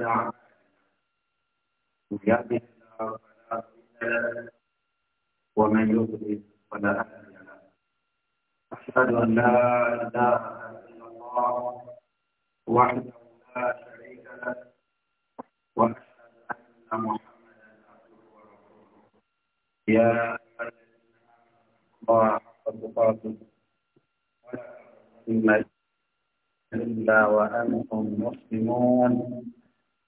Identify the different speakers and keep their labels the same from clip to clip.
Speaker 1: من يهده الله فلا مضل له ومن يضلل فلا هادي له أشهد أن لا إله إلا الله وحده لا شريك له وأشهد أن محمدا عبده ورسوله يا الذين آمنوا حق تقاته ولا تموتن إلا وأنتم مسلمون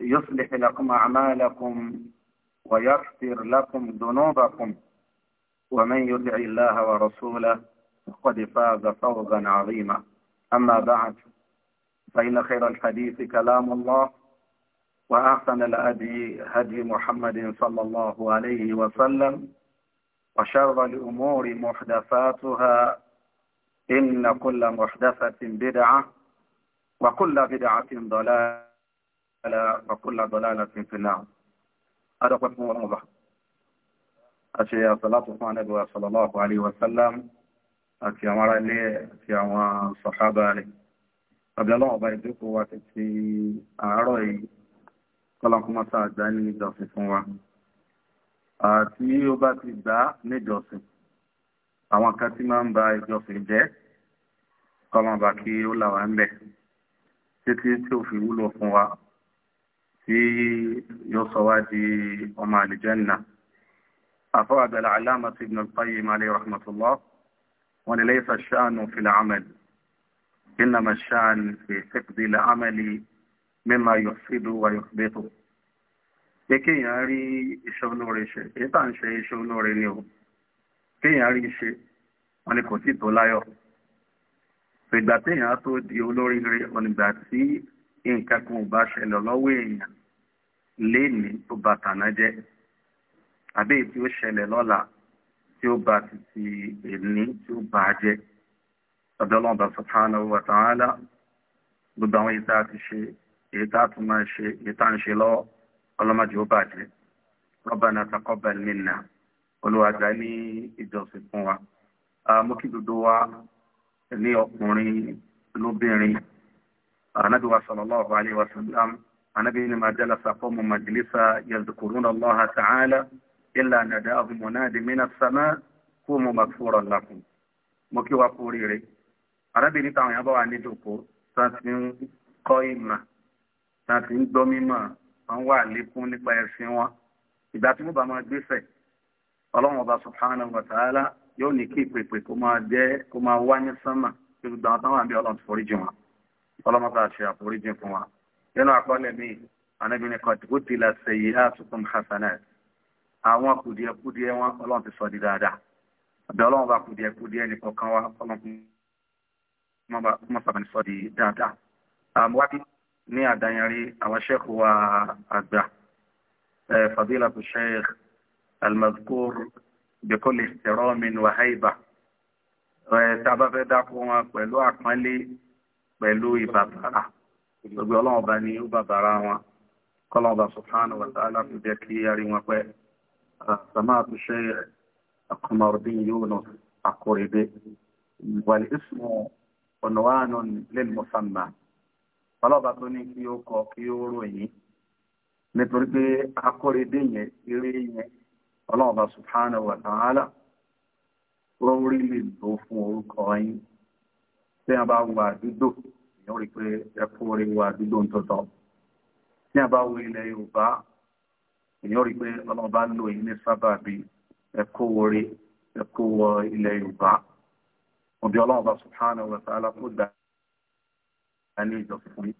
Speaker 1: يصلح لكم أعمالكم ويغفر لكم ذنوبكم ومن يدع الله ورسوله فقد فاز فوزا عظيما أما بعد فإن خير الحديث كلام الله وأحسن الأدي هدي محمد صلى الله عليه وسلم وشر الأمور محدثاتها إن كل محدثة بدعة وكل بدعة ضلالة على وكل ضلالة في النار هذا قسم الله أشياء صلاة الله صلى الله عليه وسلم أتي أمر لي أتي أمر صحابة لي قبل الله بيدك وتتي أعرأي kọ́lá kó máa sáà gbá ní ìjọsìn fún wa àti ó bá ti gbá níjọsìn àwọn kan tí máa ń ba ìjọsìn jẹ́ kọ́lá bá kí ó là wá ń bẹ̀ títí tí ó fi wúlò fún wa tí yóò sọ wá di ọmọ àlìjẹ́nà àfọ́ àgbàlá aláàmà sí ibn al-qayyim alayhi wọn ilé ìfẹ́ ṣáànù fìlà amẹ́lì إنما الشأن في فقد العمل مما يفسد ويحبطه pé kéèyàn rí iṣẹ́ olóore ṣe èyí tà ń ṣe iṣẹ́ olóore ni o kéèyàn rí ṣe wọn ni kò sí tó láyọ̀ ìgbà téèyàn tó di olóríire onígbà tí nǹkan kan ò bá ṣẹlẹ̀ lọ́wọ́ èèyàn léèní tó bà tàná jẹ́ àbí tí ó ṣẹlẹ̀ lọ́la tí ó bá ti èní tí ó bá jẹ́ ọ̀dọ́lọ́ọ̀bà subhanahu wa ta'ala gbogbo àwọn ìta ti ṣe ìta tó máa ṣe ìta ń ṣe lọ́wọ́ ọlọ́mọdé ó bàjẹ́ rabbana taqabbal minna olùwàgbà ní ìjọsìn fún wa mo kí wa ní ọkùnrin lóbìnrin anabi wa sallallahu alayhi wa sallam anabi ni majalasa qawmu majlisa yadhkuruna allaha ta'ala illa nadaahu munadi min as-sama qumu maghfuran lakum mo kí wa kú oríire arábìnrin táwọn èèyàn bá wà ní ìdòkó tá ti ń kọ́ ìmọ̀ tá ti ń gbọ́ mímọ̀ wọ́n wà lékún nípa ẹ̀sìn wọn ìgbà tí mo bá máa gbéṣẹ̀ ọlọ́run ọba subhanahu wa ta'ala yóò ní kí ìpèpè kó máa jẹ́ kó máa wá ní sánmà kí gbogbo àwọn táwọn àbí ọlọ́run ti forí jì wọn ọlọ́mọba ṣe àforíjì fún wa nínú àkọọ́lẹ̀ mi ànábi ní kọ́tìkú ti la ṣe yìí àtúntò hasanat àwọn kùdìẹ̀kùdìẹ̀ wọn ọlọ́run ti sọ di dáadáa ọ̀dọ̀ ọlọ́run bá kùdìẹ̀kùdìẹ̀ nìkan kan wá ọlọ́run mọ́ sábà ní sọ di dáadáa. àmọ́ wákì ní àdáyanrí àwọn sheikh wa àgbà fadila tu sheikh almazkur bikul ihtiram wa haiba tá a bá fẹ́ dákun wọn pẹ̀lú àpọ́nlé pẹ̀lú ìbàbàrà gbogbo ọlọ́run ni ó bàbàrà wọn ọba subhanahu wa ta'ala fi jẹ́ kí a rí wọn pẹ́ yóò nà wàlẹ̀ ọ̀nà wa nà lẹ́nu ọba tó ní kí ó kọ kí ó nítorí pé yẹn eré yẹn tí a bá wo àdúgbò èèyàn rí pé ẹkú orí wo àdúgbò ń tọ́tọ́ tí a bá wo ilẹ̀ yorùbá èèyàn rí pé ọlọ́run bá lò yín ní sábàbí ẹkú orí ẹkú wọ ilẹ̀ yorùbá òbí ọlọ́run bá subhanahu wa ta'ala kó fún yín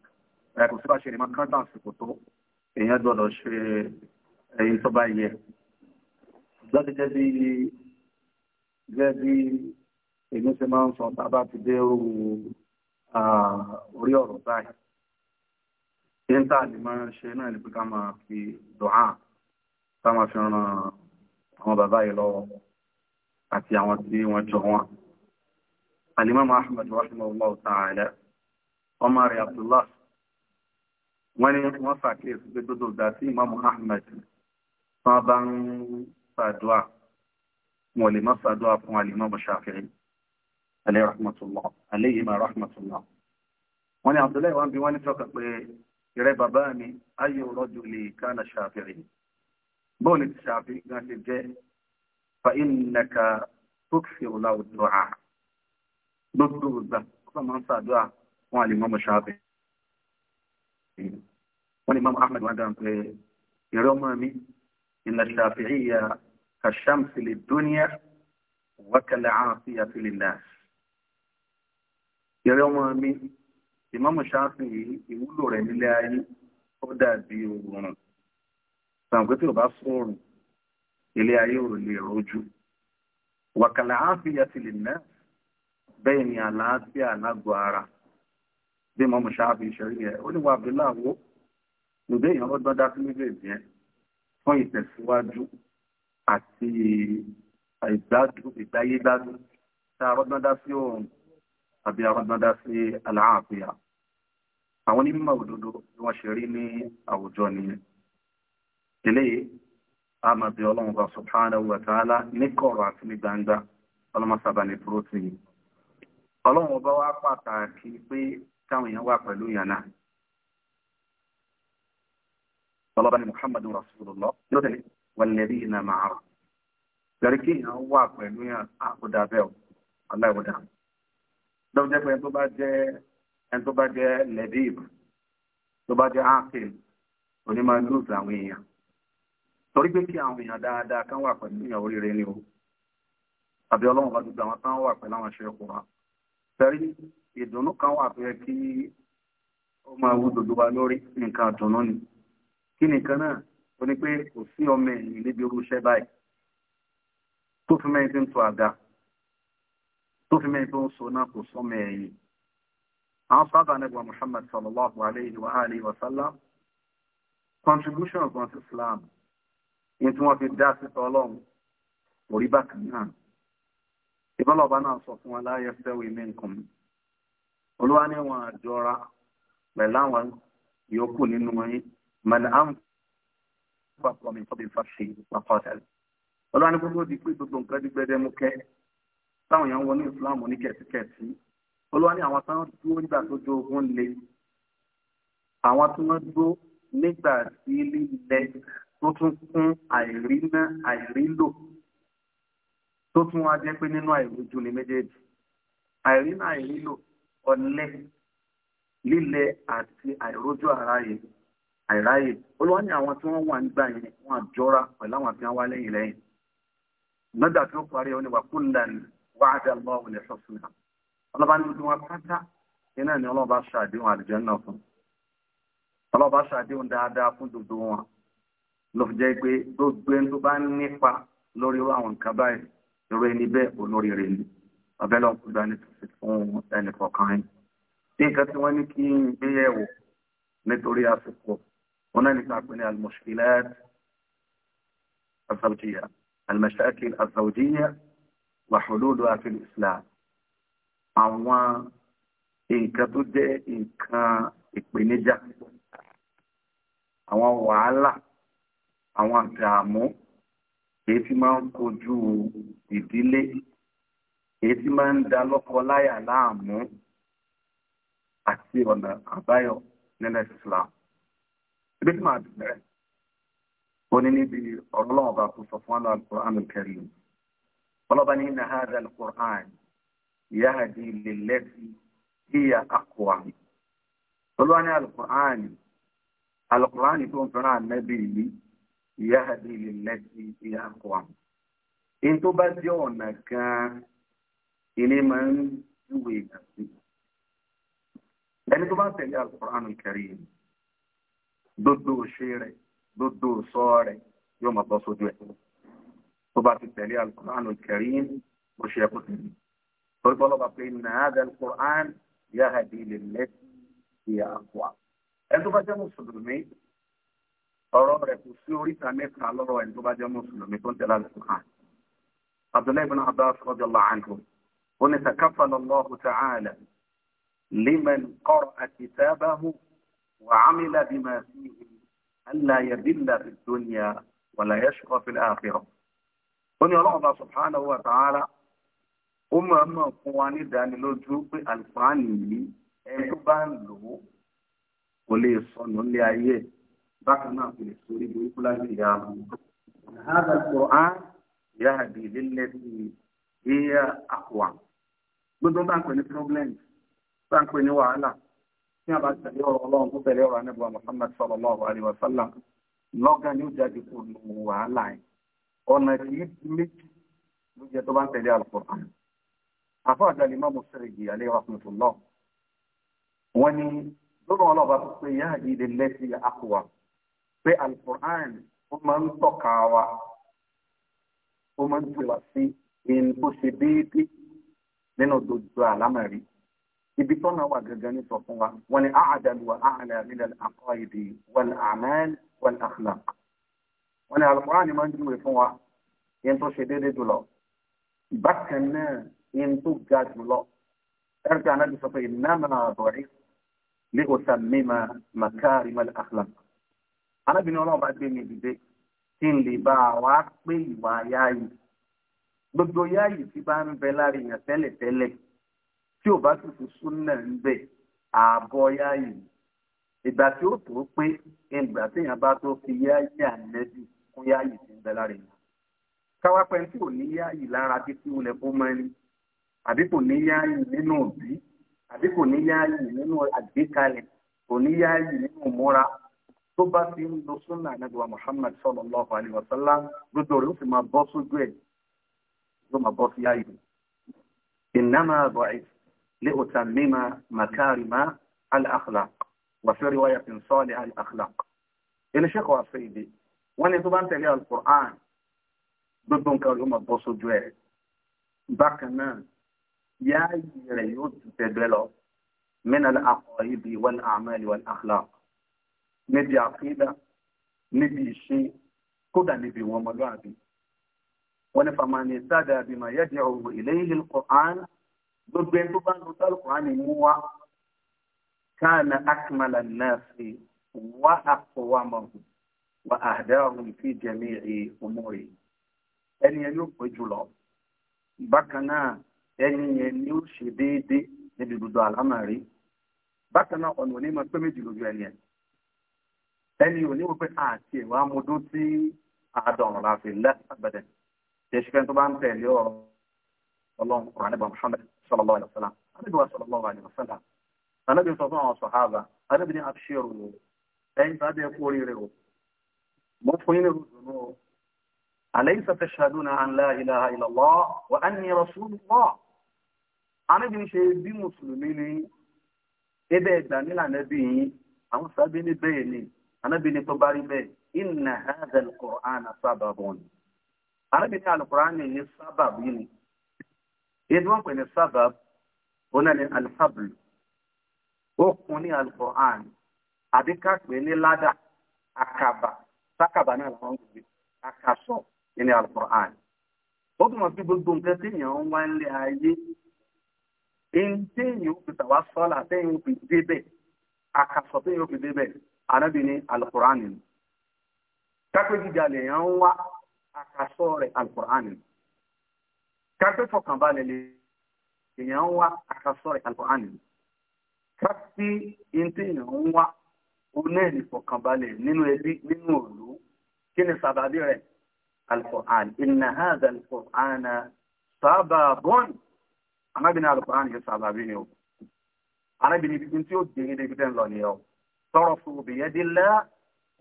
Speaker 1: ẹkú sí bá ṣe lè máa kán tàn tó èèyàn gbọ́dọ̀ ṣe ẹyin tó bá yẹ lọ́dún jẹ́ bí èmi ṣe máa ń sọ bàbá ti dé orí ọ̀rọ̀ báyìí yíntà ni máa ń ṣe náà ní pé ká máa fi dùhà ká máa fi ran àwọn bàbá yìí lọ́wọ́ àti àwọn tí wọ́n jọ wọn alimami ahmed rahimahullah ta'ala ọmọ rẹ̀ abdullah wọ́n ní wọ́n ṣàkíyèsí pé gbogbo ìgbà tí imamu ahmed wọ́n bá ń ṣàdúà wọ́n lè má ṣàdúà fún alimami shafi'i عليه رحمة الله عليهما رحمة الله وأنا عبد الله وأنا بيواني توقع يرى باباني أي رجل كان شافعي بولد الشافعي قال جاء فإنك تكثر له الدعاء ضده فما أنسى دعاء وان الإمام الشافعي الامام أحمد وعندهم يرى أمامي إن الشافعية كالشمس للدنيا وكالعافية للناس ìrẹ́ ọmọ mi ìmáàmù ṣáfìn yìí ìwúlò rẹ̀ nílé ayé ó dàbí òòrùn sàǹgbé tí ò bá sóòrùn ilé ayé ò lè rojú wàkàlà àáfíà ti lè ná bẹ́ẹ̀ ni àlàáfíà lágbo ara bí ìmáàmù ṣáfìn ṣẹ̀rí yẹn ó ní wà bí láwo èèyàn lọ́dọ́ dá sí méjèèjì yẹn fún ìtẹ̀síwájú àti ìgbádùn ìgbáyégbádùn tá a rọ́dọ́ dá sí òòrùn. àbí arọ́gbádá sí aláàfíà àwọn onímọ̀ òdodo bí wọ́n ṣe rí ní àwùjọ nìyẹn eléyìí a máa bí ọlọ́run bá subhanahu wa ta'ala ní kọ̀rọ̀ àti ní gbangba ọlọ́mọsábà ní púrótì ọlọ́run ọba wa pàtàkì pé káwọn èèyàn wà pẹ̀lú ìyànà ọlọ́ba muhammadu rasulullah yóò tẹ̀lé màá èèyàn wà pẹ̀lú lọ́wọ́ jẹ́ pé ẹni tó bá jẹ́ ẹni tó bá jẹ́ lẹ́bíìbù tó bá jẹ́ ákìn òní máa lùsì àwọn èèyàn torí pé kí wà pẹ̀lú èèyàn oríire ni o àbí ọlọ́run bá gbogbo àwọn kan wà pẹ̀lú àwọn aṣọ ẹ̀kọ́ wa tẹ̀rí ìdùnnú kan wà tó yẹ kí ó máa wú dodo wa lórí nǹkan ìdùnnú ni kí nìkan náà ó ní pé kò sí ọmọ ẹ̀yìn níbi tó fi mẹ́rin tó ń so náà kò sọ mẹ́rin àwọn sábà nẹ́gbà Muhammad sallallahu alayhi wa alayhi wa sallam contribution ọ̀gbọ́n sí Islam ní tí wọ́n fi dá sí tọ́lọ́run orí bákan náà ìbọ́lọ̀bá náà sọ fún wa la yastawi minkum olúwa ní wọn àjọra pẹ̀lú yòókù nínú yín mẹ́lẹ̀ àwọn pàpọ̀ mi tó bí fàṣẹ pàpọ̀ tẹ̀lé olúwa ní gbogbo di pé gbogbo nǹkan dígbẹ́dẹ́ mú kẹ́ táwọn èèyàn wọnú islam ní kẹ̀tíkẹ̀tí olúwa ní àwọn táwọn dúró nígbà tó jó ogun le àwọn tí wọ́n dúró nígbà tí lílẹ̀ tó tún kún àìríná àìrílò tó tún wá jẹ́ pé nínú àìrójú ni méjèèjì àìríná àìrílò ọ̀lẹ lílẹ̀ àti àìrójú àráyè àìráyè olúwa ní àwọn tí wọ́n wà nígbà yẹn wọ́n àjọra pẹ̀lú àwọn tí wọ́n wá lẹ́yìn lẹ́yìn lọ́jà tí ó parí ọ ní wàkúńdà ni wáhádà lọ́wọ́ lè sọ́sùn náà ọlọ́ba ní gbogbo wọn pátá iná ni ọlọ́ba ṣàdéhùn àlùjànnà fún ọlọ́ba ṣàdéhùn dáadáa fún gbogbo wọn ló fi jẹ́ pé gbogbo ẹni tó bá nípa lórí irú àwọn nǹkan báyìí irú ẹni bẹ́ẹ̀ olóríire ni ọbẹ̀ lọ́wọ́ kúndà ní tòṣì fún ẹnì kọ̀ọ̀kan yìí bí nǹkan tí wọ́n ní kí n gbé yẹ̀wò nítorí àsìkò wọn náà ní ká pè ní al-mushkilat az-zawjiyya al-mashakil az-zawjiyya wàhùlódò àti islam àwọn nǹkan tó jẹ́ nǹkan ìpèníjà àwọn wàhálà àwọn àdààmú èyí tí máa ń kojú ìdílé èyí tí máa ń da lọ́kọ láyà láàmú àti ọ̀nà àbáyọ nílẹ̀ islam ibi tí màá bẹ̀rẹ̀ ó níbi ọ̀rọ̀ lọ́wọ́ bá kó sọ fún wa àlùkò àmì kẹrin. طلبا إن هذا القرآن يهدي للتي هي أقوى طلبا ان القرآن القرآن يكون فنا النبي يهدي للتي هي أقوى إن تبدونك إلي من يويك لأن تبدأ القرآن الكريم ضد شيري ضد صاري يوم الضصود يحب وبعد التالي القرآن الكريم وشيخه قلت والله بقى إن هذا القرآن يهدي للتي هي أقوى أنتوا بقى جمو سلمي أرى سوري تاميك على رو أنتوا بقى جمو سلمي كنت لا القرآن عبد الله بن عباس رضي الله عنه هنا تكفل الله تعالى لمن قرأ كتابه وعمل بما فيه ألا يذل في الدنيا ولا يشقى في الآخرة Onye ní ọba bá subhanahu wa ụmụ ó máa ń mọ̀ fún wa ní ìdánilójú ole àlùfáàní yìí ẹni tó bá ń lò ó kò lè sọnù ní ha bákan ya a na tẹ̀lé ọ̀rọ̀ ọlọ́run tó ọ̀nà kì í ti méjì ló jẹ́ tó bá ń tẹ̀lé alukur'an afọ àgbàlè má mo sẹ̀rẹ̀ jì alẹ́ rahmatullah wọ́n ní lọ́dún ọlọ́ba tó pé yáà di ilé lẹ́sí àkùwà pé alukur'an ó máa ń tọ́ka wa ó máa ń pè wá wọn ní alukóra ni máa ń júwèé fún wa yẹn tó ṣe déédéé jùlọ bákan náà yẹn tó ga jùlọ ẹrù tí anábì sọ pé ìnáma àbọ̀rí lé òsà mímà màkàrí mẹ́lẹ̀ àkàlàm anábì ní ọlọ́run bá gbé mi dìde tí n lè bá a wá pé ìwà yáàyè gbogbo yáàyè tí bá ń bẹ lára èèyàn tẹ́lẹ̀tẹ́lẹ̀ tí ò bá sì fi súnà ń bẹ ààbọ̀ yáàyè ìgbà tí ó tó pé ìgbà tí èèyàn bá tó fi yáàyè ànẹ́bì kún yáàyè tí ń bẹ lára èèyàn káwá pẹ́ tí ò ní yáàyè lára bí tí olè bó mọ́ ẹni àbí kò ní yáàyè nínú òbí àbí kò ní yáàyè nínú àgbékalẹ̀ kò ní yáàyè nínú ìmúra tó bá fi ń lo súnà ànágbèwà Muhammad sallallahu alaihi wasallam gbogbo rẹ̀ ó sì máa bọ́ sójú ẹ̀ ló máa bọ́ sí yáàyè innama bu'ith li'utammim makarima al-akhlaq wa fi riwayatin salih al-akhlaq ilé ṣẹ́kọ̀ọ́ àfẹ́ ìdè wọ́n ní tó bá ń tẹ̀lé alukur'an gbogbo nǹkan yóò máa bọ́ sójú ẹ̀ bákan náà yáàyè rẹ̀ yóò ju tẹ̀gbẹ́ lọ mẹ́nàlá àkọ́yébí wal a'mal wal akhlaq níbi àkídà níbi ìṣe kódà níbi ìwọ̀n ọmọlúwàbí wọ́n ní famani sáadà bímọ yẹ́dì ọ̀rọ̀ ilayhi alukur'an gbogbo ẹni tó bá ń lo alukur'an mú wa kana akmala an-nas wa aqwamahum wà ahdahum fi jami'i umuri ẹni yẹn yóò pé jùlọ bákan náà ẹni yẹn ni ó ṣe déédéé níbi gbogbo àlámàrí bákan náà ọ̀nà onímọ̀ pé méjì lójú ẹni yẹn ẹni òní wò pé àti ìwà amúdó tí àádọ́rùn la fi lẹ́ àgbẹ̀dẹ̀ tí eṣu tó bá ń tẹ̀lé ọ̀rọ̀ ọlọ́run ọ̀rọ̀ anábì Muhammad sallallahu alaihi wasallam anábì wa sallallahu sọ fún àwọn sọ̀háàbà mo fún o alaysa tashhaduna an la ilaha illallah wa anni rasulullah anábì ń ṣe bí mùsùlùmí ebe ẹgbà nílà nẹ́bí yín àwọn sábẹ́ ní bẹ́ẹ̀ ni anábì ní tó bá rí bẹ́ẹ̀ inna hadha al-Qur'an sababun anábì al-Qur'an yìí sábàbù yìí al sákàbà náà làwọn ń gbé akásọ nínú alukur'an ó túmọ̀ sí gbogbo nǹkan téèyàn ń wá nílé ayé ẹni téèyàn ó fi tàwa sọ́là téèyàn ó fi débẹ̀ akásọ téèyàn ó fi débẹ̀ anábì ní alukur'an ni kápẹ́ jíjà lèèyàn ń wá akásọ rẹ̀ alukur'an ni kápẹ́ fọkànbalẹ̀ lèèyàn ń wá akásọ rẹ̀ alukur'an ni kápẹ́ téèyàn ń wá onáìlì fọkànbalẹ̀ nínú ẹbí nínú òòlù kí ni sàbàbí rẹ̀ alukur'an inna hadha alukur'an sábàbọ́n anábìnrin alukur'an yóò sàbàbí ni o anábìnrin ibi tí ó dèrè débi tẹ́ ń lọ ni o tọrọ fún bi yadillah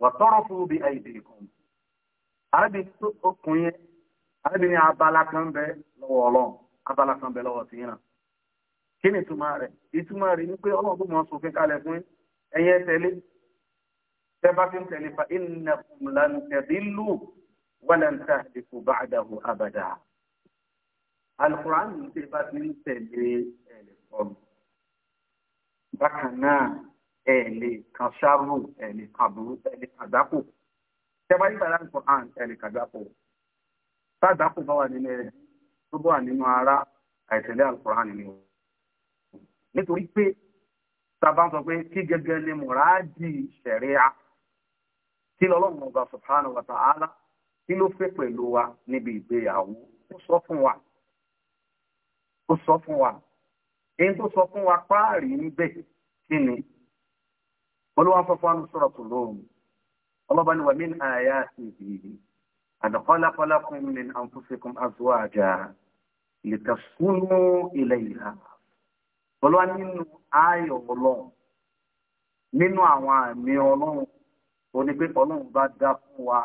Speaker 1: wà tọrọ fún bi aydikum arábìnrin tó okùn yẹn arábìnrin abala kan bẹ lọ́wọ́ Ọlọ́run abala kan bẹ lọ́wọ́ tìyẹn náà kí ni rẹ̀ ìtumọ̀ rẹ̀ ni pé Ọlọ́run tó mọ sófin kalẹ̀ fún ẹyẹ tẹlẹ tẹ́bá fi ń tẹ̀lé fa innakum lan tadillu wa lan tahdiku ba'dahu abada. alukur'an ní tẹ́bá fi ń tẹ̀lé ẹ̀lẹ́fọ́n. bákan náà ẹ̀lẹ́ kan ṣáàrù ẹ̀lẹ́ kàbúrú ẹ̀lẹ́ kàdákù. tẹ́bá yí bàrà nǹkan bá wà nínú ẹ̀jẹ̀ tó bá wà nínú ara àìtẹ̀lé alukur'an ni o. nítorí pé sábà ń sọ pé kí gẹ́gẹ́ ni mùràdì ṣẹ̀ríà. kí lọ́lọ́run ọba subhanahu wa ta'ala kí ló fẹ́ pẹ̀lú wa níbi ìgbéyàwó ó sọ fún wa ó sọ fún wa èyí tó sọ fún wa páàrí níbẹ̀ kí ni olúwa fọfọ àwọn sọ̀rọ̀ tó lóhùn ọlọ́ba ni ní àyà ìbí ní àǹfọ̀sẹ̀kùn ó ní pé ọlọ́run bá dá fún wa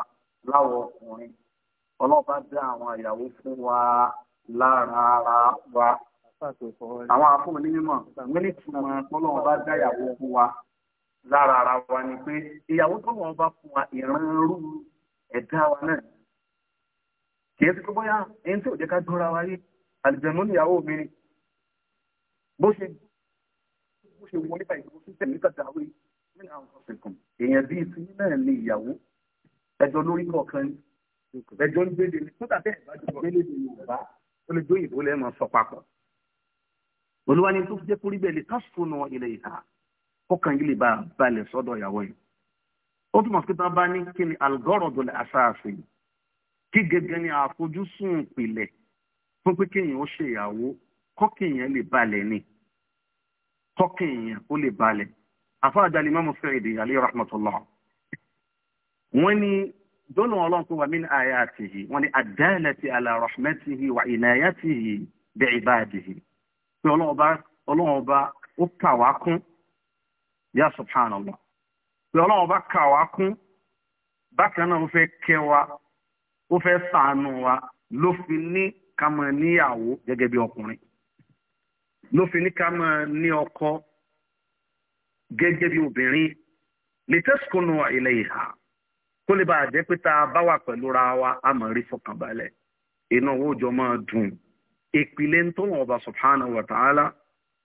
Speaker 1: láwọ ọkùnrin ọlọ́run bá dá àwọn ìyàwó fún wa lára ara wa àwọn afọ́ onímọ̀ wọ́n ní túmọ̀ ọlọ́run bá dá ìyàwó fún wa lára ara wa ni pé ìyàwó tó wọ́n bá fún wa ìrànrú ẹ̀dá wa náà kì í sí pé bóyá ẹni tí ò jẹ́ ká dúnra wa yé àlùjẹ̀mú níyàwó mi ni bó ṣe bó ṣe wọlé báyìí bó ṣe tẹ̀lé kàtàwé èèyàn bíi ti yín náà ni ìyàwó ẹjọ́ lórí kọ̀ọ̀kan ẹjọ́ ń gbélé ni kódà bẹ́ẹ̀ bá jọ gbélé ni yorùbá ó lè dóyìnbó lẹ́ẹ̀ máa sọ papọ̀ olúwa ni tó fi jẹ́ kórí bẹ́ẹ̀ lè tásùnà ilẹ̀ ìhà kọ́kàn yìí lè bá balẹ̀ sọ́dọ̀ ìyàwó yìí ó túmọ̀ sí pé bá ní kí ni algọ́rọ̀dọ̀ lè aṣáàfin kí gẹ́gẹ́ ni àfojúsùn ìpìlẹ̀ fún pé kéèyàn ó ṣèyàwó kọ́kàn yẹn àfáàjà lè mọ́mú Sa'idi alayhi rahmatullah wọ́n ní dọ́nà ọlọ́run tó wà min ayatihi wọ́n ní ad-dalati ala rahmatihi wa inayatihi bi ibadihi pé ọlọ́run ọba ó kà wá kún yá subhanallah pé ọlọ́run ọba kà wá kún bákan náà ó fẹ́ kẹ́ wa ó fẹ́ ṣàánú wa ló fi ní ká níyàwó gẹ́gẹ́ bí ọkùnrin ló fi ní ká ní ọkọ gẹ́gẹ́ bí obìnrin lìtẹ́sùkúnù ilẹ̀ ìhà kó lè bá a jẹ́ pé tá a bá wà pẹ̀lú ra wa a mọ̀ rí fọkànbalẹ̀ iná owó jọ máa dùn ìpìlẹ̀ ń tó wọn ọba subhanahu wa ta'ala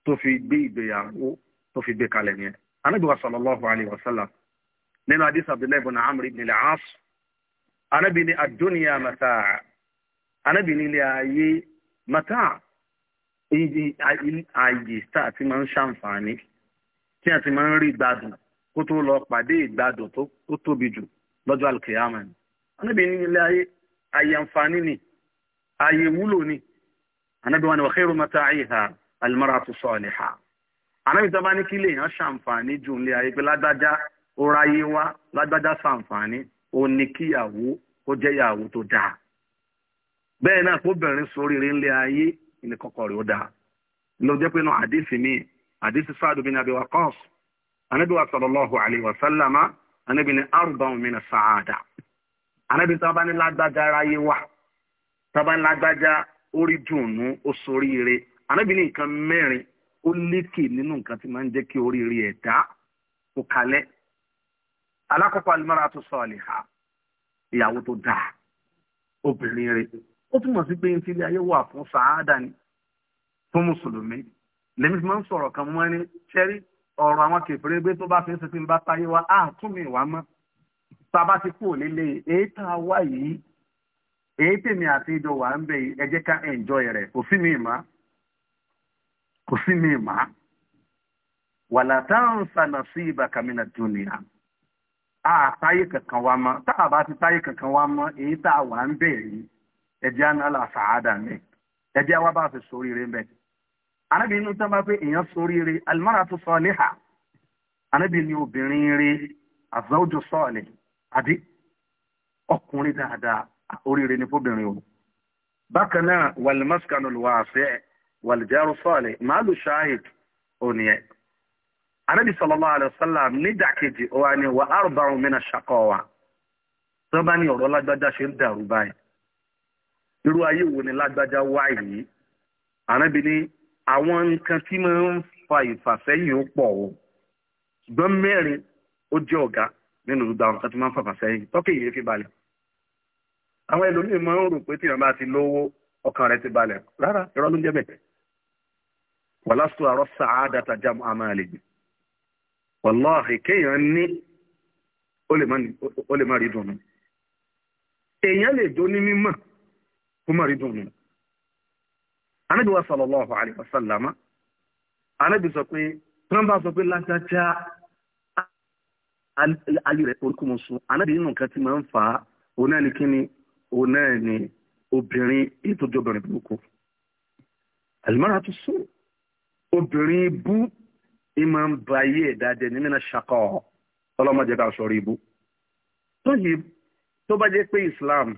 Speaker 1: tó fi gbé ìgbéyàwó tó fi gbé kalẹ̀ yẹn anábì wa sallallahu alayhi wa sallam nínú hadith abdullahi ibn amr ibn al-as anábì ní adúniya mata anábì ní ilé ayé mata ayé tá a ti máa ń ṣàǹfààní tí a ti máa ń rí ìgbádùn kó tó lọ pàdé ìgbádùn tó tóbi jù lọ́jọ́ alkiyama ni anábì ní ilé ayé ayé àǹfààní ni ayé wúlò ni anábì wọn ni wa khairu mata'iha almaratu salihah anábì tó bá ní kílé èèyàn ṣàǹfààní jù nílé ayé pé lágbájá ó ráyé wá lágbájá ṣàǹfààní ó ní kíyàwó ó jẹ́ ìyàwó tó dáa bẹ́ẹ̀ náà kóbìnrin sóríire nílé ayé ìnìkọ̀kọ̀ rẹ̀ ó dáa ló jẹ́ pé náà àdéhìí àdísí sáàdù bin abi waqas anabi wa sallallahu alayhi wa sallama anabi ni arba'un min as-sa'ada anabi tó bá ní lágbájá ráyé wà tó bá ní lágbájá orí dùnú ó soríire anabi ní nǹkan mẹ́rin ó lékè nínú nǹkan tí máa ń jẹ́ kí oríire ẹ̀dá kó kalẹ̀ alákọ̀ọ́kọ́ al-mar'atu salihah ìyàwó tó dáa obìnrin rẹ̀ ó túmọ̀ sí pé ní tílé ayé wà fún sàádà ni fún mùsùlùmí lèmi fi máa ń sọ̀rọ̀ kan mọ́ ní ṣẹ́rí ọ̀rọ̀ àwọn kẹfìrí gbé tó bá fi ń sọ ń bá táyé wa á tún mi wá mọ́ tá a bá ti kúrò nílé èyí tá a wá yìí èyí tèmi àti ìjọ wà ń bẹ yìí ẹ jẹ́ ká enjoy rẹ̀ kò sí mi ìmá kò sí mi ìmá wàlà táwọn sànà sí ibà kàmínà dùnìyà á táyé kankan wá mọ́ tá a bá ti táyé kankan wá mọ́ èyí tá a wà ń bẹ yìí ẹ jẹ́ àná àlàfà àádà mi ẹ jẹ́ àwa bá fi sórí rẹ̀ anábì inú tán bá pé èèyàn soríire almaratu saliha anábì ní obìnrin rí azawju salih àbí ọkùnrin dáadáa oríire ní fóbìnrin o bákan náà walmaskanul wasi' waljaru salih màálù shahid ònìyẹ anábì sallallahu alaihi wasallam nídàkejì ó wá ní wa arba'un mina shaqawa tó bá ní ọ̀rọ̀ lágbájá ṣe ń dàrú báyìí irú ayé wo ni lágbájá wá yìí ànábi àwọn nǹkan tí máa ń fa ìfàsẹ́yìn ó pọ̀ o ṣùgbọ́n mẹ́rin ó jẹ́ ọ̀gá nínú gbogbo àwọn nǹkan tí máa ń fàfàsẹ́yìn tọ́kì yìí fi balẹ̀ àwọn ẹlòmíín máa ń rò pé tíyàn bá ti lówó ọkàn rẹ̀ ti balẹ̀ rárá ló ń jẹ́ bẹ́ẹ̀ àrọ́ sàádà tàjà àmà gbé ní ó lè má rí èèyàn lè anábì wa sallallahu alaihi wasallam anábì sọ pé tán bá sọ pé lájájá alẹ́ rẹ̀ orúkúmọ̀sù anábì nínú nǹkan tí máa ń fà á òun náà ni kíni òun náà ni obìnrin èyí tó jọ obìnrin burúkú àlùmọ́ra tó sùn obìnrin bú ìmọ̀ ń ba ayé ẹ̀dá jẹ ní mìíràn ṣakọ̀ ọlọ́mọdé ká sọ̀rọ̀ ibú tó bá jẹ́ pé Islam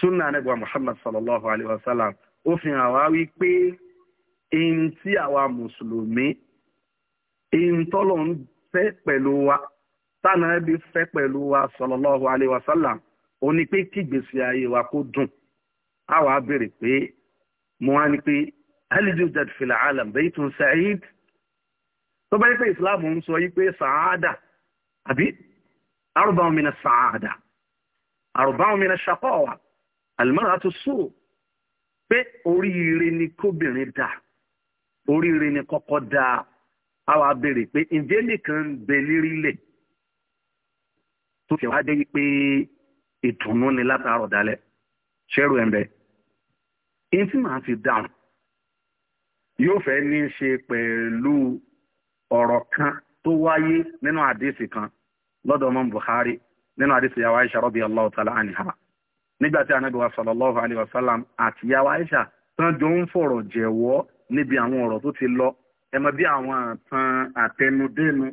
Speaker 1: sunna anagba Muhammad sallallahu alaihi wasallam ó fi hàn wá wípé tí àwa mùsùlùmí ihun tọ́lọ̀ ń fẹ́ pẹ̀lú wa tánà ẹbí fẹ́ pẹ̀lú wa sallallahu alaihi ó ní pé kígbèsè ayé wa kó dùn béèrè pé mo wá ní pé alidu alam baytun sa'id tó bá yẹ pé ń sọ yí pé sàádà àbí na mina sàádà arba'un na shaqawa al-mar'atu as pé oríire ni kóbìnrin dà oríire ni kọ́kọ́ dà á wá béèrè pé ǹjẹ́ nìkan ń bẹ lérílẹ̀ tó fi dé pé ìdùnnú ni látàárọ̀ dalẹ̀ ṣẹ́rù ẹ̀ ń bẹ ẹni tí màá fi dáhùn yóò fẹ́ ní í kan tó wáyé nínú kan lọ́dọ̀ ọmọ buhari nínú àdéhìsì yàwá Aisha allah ta'ala anha nígbàtí anabi wa sallallahu alayhi wa sallam àti yàwá aisha tán jọ ń fọ̀rọ̀ jẹ̀wọ́ níbi àwọn ọ̀rọ̀ tó ti lọ ẹ mọ̀ bí àwọn àtàn àtẹnudẹ́nu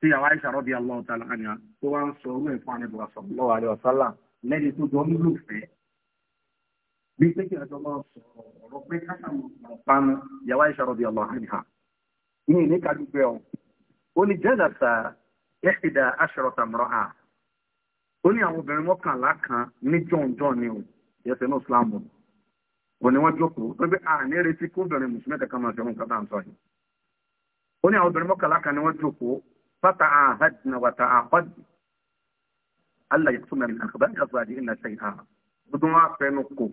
Speaker 1: tí yàwá aisha radiyallahu ta'ala anha tó wá ń sọ orí ẹ̀fọ́ anabi wa sallallahu alayhi wa sallam lẹ́ni tó jọ ń lò fẹ́ bí pé kí ẹjọ́ máa sọ ọ̀rọ̀ pé káṣáwó ọ̀rọ̀ panu yàwá aisha radiyallahu anha ní ó ní àwọn obìnrin mọ́kànlá kan ní jọ̀ǹjọ̀ ni o yẹsẹ̀ náà islam ò ní wọ́n jókòó tó gbé àní retí kó obìnrin mùsùlùmí kankan máa ṣẹ́gun kátà sọ yìí ó ní àwọn obìnrin mọ́kànlá kan ni wọ́n jókòó fata ahadina wata ahadi allah yẹ fún mi àná àbá ìyá fúlàdì ìnà ṣe ìhà gbogbo wọn fẹnu kò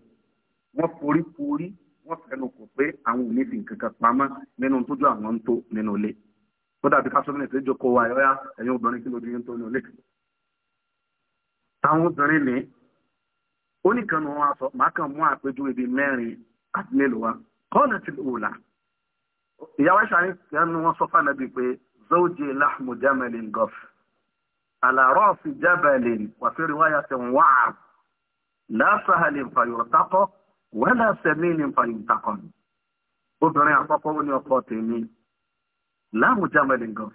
Speaker 1: wọn forí forí wọn fẹnu kò pé àwọn ò ní fi nínú tójú àwọn ń tó nínú ilé kódà bí ká sọ àwọn obìnrin ní oníkanu wọn aṣọ màá kàn mú àpéjúwe bíi mẹ́rin àti mélòó wa kọ́ọ̀nà ti wò la ìyàwó aṣáájú kẹ́nu wọn sọ fún àbí pé zawji lahmu jamalin gọf ala ra'si jabalin wa fi riwayatin wa'ab la sahalin fayurtaqa wala saminin fayurtaqa obìnrin àkọ́kọ́ ó ní ọkọ tèmi lahmu jamalin gọf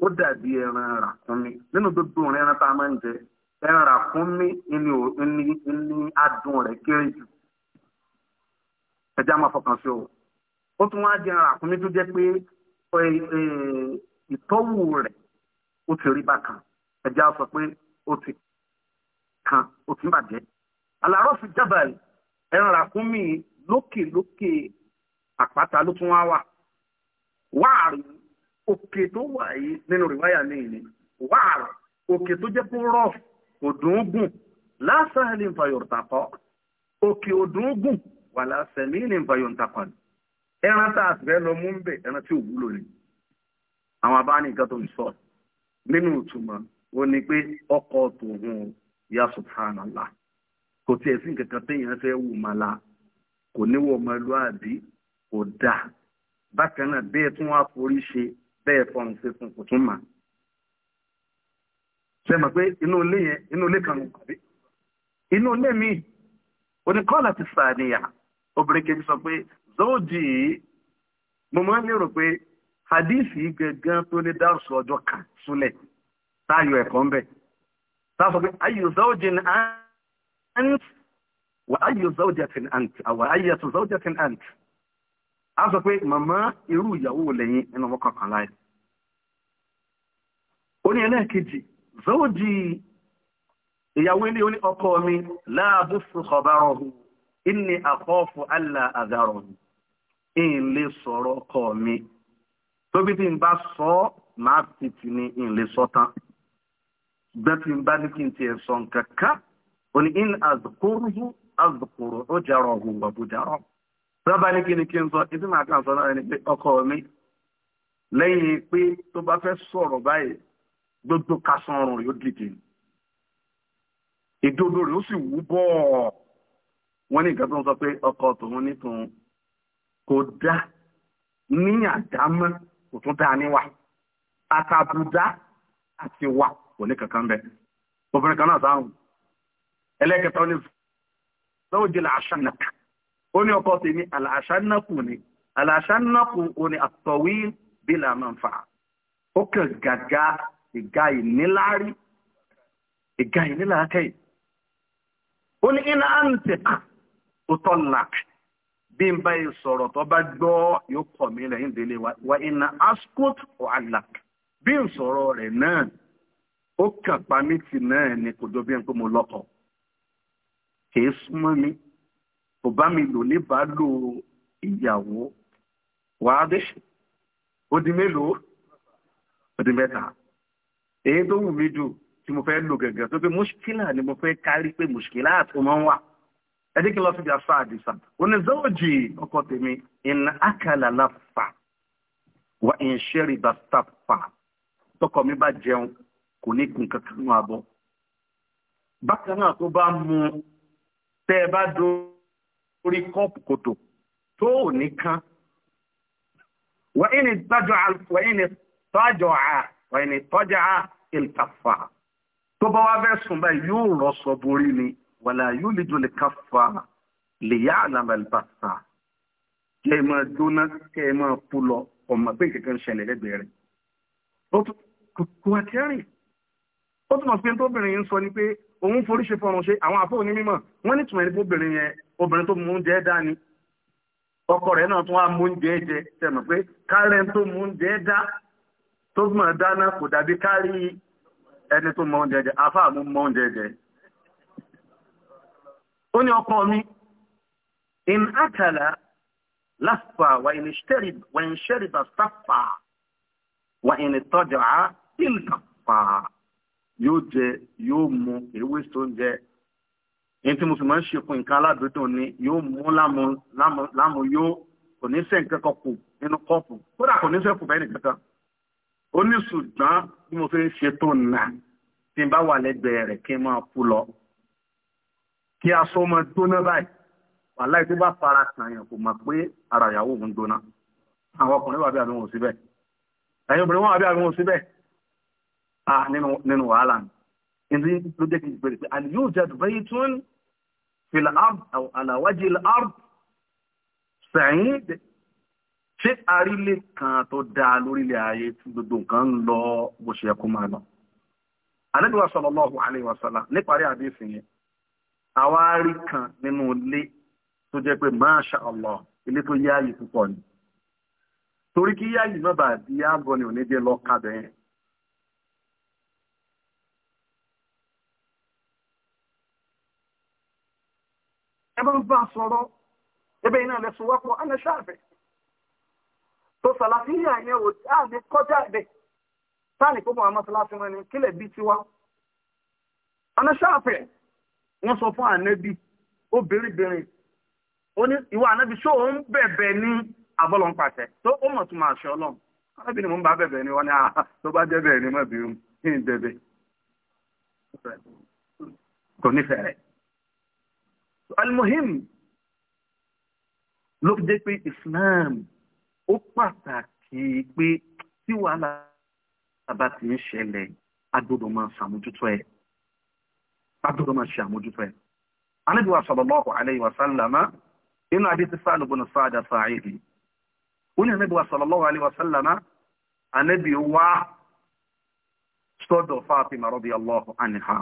Speaker 1: ó dàbí ẹran ràkúnmí nínú gbogbo òun ẹran tá a máa ń jẹ ẹran ràkúnmí ni adùn rẹ̀ kéré jù ẹjá máa fọkàn sí o ó tún wá jẹ ẹran ràkúnmí tó jẹ́ pé ìtọ́wò rẹ̀ ó ti rí bákan ẹjá sọ pé ó ti kan ó ti ń bàjẹ́ aláró fi jábàlì ẹran ràkúnmí lókè lókè àpáta ló tún wá wà wáàrí òkè tó wà yìí nínú rìwáyà ní ìní wáàrí òkè tó jẹ́ pé rọ́ọ̀fù odùngùn lásàálì nfàyọ̀ntàkọ́ òkè odùngùn wà lásẹ̀mí ní nfàyọ̀ntàkọ́ ni ẹran tá a fẹ́ lọ mú ń bẹ̀ ẹran tí ò ni àwọn abáni nǹkan tó sọ nínú ìtumọ̀ ó ní pé ọkọ̀ tòun ya subhanallah kò tiẹ̀ sí nǹkan kan téèyàn fẹ́ wù mà la kò níwọ̀ ọmọlúàbí kò dáa bákan náà bẹ́ẹ̀ tún wá forí ṣe bẹ́ẹ̀ fọ̀hún ṣe fún kò tún mà ṣe mọ̀ pé inú ilé yẹn inú ilé kan àbí inú ilé mi oníkọ́lá ti sàníyà obìnrin kejì sọ pé zọ́ọ̀jì mo máa ń lérò pé hadithi gangan tó ní dárùsù ọjọ́ kan súnlẹ̀ táyọ̀ ẹ̀kọ́ ń bẹ̀ táà sọ pé ayò zọ́ọ̀jì ni ant wà ayò zọ́ọ̀jì àti ant àwọn ayò zọ́ọ̀jì àti ant a sọ pé màmá irú ìyàwó lẹ́yìn nínú ọkọ̀ kan láì ó ní ẹlẹ́ẹ̀kejì zọ́ọ̀dì ìyàwó ilé oní ọkọ mi láàbù fúnkọ̀bárọ̀hù inni àkọ́ọ̀fù allah àdàrọ̀hù in lè sọ̀rọ̀ ọkọ mi tóbi tí n bá sọ ọ́ máa tètè ní in sọ tán gbẹ́ tí n bá ní kí n tiẹ̀ sọ nǹkan in ó jarọ̀ ọ̀hún wàbújarọ̀ ní kí ni kí n sọ ìdí màá kàn sọ náà ni mi lẹ́yìn pé tó bá fẹ́ sọ̀rọ̀ báyìí gbogbo kasan ọrùn rẹ̀ ó dìde ìdodo rẹ̀ ó sì wú bọ́ wọ́n ní nǹkan tó ń sọ pé ọkọ tòun ní tòun kò dá ní àdámọ́ kò tún dá níwà àtàbùdá àti wà kò ní kankan bẹ obìnrin kan náà sáhùn ẹlẹ́kẹta ó ní lọ́wọ́ jẹ́ làásánàkà ó ní ọkọ tèmi àlàásánàkù ni àlàásánàkù ó ní àtọ̀wí bí làmọ́ ó kàn gàgà Ịga ịnelaala, ịga ịnelaala ka ị, ọ nọ na Anziga? Otú ọ la, bụ mba ịsọrọ tọba dọọ yookiinọmịrị nkele waa ị na-askọọtụ ọhala. Bịa nsọrọ rị naanị, ọ ka kpaa mịtị naanị kodobe nkumu ụlọ ọkụ. Kee suma mị, ọbamidonibalo Iyawo, ọ adị, ọ dị melo, ọ dị èyí tó wù mí dùn tí mo fẹ́ lò gẹ́gẹ́ tó pé mùṣkílà ni mo fẹ́ kárí pé mùṣkílà tó máa ń wà ẹdí kí lọ sí ibi àdìsá onízọ́ọ̀jì ọkọ tèmi in akala lafa wa in shariba tafa tọkọ mi bá jẹun kò ní kun kankan nù abọ́ bákan náà tó bá mu tẹ́ ẹ bá dórí kọ́ọ̀pù kòtò tó ò ní kán wa in ìtajọ àlùfọ̀ wa in ìtajọ àlùfọ̀ wọ́n ni tọ́jà ìlkàfà tó bá wá fẹ́ sùn báyìí yóò rọ̀ṣọ̀ borí ni wàlà yóò lè jòlè káfà lè yá àlàmà ìbàṣà kẹ́ ẹ máa jóná kẹ́ ẹ máa kú lọ ọmọ pé kankan ṣẹlẹ̀ lẹ́gbẹ̀ẹ́ rẹ̀ kò wá ó túnmọ̀ sí pé tóbìnrin yìí ń sọ ni pé òun forí ṣe fọrùn ṣe àwọn àfọ́ òní mímọ̀ wọ́n ní túnmọ̀ ní tóbìnrin yẹn obìnrin tó mú oúnjẹ dání ọkọ rẹ̀ náà tún wá mú oúnjẹ jẹ tẹ̀mọ̀ pé kárẹ́ńtó mú oúnjẹ dá tó mọ̀ dáná kò dàbí kárí ẹni tó mọ oúnjẹ jẹ àfáà mú mọ oúnjẹ jẹ ó ní ọkọ mi in akala láfà wà in ṣẹ́rìbà sáfà wà in tọ́jà ìlkàfà yóò jẹ yóò mu ewé tó ń jẹ èyí tí mùsùlùmí ń ṣekun nǹkan aládùúdùn ni yóò mú lámú yóò kò ní sẹ́ǹkẹ́kọ̀ọ́ kù nínú kọ́ọ̀pù kódà kò ní sẹ́ǹkù bẹ́ẹ̀ nìkan kan ó ní ṣùgbọ́n bí mo fẹ́ ṣe tó nà tí n bá wà lẹ́gbẹ̀ẹ́ rẹ̀ kí n máa kú lọ kí aṣọ ọmọ gbóná báyìí wàláì tó bá fara kàyàn kò mọ̀ pé ara ìyàwó òun gbóná àwọn ọkùnrin wà bí àbí wọn ò síbẹ̀ ẹ̀yin obìnrin wọn wà bí àbí wọn ò síbẹ̀ à nínú wàhálà ní ló jẹ́ kí n gbèrè pé àlè jẹ́ bẹ́yì tún fìlà àlàwájì àrùn sẹ̀yìn ṣé àrílé kan tó dáa lórílẹ̀ ayé tí gbogbo nǹkan ń lọ bó ṣe ẹkún máa lọ Ànábì wa sallallahu alaihi wa sallam níparí àdéhùn yẹn àwa rí kan nínú ilé tó jẹ́ pé masha Allah ilé tó yáàyè púpọ̀ ni torí kí yáàyè má bàa di àgọ́ ni òní jẹ́ lọ ẹ bá ń bá a sọ̀rọ̀ ebe iná lẹ́sùn wá pọ̀ ẹ̀ lẹ́sàáfẹ́. tó sàlàfíà yẹn wò á ní kọjá ẹ̀bẹ̀ táàní kó mọ̀ àwọn wọn ni kílẹ̀ tiwa. wọ́n sọ fún ànábì obìnrinbìnrin ó ní ìwà ànábì ṣó ń bẹ̀bẹ̀ ní abọ́lọ̀ pàṣẹ tó ó mọ̀ tó máa ṣe ọlọ́run ni mò ń bá bẹ̀bẹ̀ ni wọ́n ní tó bá jẹ́ bẹ̀rẹ̀ ni mọ̀ bí kí n bẹ̀bẹ̀ kò nífẹ̀ẹ́ almuhim Islam ó pàtàkì pé tí wàhálà bá ti ń ṣẹlẹ̀ a gbọ́dọ̀ máa ṣàmójútó ẹ̀ a gbọ́dọ̀ máa ṣe àmójútó ẹ̀. anábìwá sallallahu alayhi wa sallama inú adé ti sáà lóbùnú sáàdà sáàìdì ó ní anábìwá sallallahu alayhi wa sallama anábì wá sọ́dọ̀ Fatima radiyallahu anha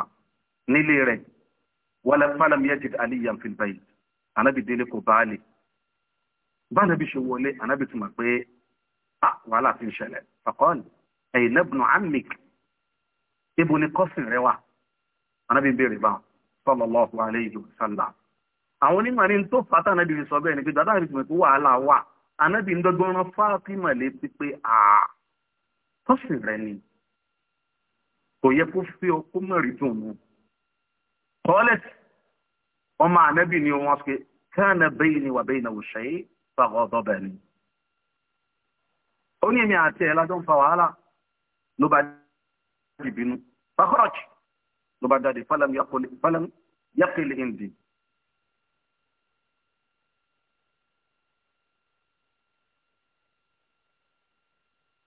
Speaker 1: nílé rẹ̀ wala falam yajid aliyan fil bayt délé kò báàlì bánabi ṣe wọlé anabi ti mọ̀ pé ah, wàhálà ti ń ṣẹlẹ̀ fàkọ́ọ̀lì ẹ̀yìn lẹ́bùnú amik ibo ni kọ́sìn rẹ wà anabi béèrè bá sallallahu alayhi wa sallam àwọn onímọ̀ ní fata anabi fi sọ bẹ́ẹ̀ ni pé dada anabi mọ̀ anabi ń dọ́gbọ́n rán létí pé a ah, kọ́sìn rẹ ni kò yẹ kó fi ọkọ mẹ́rin mú ọmọ anabi ni wọ́n ṣe ni wà فغضبني ó ní èmi àti ẹ̀ lájọ́ ń fa wàhálà ló bá jáde bínú fakhraj ló bá jáde falam yaqil indi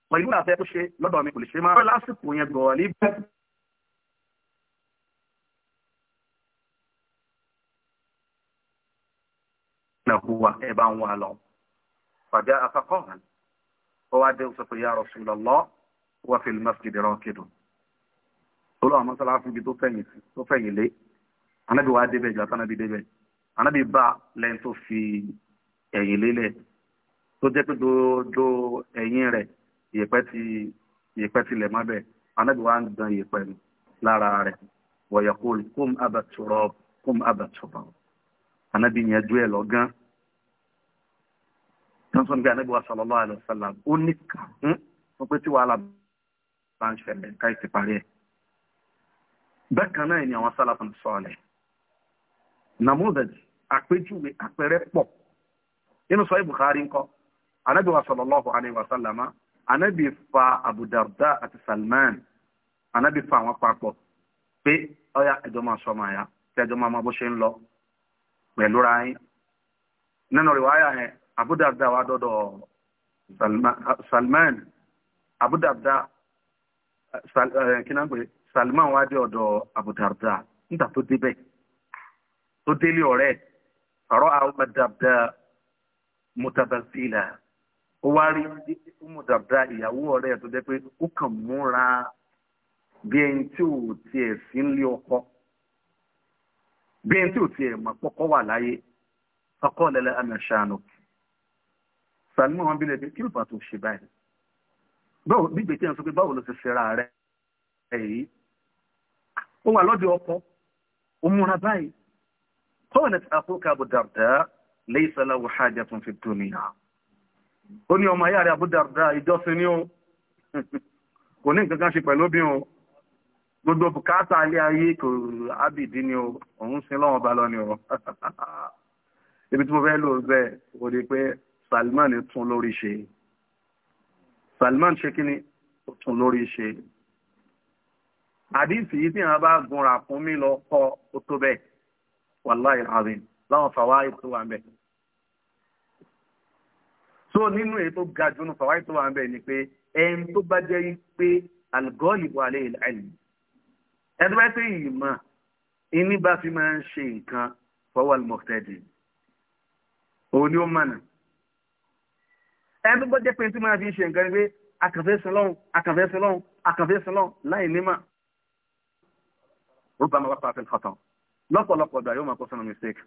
Speaker 1: pẹ̀lú àfẹ́ tó ṣe lọ́dọ̀ mi kò lè ṣe máa wà ẹ bá ń wà lọ. fàjà afakọ́hàn ó wá dé sọ pé ya Rasulullah wà fi masjid rakidu. olùwà mọ́sálásí ibi tó fẹ̀yìn tó fẹ̀yìn lé anábì wá débẹ̀ ìjà tánábì débẹ̀ anábì bá lẹ́yìn tó fi ẹ̀yìn ń dan ìyẹ̀pẹ̀ mi lára rẹ̀ wọ̀yẹ̀kùn kùm abaturọ̀ kùm abaturọ̀ anábì yẹn dú ẹ̀ lọ́gán náà tó ń gbé anábì sallallahu alaihi wasallam ó ní kàún hmm? wọ́n pé tí wàhálà bá ń ṣẹlẹ̀ káì ti parí ẹ̀. bẹ́ẹ̀ kan náà ni àwọn sálàfù ń sọ ọ̀lẹ̀ namudaj àpéjúwe àpẹẹrẹ pọ̀ inú sọ ibùkárí ńkọ́ anábì wa sallallahu alaihi wasallam anábì fa Abu Darda àti Salman anábì fa àwọn papọ̀ pé ọyá ẹjọ́ máa sọ máa yá kẹjọ́ máa máa bó ṣe ń lọ pẹ̀lú ra yín nínú rìwáyà yẹn abúdàdà wá dọ́dọ̀ salman abúdàdà eh, kínáà pé salman wá dé ọ̀dọ̀ abúdàdà níta tó débẹ̀ tó délé ọ̀rẹ́ ọ̀rọ̀ abúdàdà mutabasila ó wá rí umudabda ìyàwó ọ̀rẹ́ ẹ̀ tó jẹ́ pé ó kàn múra bí o tí ò tiẹ̀ sí nílé ọkọ bí ẹni tí ò tiẹ̀ mọ̀ pọ́kọ́ wà láyé faqala la ana shanuk Salman wọn bílẹ̀ pé kí ló bá tó ṣe báyìí báwo bí gbèsè yẹn sọ pé báwo ló ṣe ṣera rẹ èyí ó wà lọ́dẹ ọkọ ó múra báyìí kọ́wọ́n ti àfọ́kà Abu Darda lẹ́yìn sọ́lá wọ hajatun fi dunya ó ní ọmọ ayáàrẹ Abu ìjọsìn ni ó kò ní nǹkan ṣe pẹ̀lú bí gbogbo bùkátà ilé ayé kò ábìdí ni ó òun sin lọ́wọ́ ba lọ ó ibi tí mo fẹ́ lò bẹ́ẹ̀ ó di pé Salman tún lórí ṣe Salman ṣe kí ni ó tún lórí ṣe àdìsí yìí tí wọn bá gunra fún mi lọ kọ ó tó bẹ́ẹ̀ wàláì àbí láwọn fàwa ètò wà ń bẹ so nínú èyí tó ga jù nínú fàwa ètò wà ń bẹ ni pé ẹni tó bá jẹ́ pé àlùgọ́ọ̀lì wà lè láìlì ẹni bá pé ìmọ̀ ìní bá fi máa ń ṣe nǹkan fọwọ́ àlùmọ̀tẹ́dì òun ni ó mọ̀nà ẹni tó gbọ́dọ̀ pé tí máa fi ṣe nǹkan ni pé akànfẹ́ sin lọ́hùn akànfẹ́ sin lọ́hùn akànfẹ́ sin lọ́hùn láì nímà ó bá máa wá pàṣẹ fọtàn lọ́pọ̀lọpọ̀ ọ̀dọ̀ yóò máa kó sínú mistake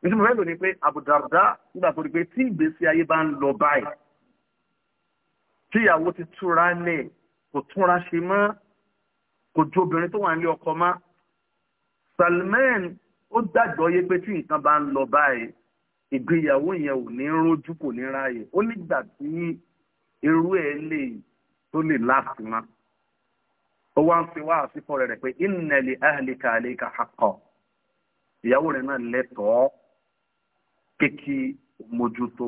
Speaker 1: nítorí mo fẹ́ lò ní pé àbùdàrúdà nígbà tó di pé tí ìgbésí ayé bá ń lọ báyìí tí ìyàwó ti túra lẹ̀ kò túnra ṣe mọ́ kò ju obìnrin tó wà nílé ọkọ mọ́ Salman ó gbàgbọ́ yé pé tí nǹkan bá ń lọ báyìí ìgbéyàwó yẹn ò ní rójú kò ní ráàyè ó nígbà tí irú ẹ̀ lè tó lè láàfin O ó wá ń fi wá àfihàn rẹ̀ rẹ̀ pé ìnnẹ̀lì ahlika alayka haqqan ìyàwó rẹ̀ náà lẹ́tọ̀ọ́ O mójútó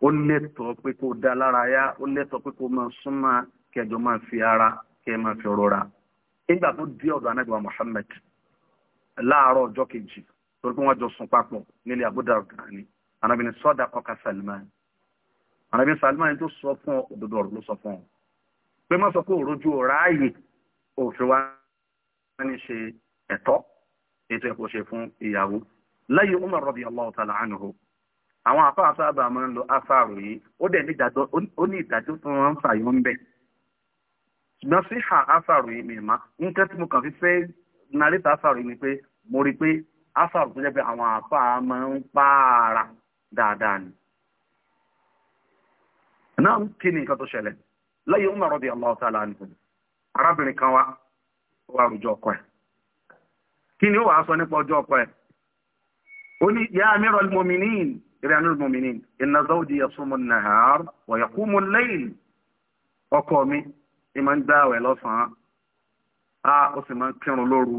Speaker 1: ó lẹ́tọ̀ọ́ pé kó dá lára yá ó lẹ́tọ̀ọ́ pé kó máa kẹjọ máa fi ara kẹ máa fi rọra nígbà tó di anagba kejì torí pé wọ́n jọ sùn papọ̀ nílé àbúdá ọ̀gàní anábìnrin sọ́dà kọ́ka Salman anábìnrin Salman tó sọ fún òdodo ọ̀rọ̀ ló sọ fún ọ pé má sọ pé òrojú ọ̀ráàyè òfin wa ní ṣe ẹ̀tọ́ ètò ẹ̀kọ́ ṣe fún ìyàwó lẹ́yìn Umar radiyallahu ta'ala anhu àwọn afá sábà máa ń lo afáàrò yìí ó dẹ̀ ní ìdájọ́ tó máa ń fàyọ́ ń bẹ̀ ṣùgbọ́n sí ha afáàrò yìí mi má nǹkan tí mo kàn fi fẹ́ narétà afáàrò yìí ni pé mo rí pé asar tó jẹ́ pé àwọn àpá máa ń pààrà dáadáa ni náà kí ni nǹkan tó ṣẹlẹ̀ lẹ́yìn Umar radiyallahu ta'ala anhu arábìnrin kan wá ó wá rojọ́ ọkọ ẹ̀ kí ni ó wàá sọ nípa ọjọ́ ọkọ ẹ̀ ó ní ya amiral mu'minin ìrìn amiral mu'minin inna zawji yasumu an-nahar wa yaqumu al-layl ọkọ mi ìmọ̀ ń dáwẹ̀ lọ́sàn-án ó sì máa ń kírun lóru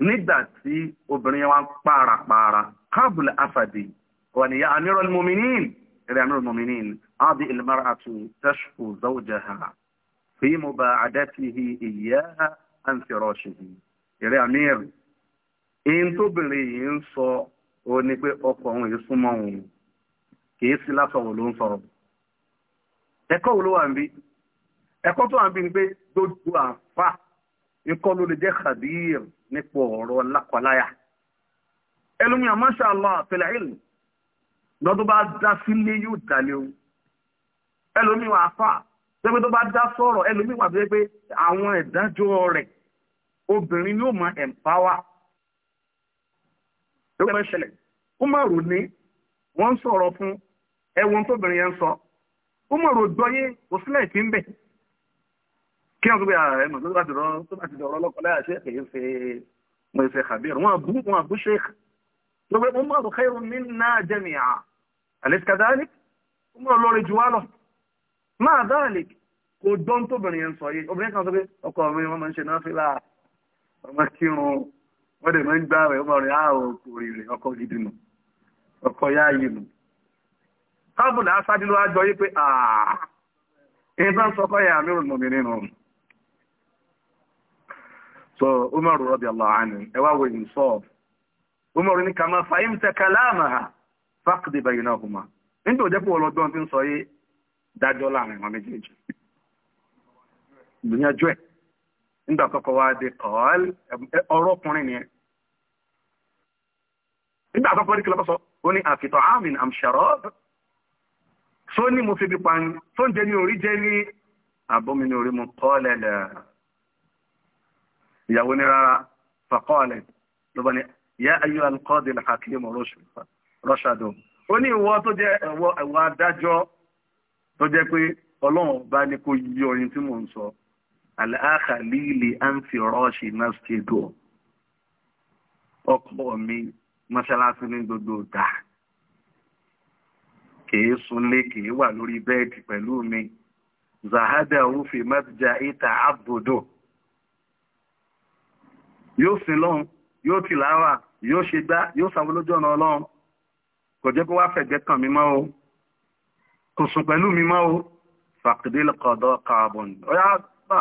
Speaker 1: nígbà tí obìnrin yẹn wá ń pààràpààrà káàbùlà afàdì wà ní amirul muminin rẹ̀ amirul muminin adi ilmaratu tashku zawjaha fi muba'adatihi iyyaha an firashihi rẹ̀ amir in tóbìnrin yìí ń sọ ó ní pé ọkọ òun yìí súnmọ́ òun kìí sí lásọ̀wọ̀ ló ń sọ̀rọ̀ ẹ̀kọ́ wo ló wà ń bí ẹ̀kọ́ tó wà ń bí ni pé gbogbo àfà ikọ́ ló lè jẹ́ khabir nípa ọ̀rọ̀ lákọláyà ẹlùmí àmọ́ṣà lọ àfẹ́lẹ̀ ìlú lọ́dún bá dá sílé yóò dalẹ̀ o ẹlùmí wà ah, fà pẹ́pẹ́ tó bá dá sọ̀rọ̀ ẹlùmí wà pẹ́pẹ́ àwọn ìdájọ́ rẹ̀ obìnrin máa ẹ̀mpáwà ó máa rò ní wọ́n kí wọ́n tó bí ààrẹ ah, mọ̀ tó bá ti rọ tó bá ti dọ̀rọ̀ lọ́kọ̀ láyà ṣe èyí ṣe mo ṣe xabir wọn àbú wọn àbú sheikh tó bẹ wọn mọ̀rọ̀ khairu minna jami'a àlẹ́sì kadalik wọn mọ̀rọ̀ lórí ju wa lọ máa dalik kò dán tóbìnrin yẹn sọ yìí obìnrin kan sọ pé ọkọ mi wọn máa ń ṣe náà fi là ọmọ kírun wọn dẹ̀ máa ń gbá ah, rẹ̀ ọmọ rẹ̀ á ò kò ọkọ gidi nù ọkọ yá yìí nù káàbùlà asádìlú àjọ yìí pé ah. so umaru radiyallahu anhu ẹ wá wo insaf umaru ní kama fahimta kalamaha faqdi bainahuma nítorí jẹ́ pé ọlọ́gbọ́n ti ń ndị yé dájọ́ láàrin wọn méjèèjì ìgbìyànjú ẹ̀ nígbà kọ́kọ́ wá dé kọ́ọ́l ọ̀rọ̀ ọkùnrin nìyẹn am sharab mo fi ori abomi ìyàwó ní rárá fàkọ́ọ̀lẹ̀ ló bá ní yá ayú alukọ́dé làkàkíyèmọ̀ rọ́ṣàdọ̀ ó ní ìwọ tó jẹ́ ẹ̀wọ́ ẹ̀wọ́ adájọ́ tó jẹ́ pé ọlọ́run bá ní kó yí orin tí mò ń sọ àlàáfà líle à ń fi rọ́ọ̀ṣì náà ṣe dùn mi mọ́ṣáláṣí ní gbogbo dà kìí súnlé kìí wà lórí bẹ́ẹ̀dì pẹ̀lú mi zahada rúfin mẹ́tìjà ìta àbùdó yóò sin lọ́hùn yóò tìláwà yóò ṣe gbá yóò sanwó lójú ọ̀nà ọlọ́run kò jẹ́ kó wá fẹ̀gbẹ́ kan mí mọ́ o kò sùn pẹ̀lú mi o fàkìdé lọ́kọ̀ọ́dọ́ kààbọ̀n ọ̀yá bá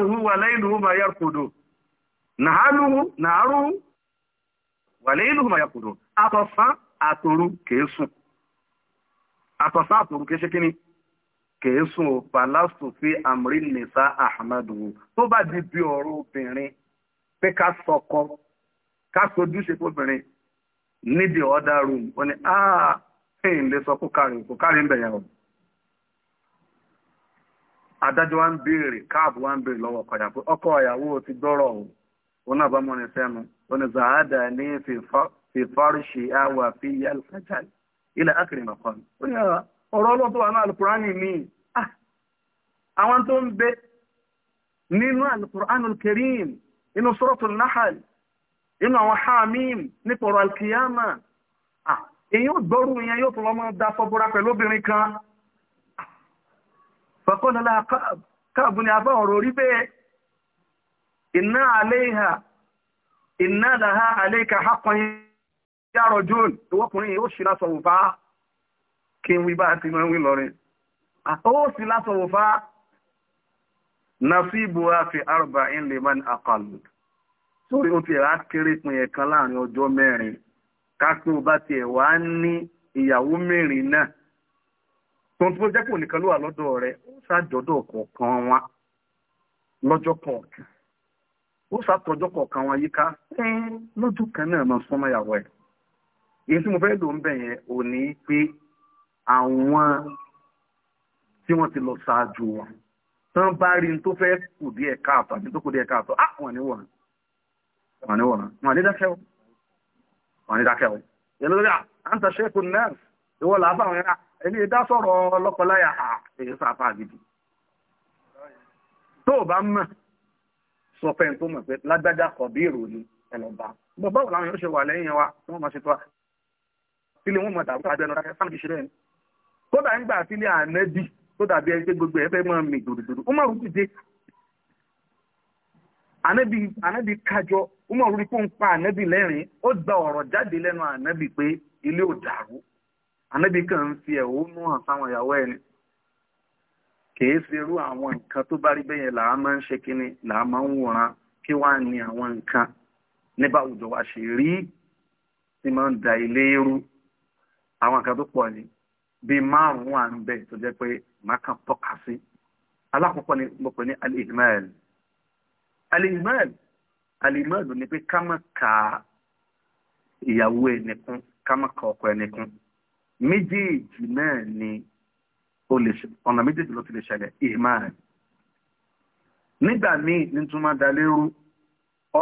Speaker 1: o wà lẹ́yìnlùhù máa yẹ kòdò wà lẹ́yìnlùhù máa yẹ àtọ̀sán kèé sùn àtọ̀sán kèé kìí sùn amri nisa ahmadu tó bá di bí ọ̀rọ̀ obìnrin pé ká sọkọ ká sojúṣe fóbìnrin ní the room ó ní áà ah, ẹ̀yìn lè sọ kó kárí kó kárí ń bẹ̀yẹ̀ ọ̀rọ̀ adájọ́ wa ń béèrè káàbù wa ń béèrè ọkọ ìyàwó ọkọ ìyàwó ti dọ́rọ̀ o òun náà bá ni sẹ́nu ó ní zahada ní fìfárìṣì àwà fi alfajal ilẹ̀ akérèmọ̀kọ́ ni ó ní ọ̀rọ̀ ah, ọ̀rọ̀ ọlọ́run tó wà ní Ah, mi àwọn tó ń bẹ nínú alukurani alkarim inú suratul nahal inú àwọn hamim nípa ọ̀rọ̀ alkiyama ah, èyí ò gbọ́rù yẹn yóò tún lọ́mọ dá fọ́búra pẹ̀lú obìnrin kan ah, fọ́kọ́lọ́lá káàbù ni abá ọ̀rọ̀ orí bẹ́ẹ̀ iná àléhà iná làhá àléka hákan yàrọ̀ jùn ìwọ́kùnrin yóò sọ̀rọ̀ bá kí n wí bá ti máa ń wí lọ́rin ó sì lásọ̀wò fá fi afi arba in liman aqallu sórí ó ti ẹ̀ kéré pin ẹ̀kan láàrin ọjọ́ mẹ́rin kápẹ́ ó bá tiẹ̀ wá ní ìyàwó mẹ́rin náà tó ń tó jẹ́ kò nìkan ló wà lọ́dọ̀ rẹ̀ ó ṣàjọ́dọ̀ kọ̀ọ̀kan wa lọ́jọ́ kọ̀ọ̀kan ó ṣàtọ́jọ́ kọ̀ọ̀kan wa yíká lọ́jọ́ kan náà máa súnmọ́ ìyàwó ẹ̀ èyí tí mo fẹ́ lò ń bẹ̀ yẹn ò ní pé àwọn tí wọ́n ti lọ ṣáájú wọn tán bá rí n tó fẹ́ kù díẹ̀ káàtọ̀ àti tó kù díẹ̀ káàtọ̀ á ah, wọ́n ní wọ̀n wọ́n ní wọ̀n wọ́n ní dákẹ́ o wọ́n ní dákẹ́ o ah, yẹn lórí à ń tàṣẹ́ kù nẹ́ẹ̀sì ìwọ làbá àwọn ẹ̀rá ẹni ìdá sọ̀rọ̀ ọlọ́pọ̀láyà ah, èyí sàfà gidi tó bá mọ̀ sọ pé tó mọ̀ pé lágbájá kọ̀ bí ìròyìn ẹlọ́ba bọ̀ báwo làwọn yóò ṣe wà lẹ́yìn wa wọ́n máa ṣe tó wa kí ni wọ́n mọ̀ tàbí àbẹ́nu dákẹ́ sáà kódà nígbà tí ní ànẹ́bí tó dàbí ẹni pé gbogbo ẹ fẹ́ máa mì dòdòdòdò Umaru ti dé ànẹ́bí ànẹ́bí kájọ Umaru rí fóun pa ànẹ́bí lẹ́rìn ó gba ọ̀rọ̀ jáde lẹ́nu ànẹ́bí pé ilé ò dàrú ànẹ́bí kàn ń fi ẹ̀hónú hàn sáwọn ìyàwó ẹni kìí ṣe irú àwọn nǹkan tó bá rí bẹ́yẹn máa ń ṣe kínní máa wa ṣe rí tí da ilé àwọn nǹkan tó ni bíi márùn-ún à ń bẹ̀ tó jẹ́ pé màá kàn tọ́ka sí alákọ̀ọ́kọ́ ni mo pè ní al-ihmal al-ihmal al ni pé ká má ka ìyàwó ẹnìkan ká má ka ọkọ ẹnìkan méjèèjì náà ni ọ̀nà méjèèjì ló ti lè ṣẹlẹ̀ ihmal nígbà míì ní tún máa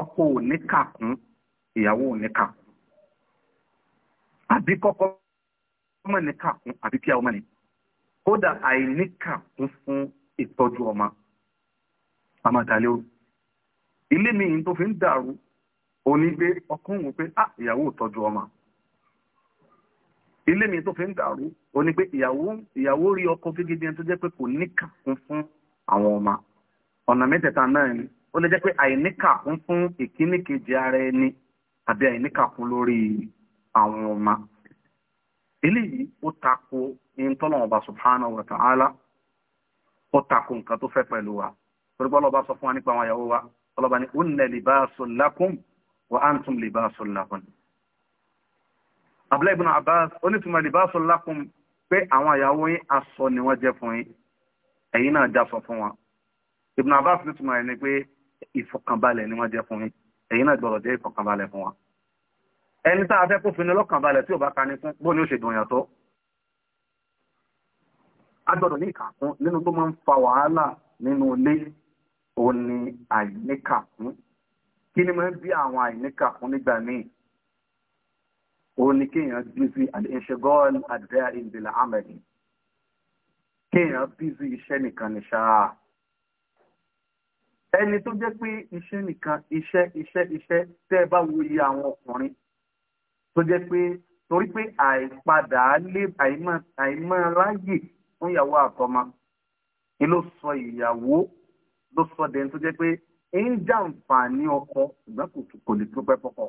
Speaker 1: ọkọ ò ní kàkún ìyàwó ò ní kàkún àbí kọ́kọ́ ọmọ ní kà a àbí kí ọmọ ní kódà àìní kà kún fún ìtọ́jú ọmọ amadalẹ́ o ah, ilé mi tó fi ń dàrú òní gbé wò pé ah ìyàwó ọma. ilé mi tó fi ń dàrú òní ìyàwó ìyàwó ọkọ ẹni tó jẹ pé kò fún àwọn ọ̀nà mẹ́tẹ̀ẹ̀ta náà ni ó lè jẹ́ pé àìníkà fún ara ẹni àbí àìníkà kún lórí àwọn eléyìí ó tako ìntọ́lọ́wọ́n ọba subhanahu wa ta'ala ó tako nǹkan tó fẹ́ pẹ̀lú wa torí pé ọlọ́ba sọ fún wa nípa àwọn ìyàwó wa ọlọ́ba ní unna libasun lakum wa antum libasun lahun abdullahi ibn abbas ó ní tuma libasun lakum pé àwọn ìyàwó yín aṣọ ni wọ́n jẹ́ fún yín ẹ̀yin náà já sọ fún wa ibn abbas ní tuma rẹ̀ pé ìfọkànbalẹ̀ ni wọ́n jẹ́ fún yín ẹ̀yin náà gbọ́dọ̀ jẹ́ ìfọkànbalẹ̀ fún wa ẹni tá a fẹ́ kó fini lọ́kàn balẹ̀ tí ò bá ka ní fún bóni ó ṣe dùn yàtọ̀ a ní ìkàkún nínú tó máa ń fa wàhálà nínú ilé òun ni àìníkàkún kí ni máa ń bí àwọn àìníkàkún nígbà míì òun ni kéèyàn bí sí àdéhìnṣẹ́gọ́ọ̀lù àdéhà ìbìlà amẹ́lì kéèyàn bí sí iṣẹ́ nìkan ní ṣáà ẹni tó jẹ́ pé iṣẹ́ nìkan iṣẹ́ iṣẹ́ iṣẹ́ tẹ́ bá wo iye àwọn ọkùnrin tó jẹ́ pé torí pé àìpadà lé àìmọ́ ráyè fún ìyàwó àtọmọ ni ló sọ ìyàwó ló sọ dẹni tó jẹ́ pé ń jàǹfààní ọkọ ṣùgbọ́n kò kò lè dúpẹ́ pọ́kọ.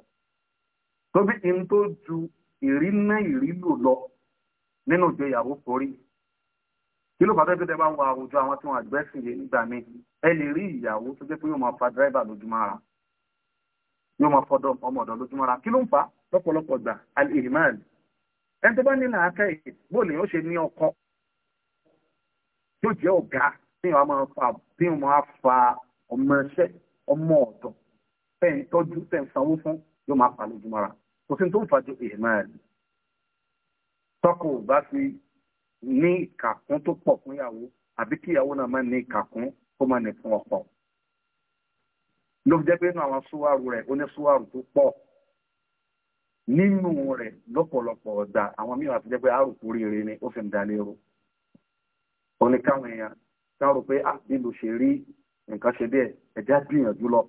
Speaker 1: tóbi ń tó ju ìrínà ìrílò lọ nínú ìgbéyàwó forí kí ló fàtẹ́ tẹ́tẹ́ bá wọ àwùjọ àwọn tí wọ́n àgbẹ̀sìn yé nígbà mi ẹ lè rí ìyàwó tó jẹ́ pé yóò máa fa dírẹ́bà lójúmọ́ra yóò máa fọdọ̀ ọmọ ọ̀dọ̀ lójúmọ́ra kí ló ń fà á lọ́pọ̀lọpọ̀ gbà al-ihman ẹni tó bá ní làákà yìí bóòlù yóò ṣe ní ọkọ yóò jẹ́ ọ̀gá tí wọ́n máa fa tí wọ́n máa fa ọmọ iṣẹ́ ọmọ ọ̀dọ̀ fẹ́ẹ̀ tọ́jú fẹ́ẹ̀ sanwó fún yóò máa fa lójúmọ́ra kò sí ní tó ń fàájú ihman tọkọ ò bá fi ní ìkàkún tó pọ̀ fún ìyàwó àbí kí ìyàwó náà máa ní ìkàkún kó máa ní fún ọkọ ló fi jẹ́ pé inú àwọn súwárù rẹ̀ ó ní súwárù tó pọ̀ nínú rẹ̀ lọ́pọ̀lọpọ̀ ọ̀dà àwọn mìíràn àti jẹ́ pé àròkù rere ni ó fi ń dalẹ̀ ro ó ní káwọn èèyàn ká rò pé àbílù ṣe rí nǹkan ṣe bẹ́ẹ̀ ẹ̀dá gbìyànjú lọ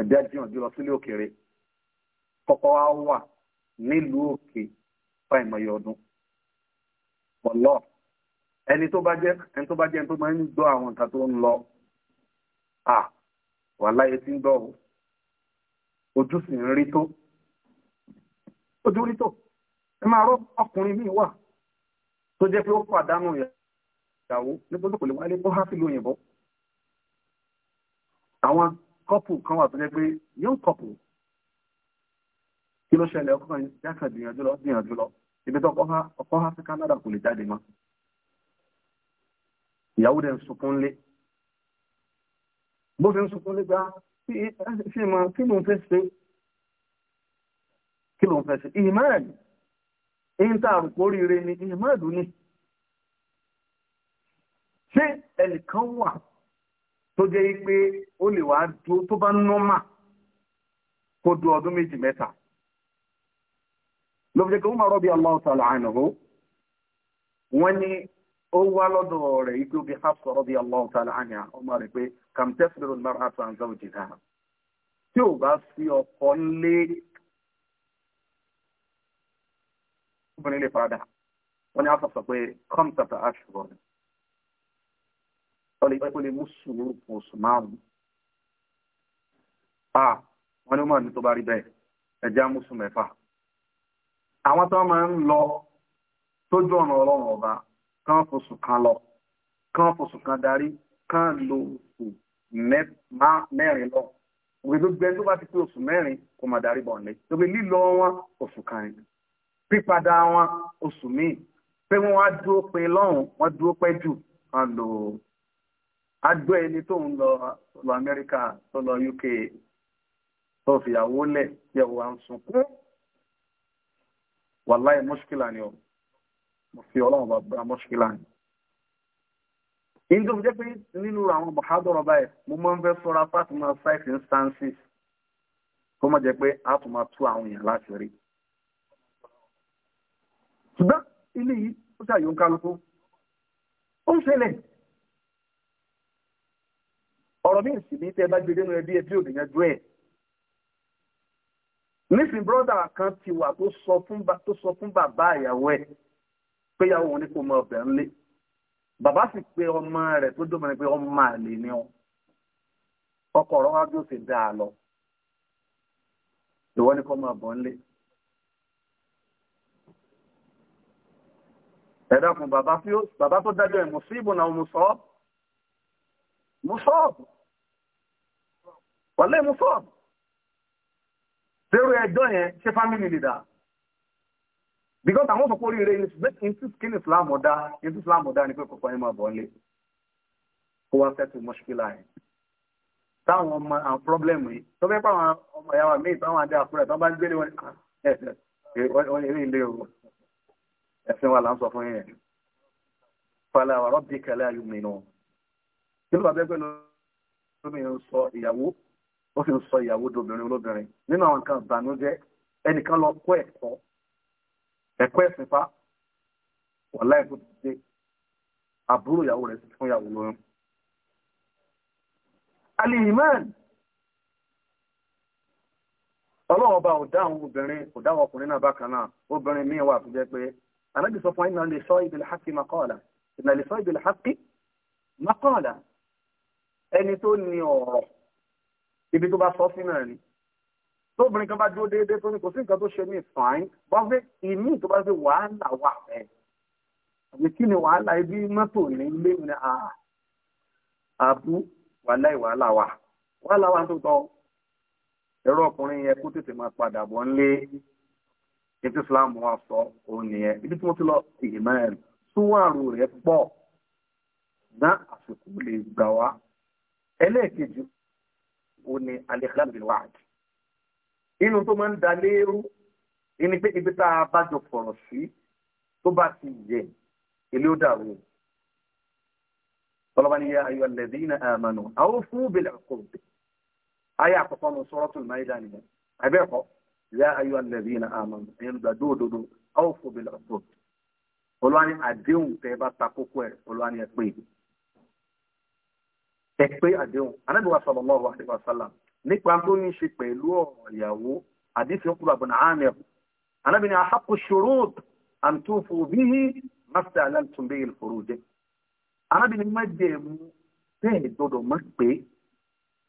Speaker 1: ẹ̀dá gbìyànjú lọ sílé òkèèrè kọ́kọ́ wá wà nílùú òkè fáìmọye ọdún pọ̀lọ́ ẹni tó bá jẹ́ ẹni tó bá jẹ́ ẹni tó máa ń gbọ́ àwọn nǹkan tó ń lọ à wà láyé tí ń gbọ́ o ojú sì ń rí tó ojú rí tó ẹ máa rọ ọkùnrin míì wà tó jẹ́ pé ó pàdánù ìyàwó nítorí kò lè wáyé bó há sílùú òyìnbó àwọn kọ́pù kan wà tó jẹ́ pé yóò kọ́pù kí ló ṣẹlẹ̀ ọkùnrin jákàn gbìyànjú lọ gbìyànjú lọ ibi tó ọkọ há sí Canada kò lè jáde mọ́ ìyàwó dẹ̀ ń sunkún lé bó ṣe ń sunkún lé gbá sí ìmọ̀ kí ló ń fẹ́ ṣe kí ló ń fẹ́ sí ìmáàlì èyí tá à ń kó rire ni ìmáàlì ni ṣé ẹnìkan wà tó jẹ́ pé ó lè wá dúró tó bá nọ́mà kó du ọdún méjì mẹ́ta ló fi jẹ́ kí wọ́n máa rọ́bí Allahu ta'ala wọ́n ní ó wá lọ́dọ̀ rẹ̀ ikú bí Hafsa rọ́bí Allahu ta'ala anha ọmọ rẹ̀ pé kàm tẹ́sílẹ̀ ló àtúnṣe òjì náà tí ò bá sí ọkọ̀ lé obìnrin lè faradà wọ́n ní àfọ̀sọ̀ pé kọ́mtàtà aṣọ rẹ̀ ọ̀lẹ́ ìpẹ́kọ̀ lè mú sùúrù fún oṣù márùn-ún. a wọ́n ní mọ̀ọ́nù tó bá rí bẹ́ẹ̀ ẹ̀já mùsùn mẹ́fà. àwọn tó máa ń lọ tójú ọ̀nà ọlọ́run ọba kán fòṣù kan lọ kán fòṣù kan darí kán lo oṣù mẹ́rin lọ. òwe ló gbẹ tó bá ti pé oṣù mẹ́rin kó máa darí bọ̀ ọ̀lẹ́. lóbi lílọ wọn oṣù kan rìn pípadà wọn oṣù míì pé wọ́n wá dúró pé lọ́hùn wọ́n dúró pẹ́ jù kan lò ó agbẹ́ ẹni tó ń lọ lọ Amẹ́ríkà tó lọ UK tó fìyàwó lẹ̀ yẹ̀wò à ń sunkún wàláì mọ́ṣíkìlà ni ọ mo fi ọlọ́run bá bá mọ́ṣíkìlà ni. Ìjọba jẹ́ pé nínú àwọn bàhádọ́rọ̀ báyìí, mo máa ń fẹ́ sọ́ra fásimọ̀ five instances kó má jẹ́ pé a tún máa tú àwọn èèyàn láti rí ṣùgbọ́n ilé yìí ó ṣàyò ń kálukú ó ń ṣẹlẹ̀ ọ̀rọ̀ míì sì ní tẹ́ bá gbé dénú ẹbí ẹbí òdì yanjú ẹ̀ nísìnyí bọ́dà kan ti wà tó sọ fún bàbá ìyàwó ẹ̀ pé ìyàwó òun ní kò mọ ọbẹ̀ ńlé bàbá sì pé ọmọ rẹ̀ tó dọ́mọ rẹ̀ pé ọmọ àlè ni ọ ọkọ ọ̀rọ̀ wájú ó sì lọ ìwọ ní kò mọ ọbẹ̀ ńlé ẹ̀dàkùn bàbá tó dájọ́ ẹ̀ mùsíbù náà mùsọ́ọ̀bù mùsọ́ọ̀bù wọlé mùsọ́ọ̀bù zero ẹjọ́ yẹn ṣe family leader because àwọn sọ̀kọ́ oríire ní islam ọ̀dá ní islam ọ̀dá ní pé kọ̀kọ́ yẹn máa bọ̀ ọ́lé kó wá fẹ́ tó mọ́ṣíkìlá yẹn táwọn ọmọ àwọn problem yìí tó fẹ́ pàwọn ọmọ ìyàwó mi táwọn adé àkúrẹ̀ tó bá ń gbélé wọn ẹ̀ẹ́dẹ̀ wọn eré ilé ọ̀rọ̀. ẹ̀sìn wa là ń sọ fún yẹn fala wa rabbika la yu'minun kí ló bá bẹ́ẹ̀ lóbìnrin sọ ìyàwó ó sì ń sọ ìyàwó dobìnrin olóbìnrin nínú àwọn nǹkan ìbànújẹ́ ẹnìkan lọ kọ́ ẹ̀kọ́ ẹ̀kọ́ ẹ̀sìn pa wàhálà ẹ̀kọ́ dé àbúrò ìyàwó rẹ̀ fún ìyàwó lóyún. alihiman ọlọ́wọ́n ò dá àwọn obìnrin kò dá àwọn ọkùnrin náà bákan náà obìnrin míì wà tó jẹ́ pé ànábì sọ fún iná lè sọ الحق lẹ́hàkì makọ́ọ̀lá ìnà lè sọ ibi lẹ́hàkì makọ́ọ̀lá ẹni tó ní ọ̀rọ̀ ibi tó bá sọ sí náà ni tóbìnrin kan bá dúró déédéé tó ní kò sí nǹkan tó ṣe ní fine wọ́n fẹ́ ìmí tó bá fẹ́ wàhálà wà fẹ́ àbí kí ni wàhálà ibi mọ́tò ní ilé ní àbú wàhálà ìwàhálà wà wàhálà wà tó tọ́ ẹ̀rọ ọkùnrin yẹn kó tètè máa padà bọ̀ ńlé ètò islam wa sọ òun nìyẹn ibi tí wọ́n ti lọ ìmẹ́rin súwárù rẹ̀ pọ̀ ná àsìkò lè gbà wá ẹlẹ́ẹ̀kejì òun ni al-ikhlal bil-wa'd inú tó máa ń da léérú ẹni pé ibi tá a bá jọ fọ̀rọ̀ sí tó bá ti yẹ ilé ó dàrú tọ́lọ́bá ni yá ayọ̀ alladhina amanu awfu bil-uqud ayé àkọ́kọ́ nu suratul Maida nìyẹn àbẹ́ẹ̀kọ́ yá ayọ́ alẹ́bí iná àmọ́n ẹ̀yin olùgbàdo òdodo áwọ̀ fòbí lọ́sọ̀ olùwàní àdéhùn tẹ́ ẹ bá ta kókó ẹ̀ olùwàní ẹ pé ẹ pé àdéhùn anábìwá sallallahu alaihi wasallam nípa tó ní ṣe pẹ̀lú ọ̀rọ̀ ìyàwó àdéhùn kúrò àbọ̀nà àmì anábìwá ahaqqu shurut an tufu bihi mọ́tà aláǹtún bẹ́ẹ̀ ìfòròjẹ́ arábìnrin májẹ̀mú bẹ́ẹ̀ gbọ́dọ̀ má pé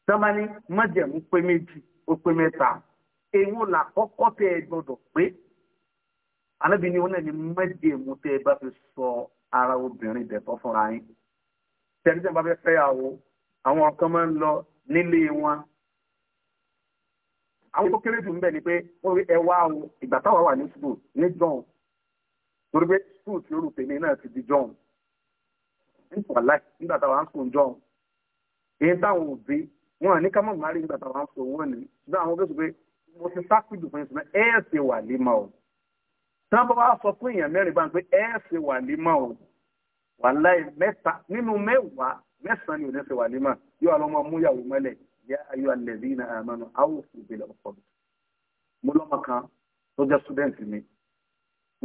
Speaker 1: tọ́mání májẹ̀mú pé méjì ó pé mẹ́ta èèwọ̀n làkọ́kọ́ tẹ ẹ gbọ́dọ̀ pé anábì ni wọn náà ní méje èèwọ̀n tẹ ẹ bá fi sọ ara obìnrin dẹ̀tọ́ fúnra yín tẹ̀lé tẹ̀ bá fẹ́ fẹ́ yàwó àwọn kan máa ń lọ nílé wọn àwọn tó kéré jù ń ni pé wọ́n rí ẹwà o ìgbà táwa wà ní school ní john torí pé school tí orú tèmi náà ti di john nípa láì nígbà táwa ń school john èyí táwọn òbí wọn ní ká mọ̀ máa rí nígbà táwa ń school wọn ní ṣùgbọ́n àwọn tó pé mo ti sápìdù fún ìsúná ẹ ṣe wà límọ o tí wọn bá wá sọ fún èèyàn mẹ́rin bá ń pé ẹ ṣe wà límọ o wàláì mẹ́ta nínú mẹ́wàá mẹ́sàn-án ni ò ní ṣe wà límọ yóò lọ máa mú ìyàwó mọ́lẹ̀ yá ayọ alẹbí iná àmọnà áwò ìbílẹ̀ ọkọ mo lọmọ kan tó jẹ sùdẹǹtì mi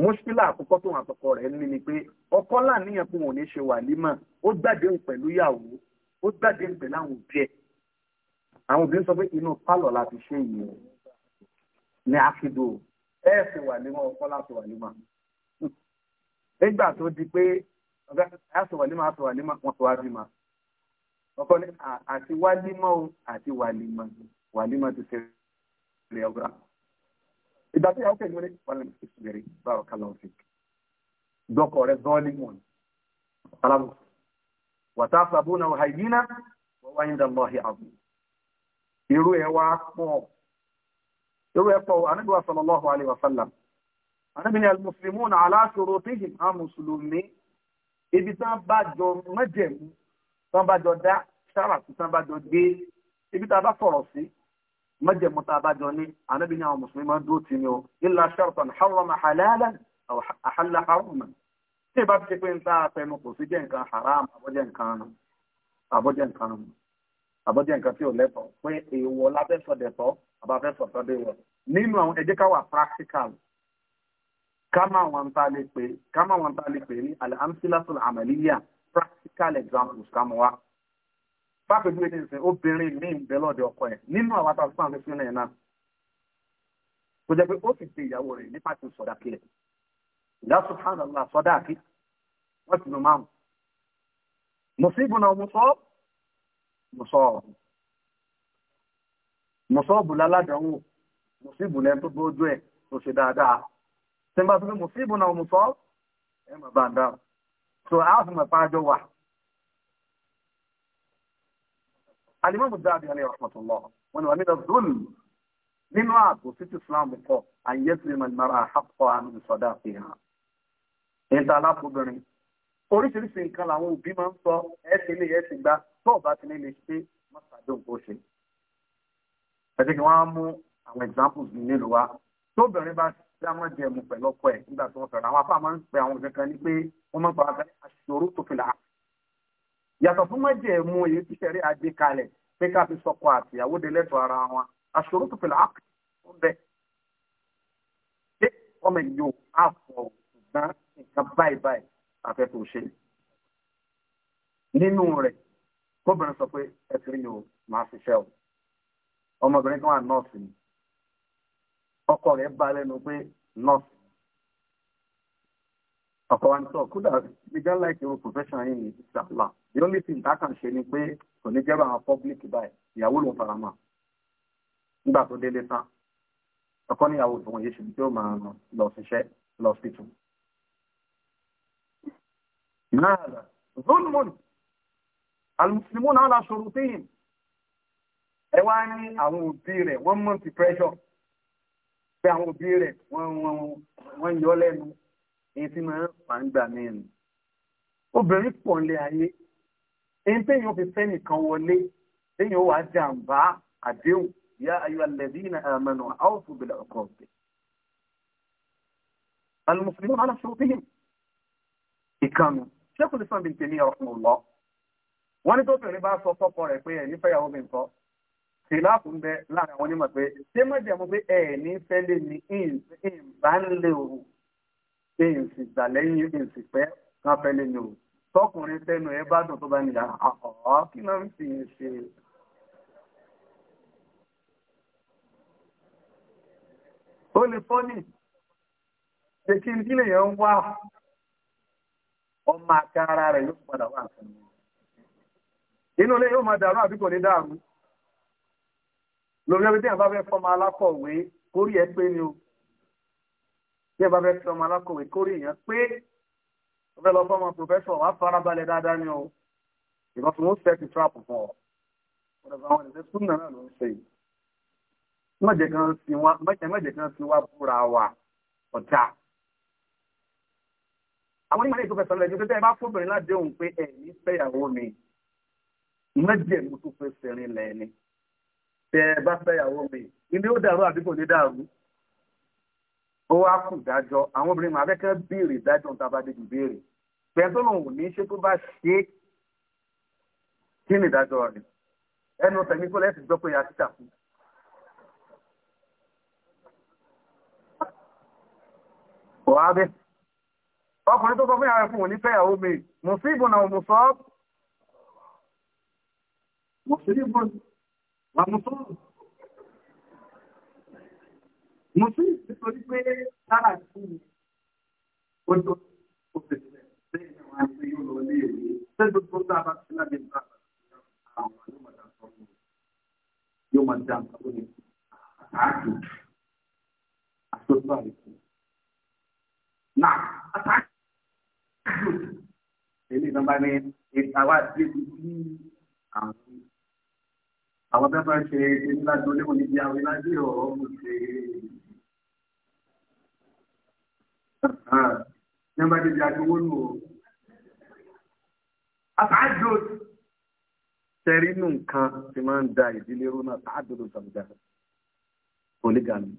Speaker 1: mọ́ṣílá àkọ́kọ́ tó wọn àtọkọ rẹ̀ ní ni pé ọkọ láàníyàn fún wọn ṣe wà límọ ó gbàdé pẹ̀lú ìyàwó ó gbàdé pẹ̀lú àwọn òbí ẹ̀ àwọn òbí ń sọ pé inú pálọ̀ la fi ṣe yìí o ní àfidò ẹ sì wà límọ kọlá sì wà límọ nígbà tó di pé ọgá ẹ sì wà límọ àti wà límọ wọn sì wá bímọ ọkọ ní àti wá límọ o àti wà límọ wà límọ ti ṣe rẹ ọgbà ìgbà tó yà ó kẹ́ni wọlé wàlẹ́ mi ti sùgbẹ́rẹ́ báwo ká lọ́wọ́ sí dọ́kọ̀ rẹ dọ́ọ̀lì mọ̀ alábò wàtá sàbúnà wàhálì yìí wọ́n wáyé dàgbọ́ ọ̀hìn àbò irú ẹ̀ wá pọ̀ lórí ẹ̀pọ̀ anábíwá sallallahu alaihi wasallam anábí ni al-muslimun ala shurutihim á mùsùlùmí ibi tán bá jọ mẹ́jẹ̀mú tán bá jọ dá sára sí tán bá jọ gbé ibi tá a bá sọ̀rọ̀ sí mẹ́jẹ̀mú tá a bá jọ ní anábí ni àwọn mùsùlùmí máa ń dúró tì ní o illa shartan halalan aw ahalla haraman tí ìbá ti pé ń fẹnu kò sí jẹ́ nǹkan haram àbọ̀jẹ̀ nǹkan àbọ̀jẹ̀ nǹkan àbọ̀jẹ̀ nǹkan tí ò lẹ́tọ̀ọ́ pé èèwọ̀ lábẹ́sọ̀dẹ̀tọ̀ àbáfẹ́ sọ̀tọ́ dé wọn nínú àwọn ẹ jẹ́ ká wà practical ká má wọn ta lè pè ká má wọn ta lè pè ní alhamdulilayi amaliya practical examples ká mọ̀ wá. pápẹ́jú ẹni sìn obìnrin mi ń bẹ lọ́dẹ ọkọ ẹ̀ nínú àwọn àtàkùn àwọn fífún ẹ̀ náà kò jẹ́ pé ó sì pe ìyàwó rẹ̀ nípa ti sọ̀dà kílẹ̀ ìdá subhanallah sọ̀dà kí wọ́n ti nù márùn-ún mùsíbùnà mùsọ̀ mùsọ̀ ọ̀hún mùsọ́ọ̀bù láládánwò mùsíbù lẹ́nu tó gbójú ẹ̀ tó ṣe dáadáa tí n bá tún pé mùsíbù náà mùsọ́ ẹ mọ̀ bá ń dáhùn so a fi mọ̀ pa àjọ wà. alimọ́bù dáàbí alẹ́ rahmatullah wọn ni wà nílò zul nínú ààbò sí ti islam kọ àyè tí mo mara àkọ́ àmì ìsọdá fi hàn. ìta alákòóbìnrin oríṣiríṣi nǹkan làwọn òbí máa ń sọ ẹ̀sìn ilé ẹ̀sìn gbá tó ọ̀bá ti ní lè ṣe mọ́tàdé ẹ̀jẹ̀ kí wọ́n á mú àwọn examples mi nílùú wa tóbìnrin bá dáwọn jẹ̀mú pẹ̀lú ọkọ ẹ̀ nígbà tí wọ́n fẹ́ràn àwọn afá máa ń pe àwọn kankan ní pé wọ́n máa ń pàrọ̀ àgbẹ̀ àṣòro tó fi là á. yàtọ̀ fún mọ́jẹ̀mú èyí tí sẹ́rí adé kalẹ̀ pé ká fi sọkọ àtìyàwó de lẹ́tọ̀ ara wọn àṣòro tó fi là á kò bẹ́ẹ̀. ṣé ọmọ ìyó àfọ̀ ṣùgbọ́n nǹkan báyìí báyìí àfẹ́ tó ṣe. nínú rẹ̀ kóbìnrin sọ pé ẹ ọmọbìnrin kan wà nọ́ọ̀sì ni ọkọ rẹ̀ bá lẹ́nu pé nọ́ọ̀sì ọkọ wa ń sọ kódà we don't like profession yìí ní ìsàlá the only thing that can kàn ṣe ni pé kò ní jẹ́bà àwọn public báyìí ìyàwó ló fara mọ́ nígbà tó délé tán ọkọ níyàwó tòun yìí ṣùgbọ́n tí ó máa lọ ṣiṣẹ́ lọ sí tù. náà zulmun al-muslimuna ala shurutihim ẹ wá ní àwọn òbí rẹ̀ wọ́n mọ̀ sí pressure pé àwọn òbí rẹ̀ wọ́n wọ́n wọ́n yọ lẹ́nu èyí tí máa ń fà ń gbà mí nù. obìnrin pọ̀ ń lé ayé èyí téèyàn fi fẹ́ nìkan wọlé téèyàn wàá jàǹbá àdéhùn yá ayọ̀ alladhina amanu awfu bil uqud. المسلمون على شروطهم ìkànnù ṣé kò ní sàn bí tèmi ọ̀sán lọ. wọ́n ní tó bẹ̀rẹ̀ bá sọ fọ́kọ rẹ̀ pé ẹ̀ nífẹ̀ẹ́ yàwó mi nǹkan tìláàfù ń bẹ láàrin àwọn onímọ̀ pé ṣé pé ẹ ní fẹ́lẹ́ ní ìbánilé òru pé ìsìn ìgbàlẹ́yìn ìsìn pẹ́ kan fẹ́lẹ́ ní òru tọkùnrin tẹnu ẹ bá dùn tó bá nìyà ọ̀ kí náà ń sì ń ṣe. ó lè fọ́nì ṣe kí n dílé yẹn ń wá ọmọ yóò padà wá lórí ẹbí tí yẹn bá fẹ́ fọmọ alákọ̀wé kórì ẹ pé ni o tí yẹn bá fẹ́ fọmọ alákọ̀wé kórì yẹn pé o fẹ́ lọ fọmọ pòfẹ́sọ̀ wàá farabalẹ̀ dáadáa ni o ìbọn fún wọn sẹ́ẹ̀tì trap fún ọ ọ̀dọ̀ àwọn ẹ̀sẹ̀ fún náà ló ń ṣe yìí mọ̀jẹ̀ kan sí wa mọ̀jẹ̀ kan sí wa búra wa ọ̀tá. àwọn onímọ̀ ètò fẹsẹ̀ lẹ́jọ́ pé bá fóbìnrin ládéhùn pé ẹ̀ ní fẹ́yàwó mi mọ̀jẹ̀ mo tún fẹsẹ̀ rin lẹ́ni tẹ ẹ bá fẹ́ ìyàwó mi ilé ó dàrú àbí kò ní dàrú ó wá kù dájọ́ àwọn obìnrin màá fẹ́ kẹ́ béèrè dájọ́ níta bá débi béèrè bẹ́ẹ̀ tó lòun ò ní ṣe tó bá ṣe é kí ni ìdájọ́ rẹ̀ ẹnu tẹ̀mí kó lẹ́sìn gbọ́ pé ya títà fún. wàá bẹ́ẹ̀ ọkùnrin tó sọ fún ìyàwó fún òní fẹ́yàwó mi mùsíbùn náà mùsọ́ọ́ àmùsọ́rọ̀. Mùsùlùmí nítorí pé sára sí ó tó ó ti sílẹ̀ bẹ́ẹ̀ ni wọ́n á ti yóò lọ ilé ìwé. Sẹ́dọ̀ tó dá bá sílẹ̀ bí bá àwọn àlùmọ̀dá sọ fún mi. Yóò máa dá nǹkan tó ní àwọn tó fẹ́ ṣe nígbà tó léwu ní bí àwọn ilájú ọ̀rọ̀ mú ṣe ah, ní ọba débi àdúgbò nù ó. àtàjò tẹ̀rí nù nǹkan ti máa ń da ìdílé rú náà tààjò ló sàbùdà polygamy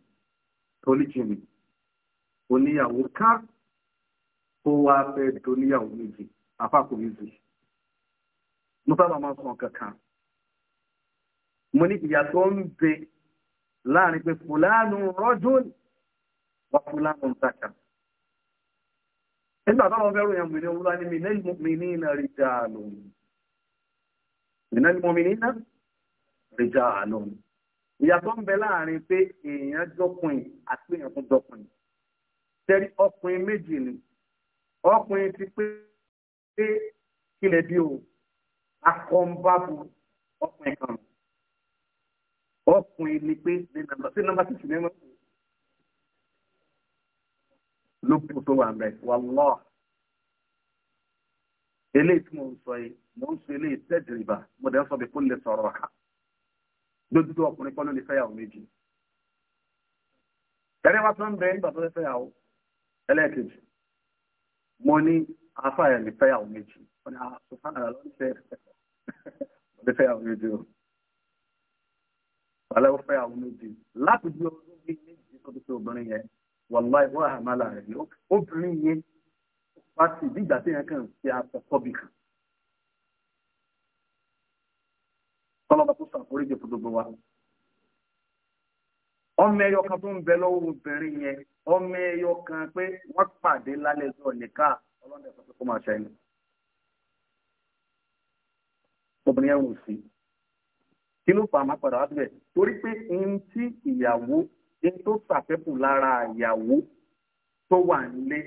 Speaker 1: polygyny oníyàwó ká ó wá fẹ́ doníyàwó méjì àfàkùnrin jù. mo sábà máa ń sọ kankan mo ní ìyàtọ̀ ń bẹ láàrin pé fúlàánù rọ́jùn wà fúlàánù zaka nígbà táwọn fẹ́ràn yẹn mìíràn wúlá ní minal mu'minina rijalun minal mu'minina rijalun ìyàtọ̀ ń bẹ láàrin pé èèyàn jọkùnrin àti èèyàn tún jọkùnrin tẹ́rí ọkùnrin méjì ni ọkùnrin ti pé pé kílẹ̀ bí o akọ́ńbàbò ọkùnrin kan nù ọkùnrin ni pé ní nàmbà sí nàmbà tìtì nínú ló kù tó wà mẹ wàlọ eléyìí tí mo ń sọ yìí mo ń sọ eléyìí tẹjìrìbà mo dẹ̀ ń sọ bí kò lè sọ̀rọ̀ ha lójútó ọkùnrin kọ́ ló lè fẹ́yàwó méjì ẹ̀rẹ́ wa tó ń bẹ nígbà tó fẹ́ fẹ́yàwó ẹlẹ́ẹ̀kejì mo ní afáyà lè fẹ́yàwó méjì wọ́n ní asòfàànà ah, ló ń fẹ́yàwó méjì o. ala ó fẹ́ àwọn méjì láti bí ọdún bíi méjì tó ti fi ye yẹn wàláì ó àmàlà rẹ̀ ni obìnrin yẹn wá sí kan. kọ́lọ́bà tó ṣàforíjì fún gbogbo wa. ọmọ ẹyọ kan tó ń bẹ lọ́wọ́ kan kí ló fà á máa padà wá síbẹ̀ torí pé n tí ìyàwó n tó ṣàfẹ́kù lára ìyàwó tó wà nílé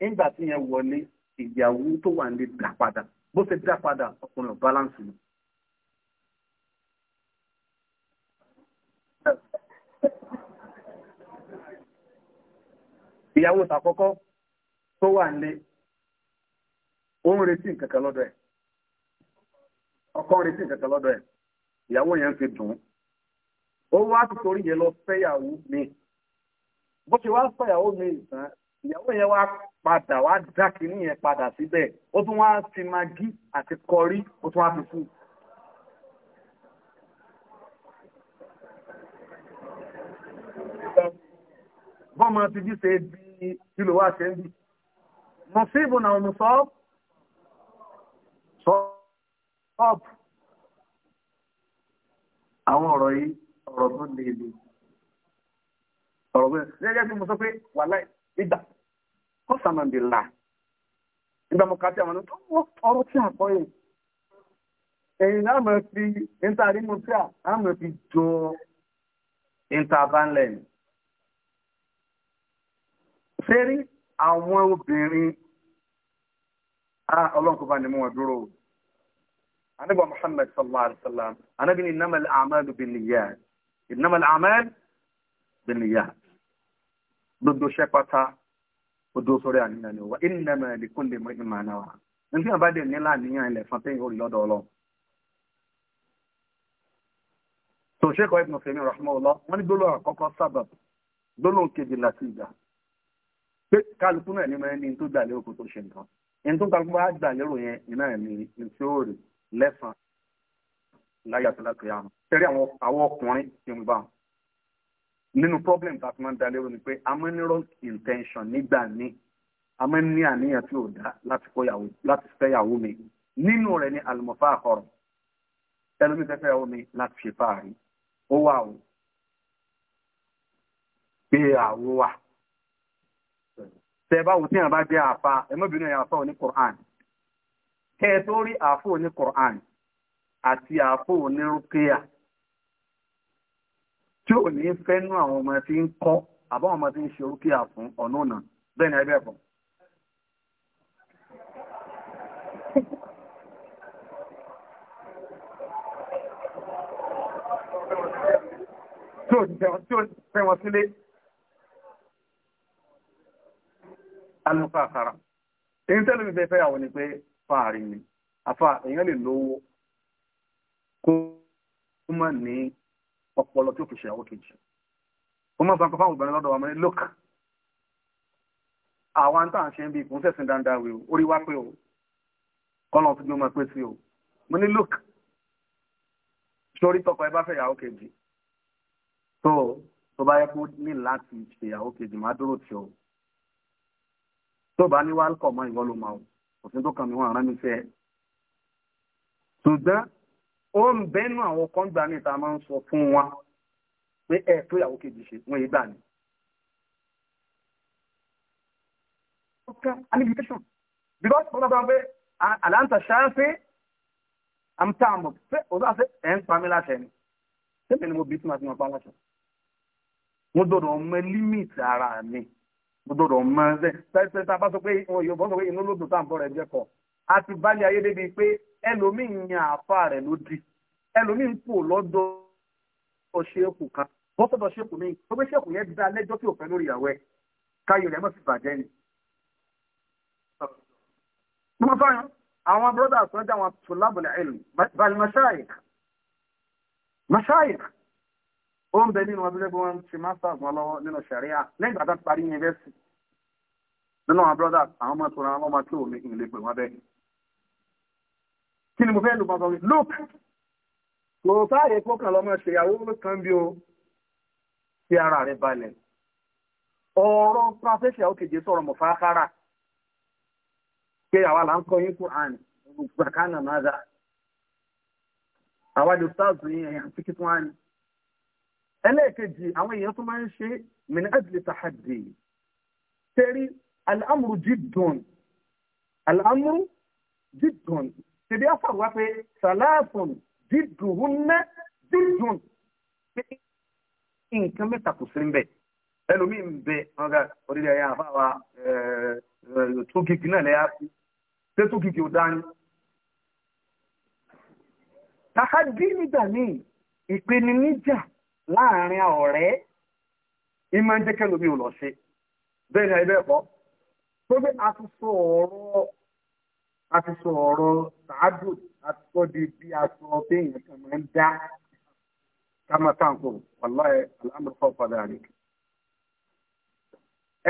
Speaker 1: nígbà tí yẹn wọlé ìyàwó tó wà nílé dá padà bó ṣe dá padà ọkùnrin ò balance ni. ìyàwó tàkọ́kọ́ tó wà nílé ó ń retí nǹkan kan lọ́dọ̀ ẹ̀ ọkọ ń retí nǹkan kan lọ́dọ̀ ẹ̀ ìyàwó yẹn fi dùn ó wá torí yẹn lọ fẹ́yàwó mi bó ṣe wá fẹ́yàwó mi ìtàn ìyàwó yẹn wá padà wá dá kínní yẹn padà síbẹ̀ ó tún wá fi magí àti kọrí ó tún wá fi fún un. bọ́mọ ti bí ṣe bí kílò wá ṣe ń bí. Mọ̀síbù náà mú sọ́ọ̀bù. àwọn ọ̀rọ̀ yìí ọ̀rọ̀ tó lè lè ọ̀rọ̀ gbé tí mo sọ pé wà láì ìgbà kó sàmàǹdì là ìgbà mo tí àwọn tó wọ́ ọ̀rọ̀ tí àkọ́ yìí ẹ̀yìn náà mọ̀ fi níta rí tí mọ̀ jọ ṣé rí anábà muhammad sallallahu alayhi wa sallam anábì ní innamal a'malu binniyat innamal a'malu binniyat gbogbo ṣẹ́ pátá odó sórí àníyàn ni wà innama likulli imri'in ma nawa nígbà tí wọn bá dé nílá àníyàn ilẹ̀ fún tẹ́yìn orí lọ́dọ̀ ọlọ́run tó ṣe kọ́ ibùn fèmí rahimahullah wọ́n ní gbólóhùn àkọ́kọ́ sábàb gbólóhùn kejì láti ìgbà pé kálukú náà ní mẹ́rin ní tó gbà lérò kó tó ṣe nǹkan ẹni tó kálukú bá gbà lérò yẹn iná ẹ̀mí ní tí ó rèé lẹ́sàn láyé àtàlákè àmọ́ tẹ́lẹ̀ àwọn àwọn ọkùnrin ti ń bá wọn nínú problem tá a fi máa ń da lérò ni pé a máa ń ní wrong intention nígbà ní a máa ń ní àníyàn tí ò dá láti kó yàwó láti fẹ́ yàwó mi nínú rẹ̀ ni àlùmọ̀fà àkọrọ̀ ẹlòmíì fẹ́ fẹ́ yàwó mi láti ṣe fáàrí ó wà o pé àwo wà tẹ báwo tí yàrá bá jẹ́ àfa ẹ mọ́bìnrin yàrá fa ò ní Quran kẹ́ ẹ Quran àti àáfò ní Rukia tí ò ní fẹ́nu àwọn ọmọ tí ń kọ́ àbáwọn ọmọ tí ń ṣe Rukia fún ọ̀nà ọ̀nà bẹ́ẹ̀ ni ẹgbẹ́ fún. tí ó fẹ́ wọn sílé èyí tẹ́lẹ̀ mi fẹ́ fẹ́ yàwó ni pé àfáàrí ni àfá èèyàn lè lówó kó má ní ọpọlọ tí ó fi ṣe àwọn kejì ó má sọ fáwọn obìnrin lọ́dọ̀ wa mọ́ni look àwọn tá à ń ṣe ń bí ìkún sẹ̀sìn dáadáa rèé o orí wá pé o kọ́nà tó gbé ọmọ pé sí o mo ní look sórí tọkọ ẹ bá fẹ́ ìyàwó kejì tó tó bá yẹ kó ní láti ṣe ìyàwó kejì má dúró tì o tó bá ní wálkọ̀ mọ́ ìwọ ló máa wò òsín tó kàn mí wọn àrán mi fẹ́ ṣùgbọ́n ó ń bẹ́nu àwọn kan gbà ní ìta máa ń sọ fún wa pé ẹ tó ìyàwó kejì ṣe wọn yìí gbà ní. because wọ́n bá pé àlàǹtà ṣááṣe àmúta àmọ̀ pé òun àṣẹ ẹ̀ ń pa mí láṣẹ ni sẹ́mi ni mo bí tí màá ti pa láṣẹ. mo dọ̀dọ̀ ọmọ límìtì ara mi gbọdọ̀ mọ ṣe ṣe tá a bá sọ pé yorùbá sọ pé inú ló dùn tá à ń bọ̀ rẹ̀ jẹ́ kọ̀ a ti bálẹ̀ ayé débi pé ẹlòmíín yan àfa rẹ̀ ló di ẹlòmíín kò lọ́dọ̀ ṣéèkù kan bọ́ sọ́dọ̀ ṣéèkù mi tó pé ṣéèkù yẹn dá lẹ́jọ́ tí ò fẹ́ lórí ìyàwó ẹ̀ káyọ̀ rẹ̀ mọ̀ sí bàjẹ́ ni. mo fà yàn àwọn brothers wọn jẹ́ àwọn tòlábùlẹ̀ ẹ̀lú bàlì mọ́ṣáìkì ó ń bẹ nínú ọdún lẹ́gbẹ̀ẹ́ wọn ṣe masters wọn lọ́wọ́ nínú sẹ̀ríà lẹ́yìn ìgbà tó ti parí yunifásitì nínú àwọn brothers àwọn ọmọ tóra àwọn ọmọ tí ò mi kì í lè pè wọ́n bẹ́ẹ̀. kí ni mo fẹ́ lù pàtàkì look kò sáàyè fọkàn lọ́mọ ṣèyàwó kan bí o fi ara balẹ̀ ọ̀rọ̀ ó sọ̀rọ̀ pé àwa là ń kọ́ yín gbàkánà àwa ẹlẹ́ẹ̀kejì àwọn èèyàn tó máa ń ṣe min ajli tahaddi tẹ́rí al'amuru jiddun al'amuru jiddun ti bí afọ wá pé salafun jidduhunna jiddun pé nǹkan mẹ́ta kò sí ń bẹ̀ ẹlòmíì ń bẹ ọ̀gá orílẹ̀ ayé àfáwà tó kìkì náà lẹ́yà sí pé tó kìkì ò dání tahaddi nígbà míì ìpèníjà láàrin ọ̀rẹ́ ìmọ̀ jẹ́ kẹlòmí ò lọ ṣe bẹ́ẹ̀ ni ẹgbẹ́ ẹ̀kọ́ tó bí a ti sọ ọ̀rọ̀ a ti sọ a sọ bí kan máa ń dá padà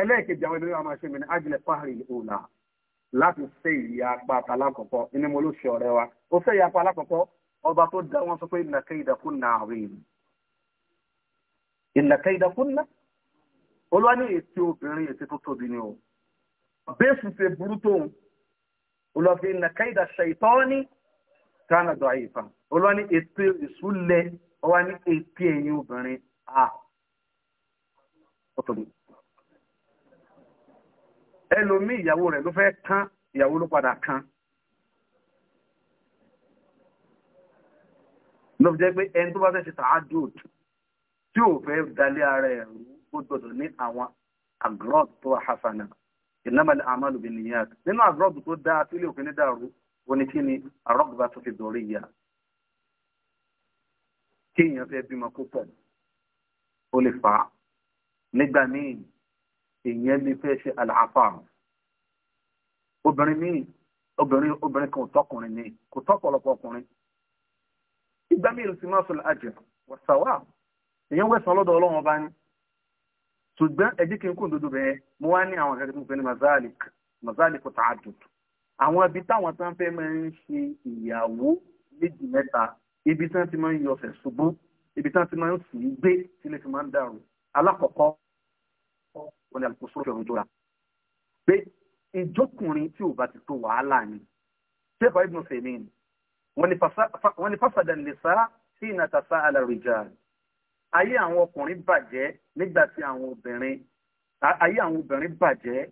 Speaker 1: ẹlẹ́ẹ̀kejì àwọn máa ṣe mi ní láti ìyá apá alákọ̀ọ́kọ́ inú mo ló ṣe ọ̀rẹ́ wa ó fẹ́ ìyá apá alákọ̀ọ́kọ́ ọba tó dá wọn sọ pé nàkẹ́ ìdàkú nàárín ìnàkẹ́ ìdàkúnná olúwa ní ètò obìnrin ètò tó tóbi ni o bẹ́ẹ̀sì ṣe burú tóun olúwa fi ìnàkẹ́ ìdàṣẹ ìtọ́ni kánàdọ̀ àyíká olúwa ní ètò ìsúlẹ̀ olúwa ẹ̀yìn obìnrin a ó tóbi ẹlòmíì ìyàwó rẹ̀ ló fẹ́ kán ìyàwó ló padà kán ló fi jẹ́ pé ẹni tó bá fẹ́ ṣe tàá tí ò fẹ́ dalẹ̀ ara ẹ̀ rú ó gbọ́dọ̀ ní àwọn agrod tó hasana ìnámàlẹ̀ amalu bin niyat nínú agrod tó dá sílé òfin ní dàrú oní kí ni arọ́gbà tó fi dọ̀rí ìyá kí èèyàn fẹ́ bímọ púpọ̀ ó lè fà á nígbà míì èèyàn lè fẹ́ ṣe àlàáfà obìnrin míì obìnrin obìnrin kan ò tọkùnrin míì kò tọpọlọpọ ọkùnrin ìgbà míì ló ti máa sọ àjẹ wàsáwà èyàn wẹ̀sán lọ́dọ̀ ọlọ́run ọba ni ṣùgbọ́n ẹ̀jẹ̀ kí n kún dodo bẹ́ẹ̀ mo wá ní àwọn akẹ́kọ̀ọ́ fẹ́ ní mazalik mazalik ta'addud àwọn ibi táwọn tán fẹ́ máa ń ṣe ìyàwó méjì mẹ́ta ibi tán ti máa ń yọ̀fẹ̀ ṣubú ibi tán ti máa ń sì í gbé sílẹ̀ fi máa ń dàrú alákọ̀ọ́kọ́ wọn ni àlùkò sọ́rọ̀ ìrìn jọra pé ìjọkùnrin tí ò bá ti tó wàhálà ni sèfà ibùn fèmí wọn ni fásádà ayé àwọn ọkùnrin bàjẹ́ nígbà tí àwọn obìnrin ayé àwọn obìnrin bàjẹ́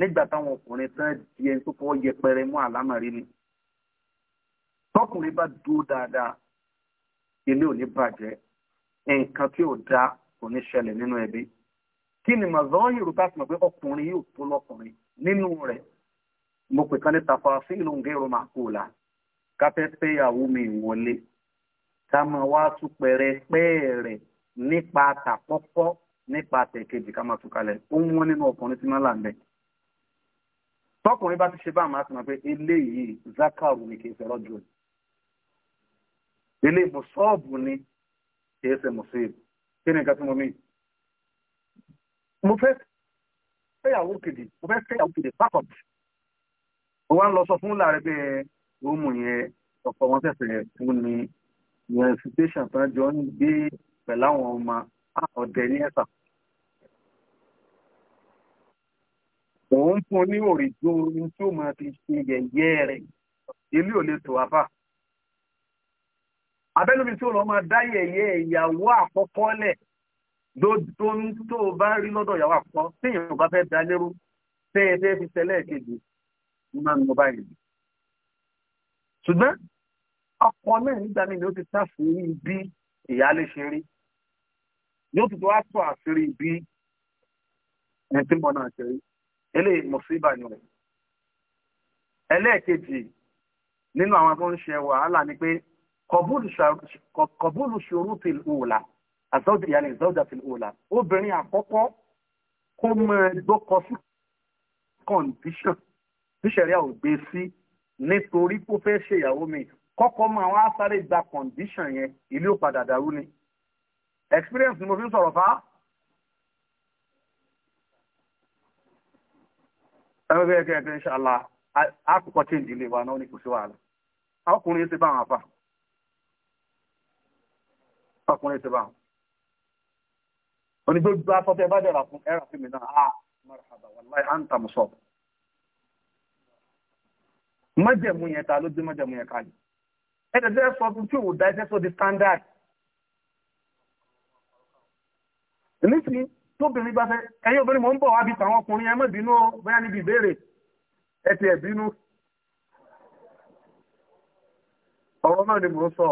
Speaker 1: nígbà táwọn ọkùnrin tán di ẹni tó fọwọ́ yẹpẹrẹ mú àlámọ̀rí ni tọkùnrin bá dúró dáadáa ilé ò ní bàjẹ́ nǹkan tí ò dá kò ní ṣẹlẹ̀ nínú ẹbí kí ni màzọ́ yorùbá fi mọ̀ pé ọkùnrin yóò tó lọkùnrin nínú rẹ̀ mo pè kan ní tafa sí ìlú ń máa kó o la ká fẹ́ fẹ́ ìyàwó mi wọlé ká máa wá tún pẹ̀rẹ̀ pẹ́ẹ̀rẹ̀ nípa tàkọ́kọ́ nípa tẹ̀kejì ká máa túkalẹ̀ ó ń wọ́n nínú ọkùnrin tí máa là ń bẹ̀. tọkùnrin bá ti ṣe báà máa ti mọ̀ pé eléyìí zakaru ni kì í fẹ́rọ̀ jù ilé mùsọ́ọ̀bù ni kì í ṣe mùsíìbù kí ni nǹkan tí mo mí. mo fẹ́ fẹ́yàwó kejì mo fẹ́ fẹ́yàwó kejì bákan mo wá ń lọ sọ fún láàrẹ pé òun yẹn ọ̀pọ̀ wọn tẹ̀sẹ̀ fún ni yẹn situation tán jọ pẹ̀lú àwọn ọmọ ọ̀dẹ ní ẹ̀sà. òun fún ní òrìjó ohun tí ó máa fi ṣe yẹ̀yẹ́ rẹ̀ ilé ò lè tò àfà. abẹ́lómi tí ó lọ máa dá yẹ̀yẹ́ ìyàwó àkọ́kọ́ lẹ̀ tó ń tó bá rí lọ́dọ̀ ìyàwó àkọ́kọ́ téèyàn bá fẹ́ da lérú tẹ́ẹ̀ fẹ́ fi tẹ́lẹ̀ kejì ní máa ń lọ báyìí. ṣùgbọ́n ọkọ náà nígbà míì ni ó ti sá fún bí ìyá lè ṣe rí yóò tuntun wá sọ àṣírí bí ẹni tí mo náà ṣe rí eléyìí mùsíbà ni rẹ̀ ẹlẹ́ẹ̀kejì nínú àwọn tó ń ṣe wàhálà ni pé kọ̀bùlù ṣòro ti òòlà àzọ́jà ìyá ni ìzọ́jà ti òòlà obìnrin àkọ́kọ́ kó mọ ẹgbọ́kọ sí kọ̀ǹdíṣàn tíṣẹ̀ríà ò gbé sí nítorí kó fẹ́ ṣèyàwó mi kọ́kọ́ mọ àwọn asáré gba kọ̀ǹdíṣàn yẹn ìlú ò padà dàrú ni experience ni mo fi ń sọ̀rọ̀ fá ẹgbẹ́ ẹgbẹ́ ẹgbẹ́ ṣàlá àkùkọ change ilé wa náà ní kò sí wàhálà ọkùnrin ti bá wọn fà ọkùnrin ti bá wọn onígbógbó afọ́fẹ́ bá dẹ̀rà fún ẹ̀rà fún mi náà ah marhaba wallahi anta musab májẹ̀mú yẹn ta ló dé májẹ̀mú yẹn káyì ẹ̀dẹ̀dẹ̀ sọ fún standard nísìnyí tóbìnrin bá fẹ́ ẹ̀yin obìnrin mò ń bọ̀ wá bí tàwọn ọkùnrin ẹ má bínú o bóyá níbi ìbéèrè ẹ ti ẹ̀ bínú. náà ni mò ń sọ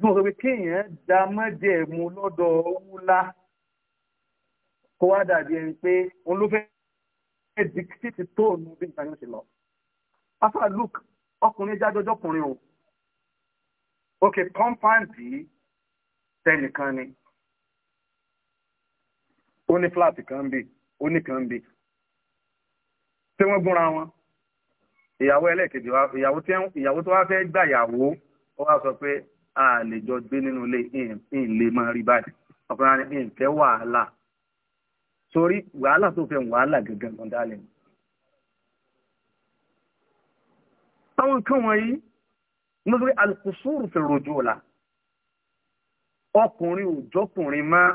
Speaker 1: mo sọ pé kéèyàn da mọ́jẹ̀ mu lọ́dọ̀ wúlá kó wá dàbí ẹni pé òun ló fẹ́ dìkítì tóònù bí nǹkan yóò ṣe lọ. afa luke ọkùnrin jájọjọ ọkùnrin o òkè kọ́ńpáǹtì tẹnìkan ni. Okay, ó ní flat kan ń bì ó ní kan ń bì tí wọ́n gúnra wọn ìyàwó ẹlẹ́ẹ̀kejì wa ìyàwó tó wá fẹ́ gbà yàwó ó wá sọ pé a lè jọ gbé nínú ilé ìhìn lè máa rí báyìí ọkùnrin ní ìfẹ́ wàhálà torí wàhálà tó fẹ́ wàhálà gẹ́gẹ́ kan dálẹ̀ àwọn nǹkan wọ̀nyí nítorí alùpùsùrù fẹ́ rojú ọ̀la ọkùnrin ò jọkùnrin máa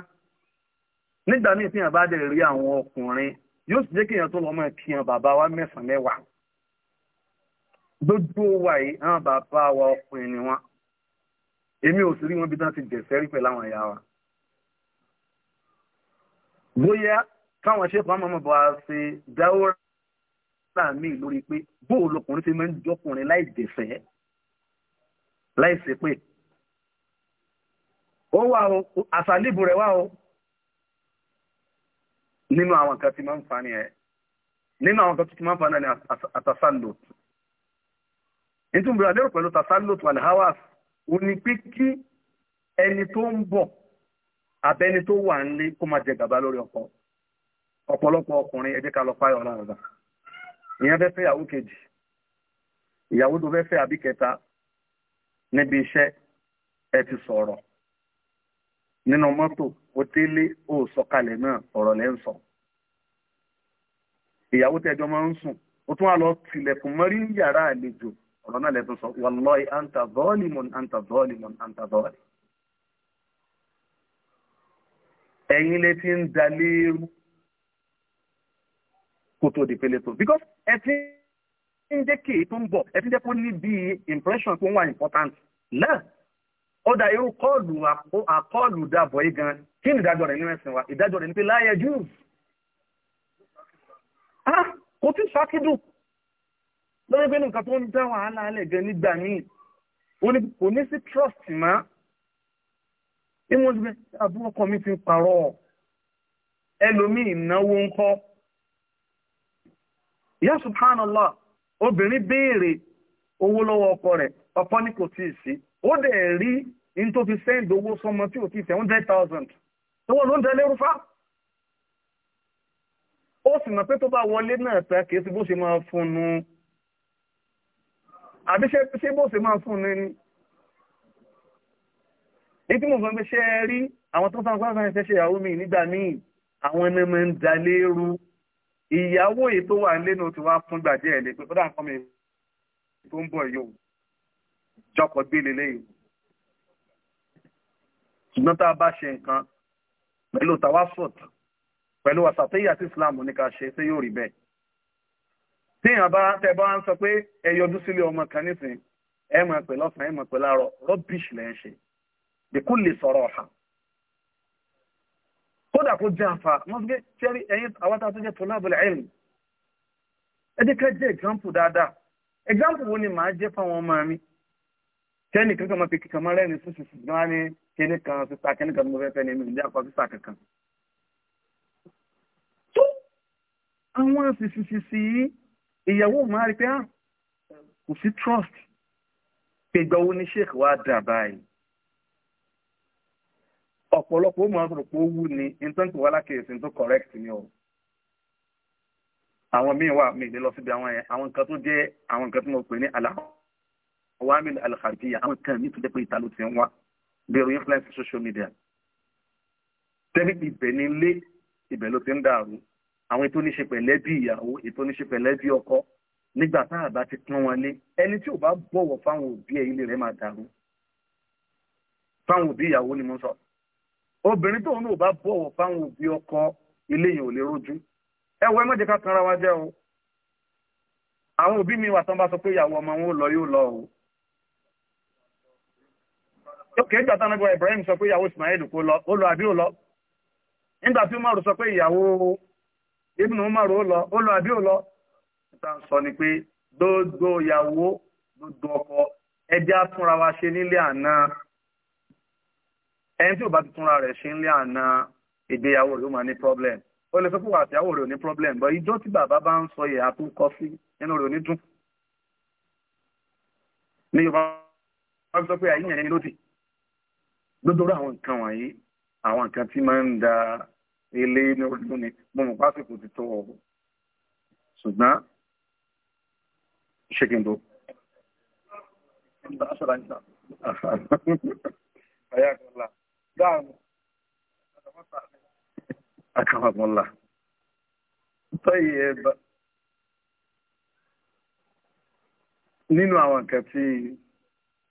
Speaker 1: nígbà míì tíyàn bá dẹ̀ rí àwọn ọkùnrin yóò sì jẹ́ kéèyàn tó lọ́mọ kíyàn bàbá wa mẹ́sàn-án mẹ́wàá gbogbo wa yìí àwọn bàbá wa ọkùnrin ni wọn èmi ò sì rí wọn bí tán ti jẹ̀fẹ́ rí pẹ̀lú àwọn ìyá wa bóyá káwọn ṣe fún àmọ́mọ́ bá ṣe dáwọ́rà mi lórí pé bóò lọkùnrin ti máa ń jọkùnrin láì jẹ̀fẹ́ láì ṣépè ó wà o àṣàlíbù rẹ̀ wà o nínú àwọn nǹkan tí máa ń fa ni ẹ nínú àwọn nǹkan tí máa ń fa náà ni àtàsálòt nítorí ìbúra lérò pẹ̀lú tàsálòt wàlháwàs ò ní pé kí ẹni tó ń bọ̀ abẹ́ni tó wà nílé kó máa jẹ gàba lórí ọkọ ọ̀pọ̀lọpọ̀ ọkùnrin ẹ ká lọ páyọ̀ ọ̀la ọ̀la ìyẹn fẹ́ fẹ́ ìyàwó kejì ìyàwó tó fẹ́ fẹ́ àbí kẹta níbi iṣẹ́ ẹ ti sọ̀rọ̀ nínú mọ́tò ó délé ó sọ̀kalẹ̀ náà ọ̀rọ̀ lẹ́ ń sọ. ìyàwó tẹjọ máa ń sùn ó tún wà lọ tilẹ̀kùn mọ́rí yàrá àlejò ọ̀rọ̀ náà lẹ́tọ̀ sọ wallahi anta zalimun anta zalimun anta zalimun. ẹ̀yin lè ti ń dalérú kó tó di pélé tó because ẹ ti ń jẹ́ kéé tó ń bọ̀ ẹ ti ń jẹ́ kó ní impression tó ń wà important náà. ó dá irú kọ́ọ̀lù àkọ́ọ̀lù dàbọ̀ yìí gan kí ni ìdájọ́ rẹ̀ nínú ẹ̀sìn wa ìdájọ́ rẹ̀ ní pé láyé jù kò tí sákídù lórí pé nǹkan tó ń dá wàhálà alẹ́ gan nígbà míì kò ní sí trust mọ́ ìmọ̀ ìgbẹ́ àbúrò ọkọ mi ti parọ́ ẹlòmíì ìnáwó ń kọ́ ya subhanallah obìnrin béèrè owó lọ́wọ́ ọkọ rẹ̀ ọkọ ní kò tíì ó dẹ̀ rí in tó fi sẹ́ǹdì owó sọmọ tí ò ti tẹ̀ hundred thousand tó wọ́n ló ń tẹ́lẹ̀ rúfá ó sì mọ̀ pé tó bá wọlé náà tẹ́ kìí sí bó ṣe máa fún nu àbí ṣe bó ṣe máa fún ni ní tí mo fẹ́ fi ṣe rí àwọn tó sáwọn pàápàá ṣe ṣe ìyàwó mi nígbà míì àwọn ẹni mọ̀ ń dalérú ìyàwó èyí tó wà ń lénu ti wá fún gbàdé ẹ̀ lè pé kódà nǹkan mi tó ń bọ̀ yóò jọkọ̀ gbé lélẹ́yìn ṣùgbọ́n tá a bá ṣe nǹkan pẹ̀lú tawasut pẹ̀lú wasatiyya tí islam ní ká ṣe tí yóò rí bẹ́ẹ̀. tí èèyàn bá tẹ bá ń sọ pé ẹ yọjú sílé ọmọ kan nísìn ẹ mọ̀ pé lọ́sàn-án ẹ mọ̀ pé láàárọ̀ rubbish lẹ́ ń ṣe bíkú lè sọ̀rọ̀ ọ̀hà. kódà kó jẹ́ àǹfà wọ́n fi ṣẹ́rí ẹ̀yìn àwọn tó jẹ́ tulabul ilm. ẹ jẹ́ ká jẹ́ example dáadáa example wo ni màá jẹ́ fáwọn ọmọ mi tẹ́nì kankan máa fi kíkan máa rẹ́rìn fún ṣùṣù gan ni kíní kan sísá kíní kan tó mo ni mi ìdí àpá sísá kankan. tó àwọn ṣìṣìṣìṣì ìyàwó máa rí pé ah, kò sí trust gbẹgbẹ owó ní sheik wa dà báyìí ọ̀pọ̀lọpọ̀ ó máa sọ̀rọ̀ pé ó wú ni nǹkan tó wá lákèésí tó correct ni o àwọn míì wà mí ìdí lọ síbi àwọn yẹn àwọn nǹkan tó jẹ́ àwọn nǹkan tó mo pè ní àlàáfíà awamil alkharijiya àwọn kan ní tún jẹ́ pé ìta ló ti ń wá bẹ̀rù influence social media tẹ́lẹ̀ ibẹ̀ ní ilé ibẹ̀ ló ti ń dàrú àwọn ètò oníṣe pẹ̀lẹ́ bí ìyàwó ètò oníṣe pẹ̀lẹ́ bí ọkọ nígbà tá a bá ti pọ́n wọn lé ẹni tí ò bá bọ̀wọ̀ fáwọn òbí ẹ̀ ilé rẹ̀ máa dàrú fáwọn òbí ìyàwó ni mo sọ obìnrin tóun náà ò bá bọ̀wọ̀ fáwọn òbí ọkọ ilé yẹn ò lè rójú ẹ wọ ẹ má jẹ́ ká tanra wa jẹ́ o àwọn òbí mi wà tán bá sọ pé ìyàwó ọmọ wọn ò lọ yóò lọ o kẹjọ tán nígbà Ibrahim sọ pé ìyàwó Ismail kò lọ ó lọ àbí ò lọ nígbà tí Umaru sọ pé ìyàwó Ibn Umaru ó lọ ó lọ àbí ò lọ níta sọ ni pé gbogbo ìyàwó gbogbo ọkọ ẹjẹ àtúnra wa ṣe nílé àná ẹni tí ò bá ti túnra rẹ̀ ṣe nílé àná ìgbéyàwó rẹ̀ ó máa ní problem ó lè sọ pé wàá tíyàwó rẹ̀ ò ní problem bọ́ ijó tí bàbá bá ń sọ ìyá tó kọ́ sí nínú rẹ̀ ò ní dùn ní Yorùbá wọ́n sọ pé àyíyàn ẹni ló dì lódorí àwọn nǹkan wọ̀nyí àwọn nǹkan tí máa ń da ilé ní ọdún ni mo mọ̀ pásìkò ti tó ọ̀hún ṣùgbọ́n ṣé kí n tó. أكرم الله طيب nínú àwọn nǹkan tí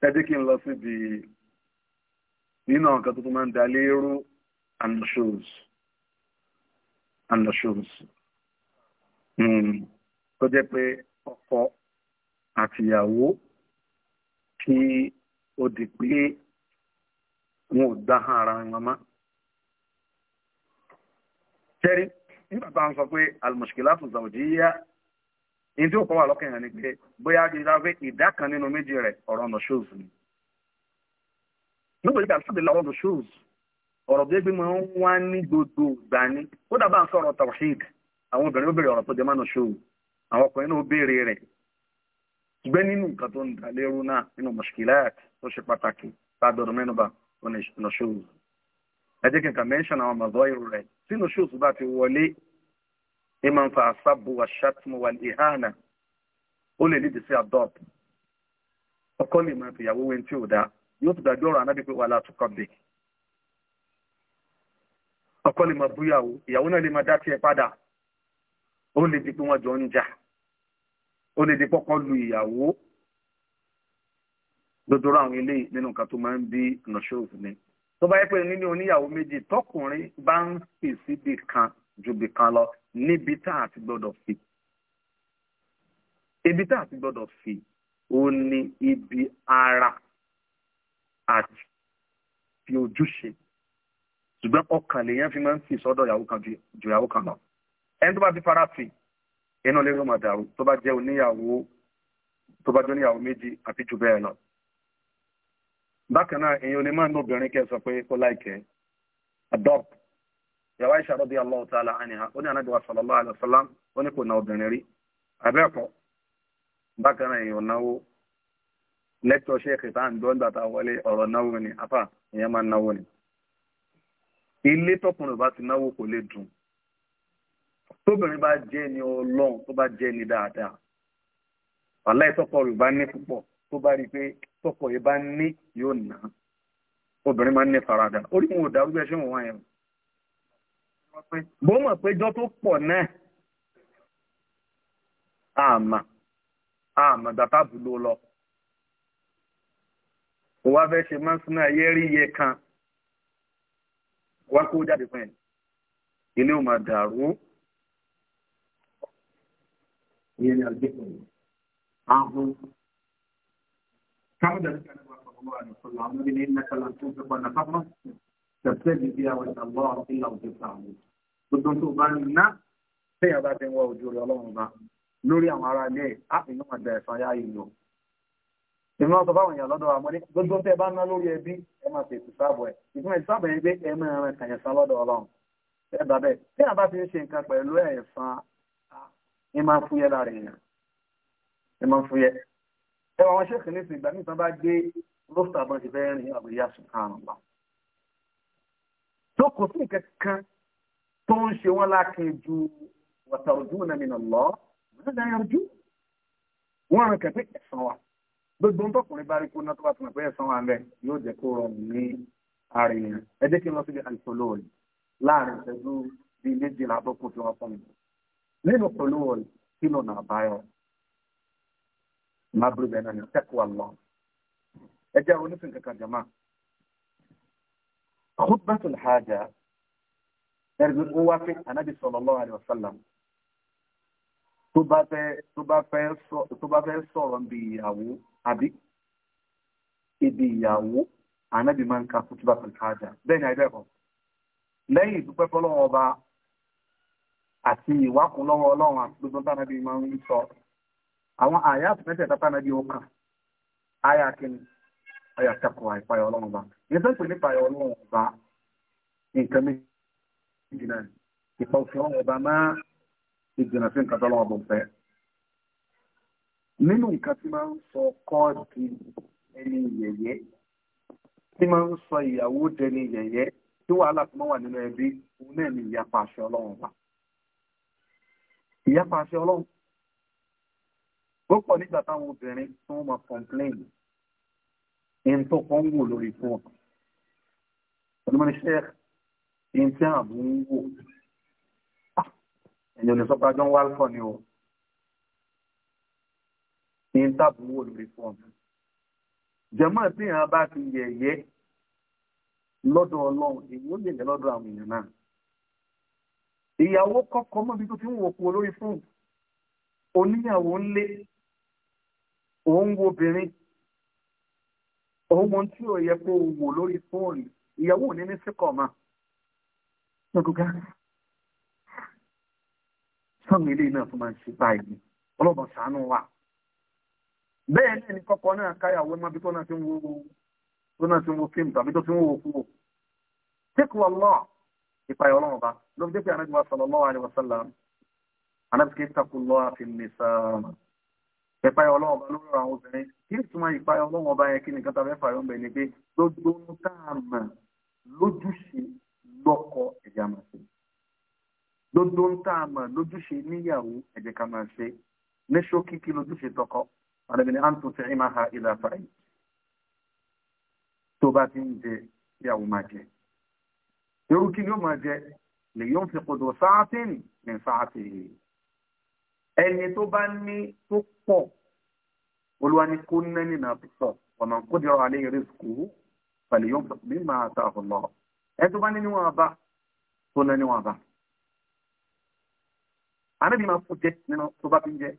Speaker 1: ẹ jẹ́ kí n lọ síbi nínú àwọn kan tó tún máa ń da léèrú and the shoes tó hmm. jẹ́ pé ọkọ àtìyàwó kí ó di pé wọn ò dá ara wọn mọ́. Ṣẹ́rí, nígbà tá ń sọ pé al-mushkilatu zawjiyya, ní tí ó kọ́ wà lọ́kàn yẹn ni pé bóyá ìdá kan nínú méjì rẹ̀ ọ̀rọ̀ ọ̀nà ṣóòsì ni nítorí pé àtúntò làwọn lò ṣòwò ọ̀rọ̀ tó yẹ pé máa ń wá ní gbogbo ìgbà ni ó dàbà ń sọ̀rọ̀ tawhid àwọn obìnrin ó béèrè ọ̀rọ̀ tó jẹ mánu ṣòwò àwọn ọkùnrin náà ó béèrè rẹ̀ ṣùgbẹ́ nínú nǹkan tó ń dà lérú náà nínú mọ̀ṣíkìláàt tó ṣe pàtàkì lábẹ́rù mẹ́nuba ọ̀nà ṣòwò ẹ jẹ́ kí n kà mẹ́ńṣọ̀n àwọn mọ̀zọ́ irú rẹ̀ sínú ṣòwò bá ti wọlé ẹ máa ń fa àṣàbò àṣàtúmọ̀ wà ìhánà ó lè lídìí sí àdọ́p ọkọ lè máa fìyàwó wẹ́ntì ò dáa yóò ti gbàgbé ọ̀rọ̀ anábì pé wà látún kọ́bẹ̀. ọkọ lè máa búyàwó ìyàwó náà lè máa dá tiẹ̀ padà ó lè di pé wọ́n jọ ń jà ó lè di pọ́kọ́ lu ìyàwó dodoro àwọn eléyìí nínú nǹkan tó máa ń bí nọ́ṣọ́ọ̀fù ni tó bá yẹ pé nínú oníyàwó méjì tọkùnrin bá ń pè síbi kan ju bi kan lọ níbi tá a ti gbọ́dọ̀ fi ibi tá a ti gbọ́dọ̀ fi ó ní ibi ara àti fi ojú ṣe ṣùgbọ́n ọkàn lèèyàn fi máa ń fi sọ́dọ̀ ìyàwó kan ju ìyàwó kan lọ ẹni tó bá fi fara fi iná lè rọmọ dàrú tó bá jẹ́ oníyàwó tó bá jẹ́ oníyàwó méjì àti jù bẹ́ẹ̀ lọ. bákan náà èèyàn lè máa ń obìnrin kẹ́ sọ pé kó láìkẹ́ adopt ìyàwó ta'ala anha ó ní Ànábì sallallahu ó ní kò na obìnrin rí àbẹ́ẹ̀kọ́ bákan náà náwó lẹ́tọ̀ ṣẹ́ẹ̀kì tá à ń dọ́ńdà tá a wọlé ọ̀rọ̀ náwó ni apá ìyẹn máa ń náwó ni. ilé tọkùnrin bá ti náwó kò lè dùn tóbìnrin bá jẹ́ ni ọlọ́run tó bá jẹ́ ni dáadáa wàláì tọkọ rẹ̀ bá ní púpọ̀ tó bá rí i pé tọkọ yìí bá ní yóò ná obìnrin máa ń ní faradà orí mi ò dárú bẹ́ẹ̀ ṣé wọ́n wáyé o. bó mọ̀ pé jọ́ tó pọ̀ náà àmà àmà dàtà bùlọ lọ kò wá fẹ́ ṣe mọ́sánà yẹ́rí yẹ kan wá kó jáde fún ẹ̀ ilé ò máa dàrú ìyẹn ni àgbẹ̀kọ̀ ahun káwọn dàrú kan wà fún ọmọ àdìsọ làwọn ọmọdé ní ẹ̀ka làǹtó ń fẹ́pọ̀ nàfàmọ́ tẹ̀sẹ̀ bí bí àwọn ìtàgbọ́ àwọn ìlà òjò sàmù gbogbo tó bá ní ná tẹ́yà bá ti ń wá ojú rẹ̀ ọlọ́run bá lórí àwọn ará ilé á fi náà dà ẹ̀fọn yá ìlú èmi máa sọ fáwọn èèyàn lọ́dọ̀ àmọ́ ní gbogbo tẹ́ bá ná lórí ẹbí ẹ máa ṣe ètò sáàbọ̀ ẹ̀ ìtumọ̀ ètò sáàbọ̀ yẹn pé ẹ máa ran kàyàn san lọ́dọ̀ ọlọ́run ẹ bá bẹ́ẹ̀ tí àbá ti ń ṣe nǹkan pẹ̀lú ẹ̀san ẹ máa fúyẹ́ lára èèyàn ẹ máa fúyẹ́ ẹ wọ àwọn ṣèkì ní ìsìn ìgbà nígbà bá gbé lóṣà bọ́n ti fẹ́ rìn àbúyá subhanallah wọ́n rìn kẹ̀kẹ́ ẹ̀san wa gbogbo ń tọkùnrin bá rí kó náà tó bá tún àpẹẹrẹ sanwó àmẹ yóò jẹ kó rọrùn ní ara èèyàn ẹ jẹ kí n lọ síbi àìsòlóòlì láàrin ìṣẹ́jú bíi méjìlá àbọkù tí wọn fún mi nínú pòlóòlì kí ló nà báyọ má burú bẹ́ẹ̀ náà ní tẹkù àlọ ẹ jẹ onífin kankan jama khutbatul haja ẹrù ó wá fi anabi sallallahu alaihi wasallam tó bá fẹ́ tó bá fẹ́ sọ tó bá fẹ́ sọ̀rọ̀ níbi ìyàwó àbí ibi ìyàwó ànábì máa ń ka kútúbà pẹ̀lú káàdà bẹ́ẹ̀ ni àìbẹ́ẹ̀kọ́ lẹ́yìn ìdúpẹ́ fọlọ́wọ́ ọba àti ìwákùn lọ́wọ́ ọlọ́run àti gbogbo tánàbí máa ń sọ àwọn àyà àtúntẹ̀ tánàbí ó kàn àyà kìíní àyà takò àìpayọ̀ ọlọ́run ọba yẹn tó ń pè ní ìpayọ̀ ọlọ́run ọba nǹkan méjì náà ìpa òfin ọlọ́run ọba máa ìjìnà sí nǹkan tọ́lọ́wọ́ bò ń fẹ́. nínú nǹkan tí máa ń sọ ọkọ di ẹni yẹ̀yẹ́ tí máa ń sọ ìyàwó dẹni yẹ̀yẹ́ tí wàhálà tí wọ́n wà nínú ẹbí òun náà ni ìyapa àṣẹ ọlọ́run wa. ìyapa àṣẹ ọlọ́run ó pọ̀ nígbà táwọn obìnrin tí wọ́n máa complain ẹni tó kàn ń wò lórí fún ọ. ọdún mọ́ni ẹni tí ààbò ń wò ẹ̀yìn olùsọ́pàájọ́ ń wá lọ́pọ̀ ni o ní tábù wò lórí fọ́ọ̀mù jẹ́mọ́ tí èèyàn bá ti yẹ̀yẹ́ lọ́dọ̀ ọlọ́run èyí ó lè yẹ lọ́dọ̀ àwọn èèyàn náà ìyàwó kọ́kọ́ mọ́bi tó ti ń wòkú olórí fọ́ọ̀mù oníyàwó ń lé òun wo obìnrin òun mọ tí ò yẹ kó wò lórí fóònù ìyàwó ò ní ní síkọ̀ táwọn ilé náà tó máa ń ṣe báyìí ọlọ́ba ṣàánú wa bẹ́ẹ̀ náà ni kọ́kọ́ náà káyàwó ẹ̀ma bí tó náà ti ń wo tó náà ti ń wo fíìmù tàbí tó ti ń wo òkú wò tíkù ọlọ́ ìpayọ̀ ọlọ́run ọba ló fi dé pé anájú wa sallallahu alaihi wasallam anábì kí takù lọ́ àfi nìsa ìpayọ̀ ọlọ́run ọba lórí àwọn obìnrin kí ni túmọ̀ ìpayọ̀ ọlọ́run ọba yẹn kí nìkan tàbí ẹ̀fà yọ̀ ń lójú táàmù lójúṣe lọ́kọ̀ ẹ̀yà màsí gbogbo ń tá a mọ̀ lójúṣe níyàwó ẹ jẹ́ ká máa ṣe ní ṣókí kí lójúṣe tọkọ àdàbí ni à ń tún ṣe ìmọ̀ ha ìlà fàáyì tó bá ti ń jẹ ìyàwó máa jẹ irú kí ni ó máa jẹ lè fi kòtò sáátìn ní sáátìn ẹni tó bá ní tó pọ̀ olúwa ni kó nẹ́ni náà tó pọ̀ ọ̀nà kó dìrọ̀ alẹ́ eré sùkúrú pẹ̀lú yóò fi bí máa ta ọ̀nà ẹni tó bá ní níwọ̀n bá tó nẹ́ni wọn bá ànábì máa fún jẹ nínú tó bá fi ń jẹ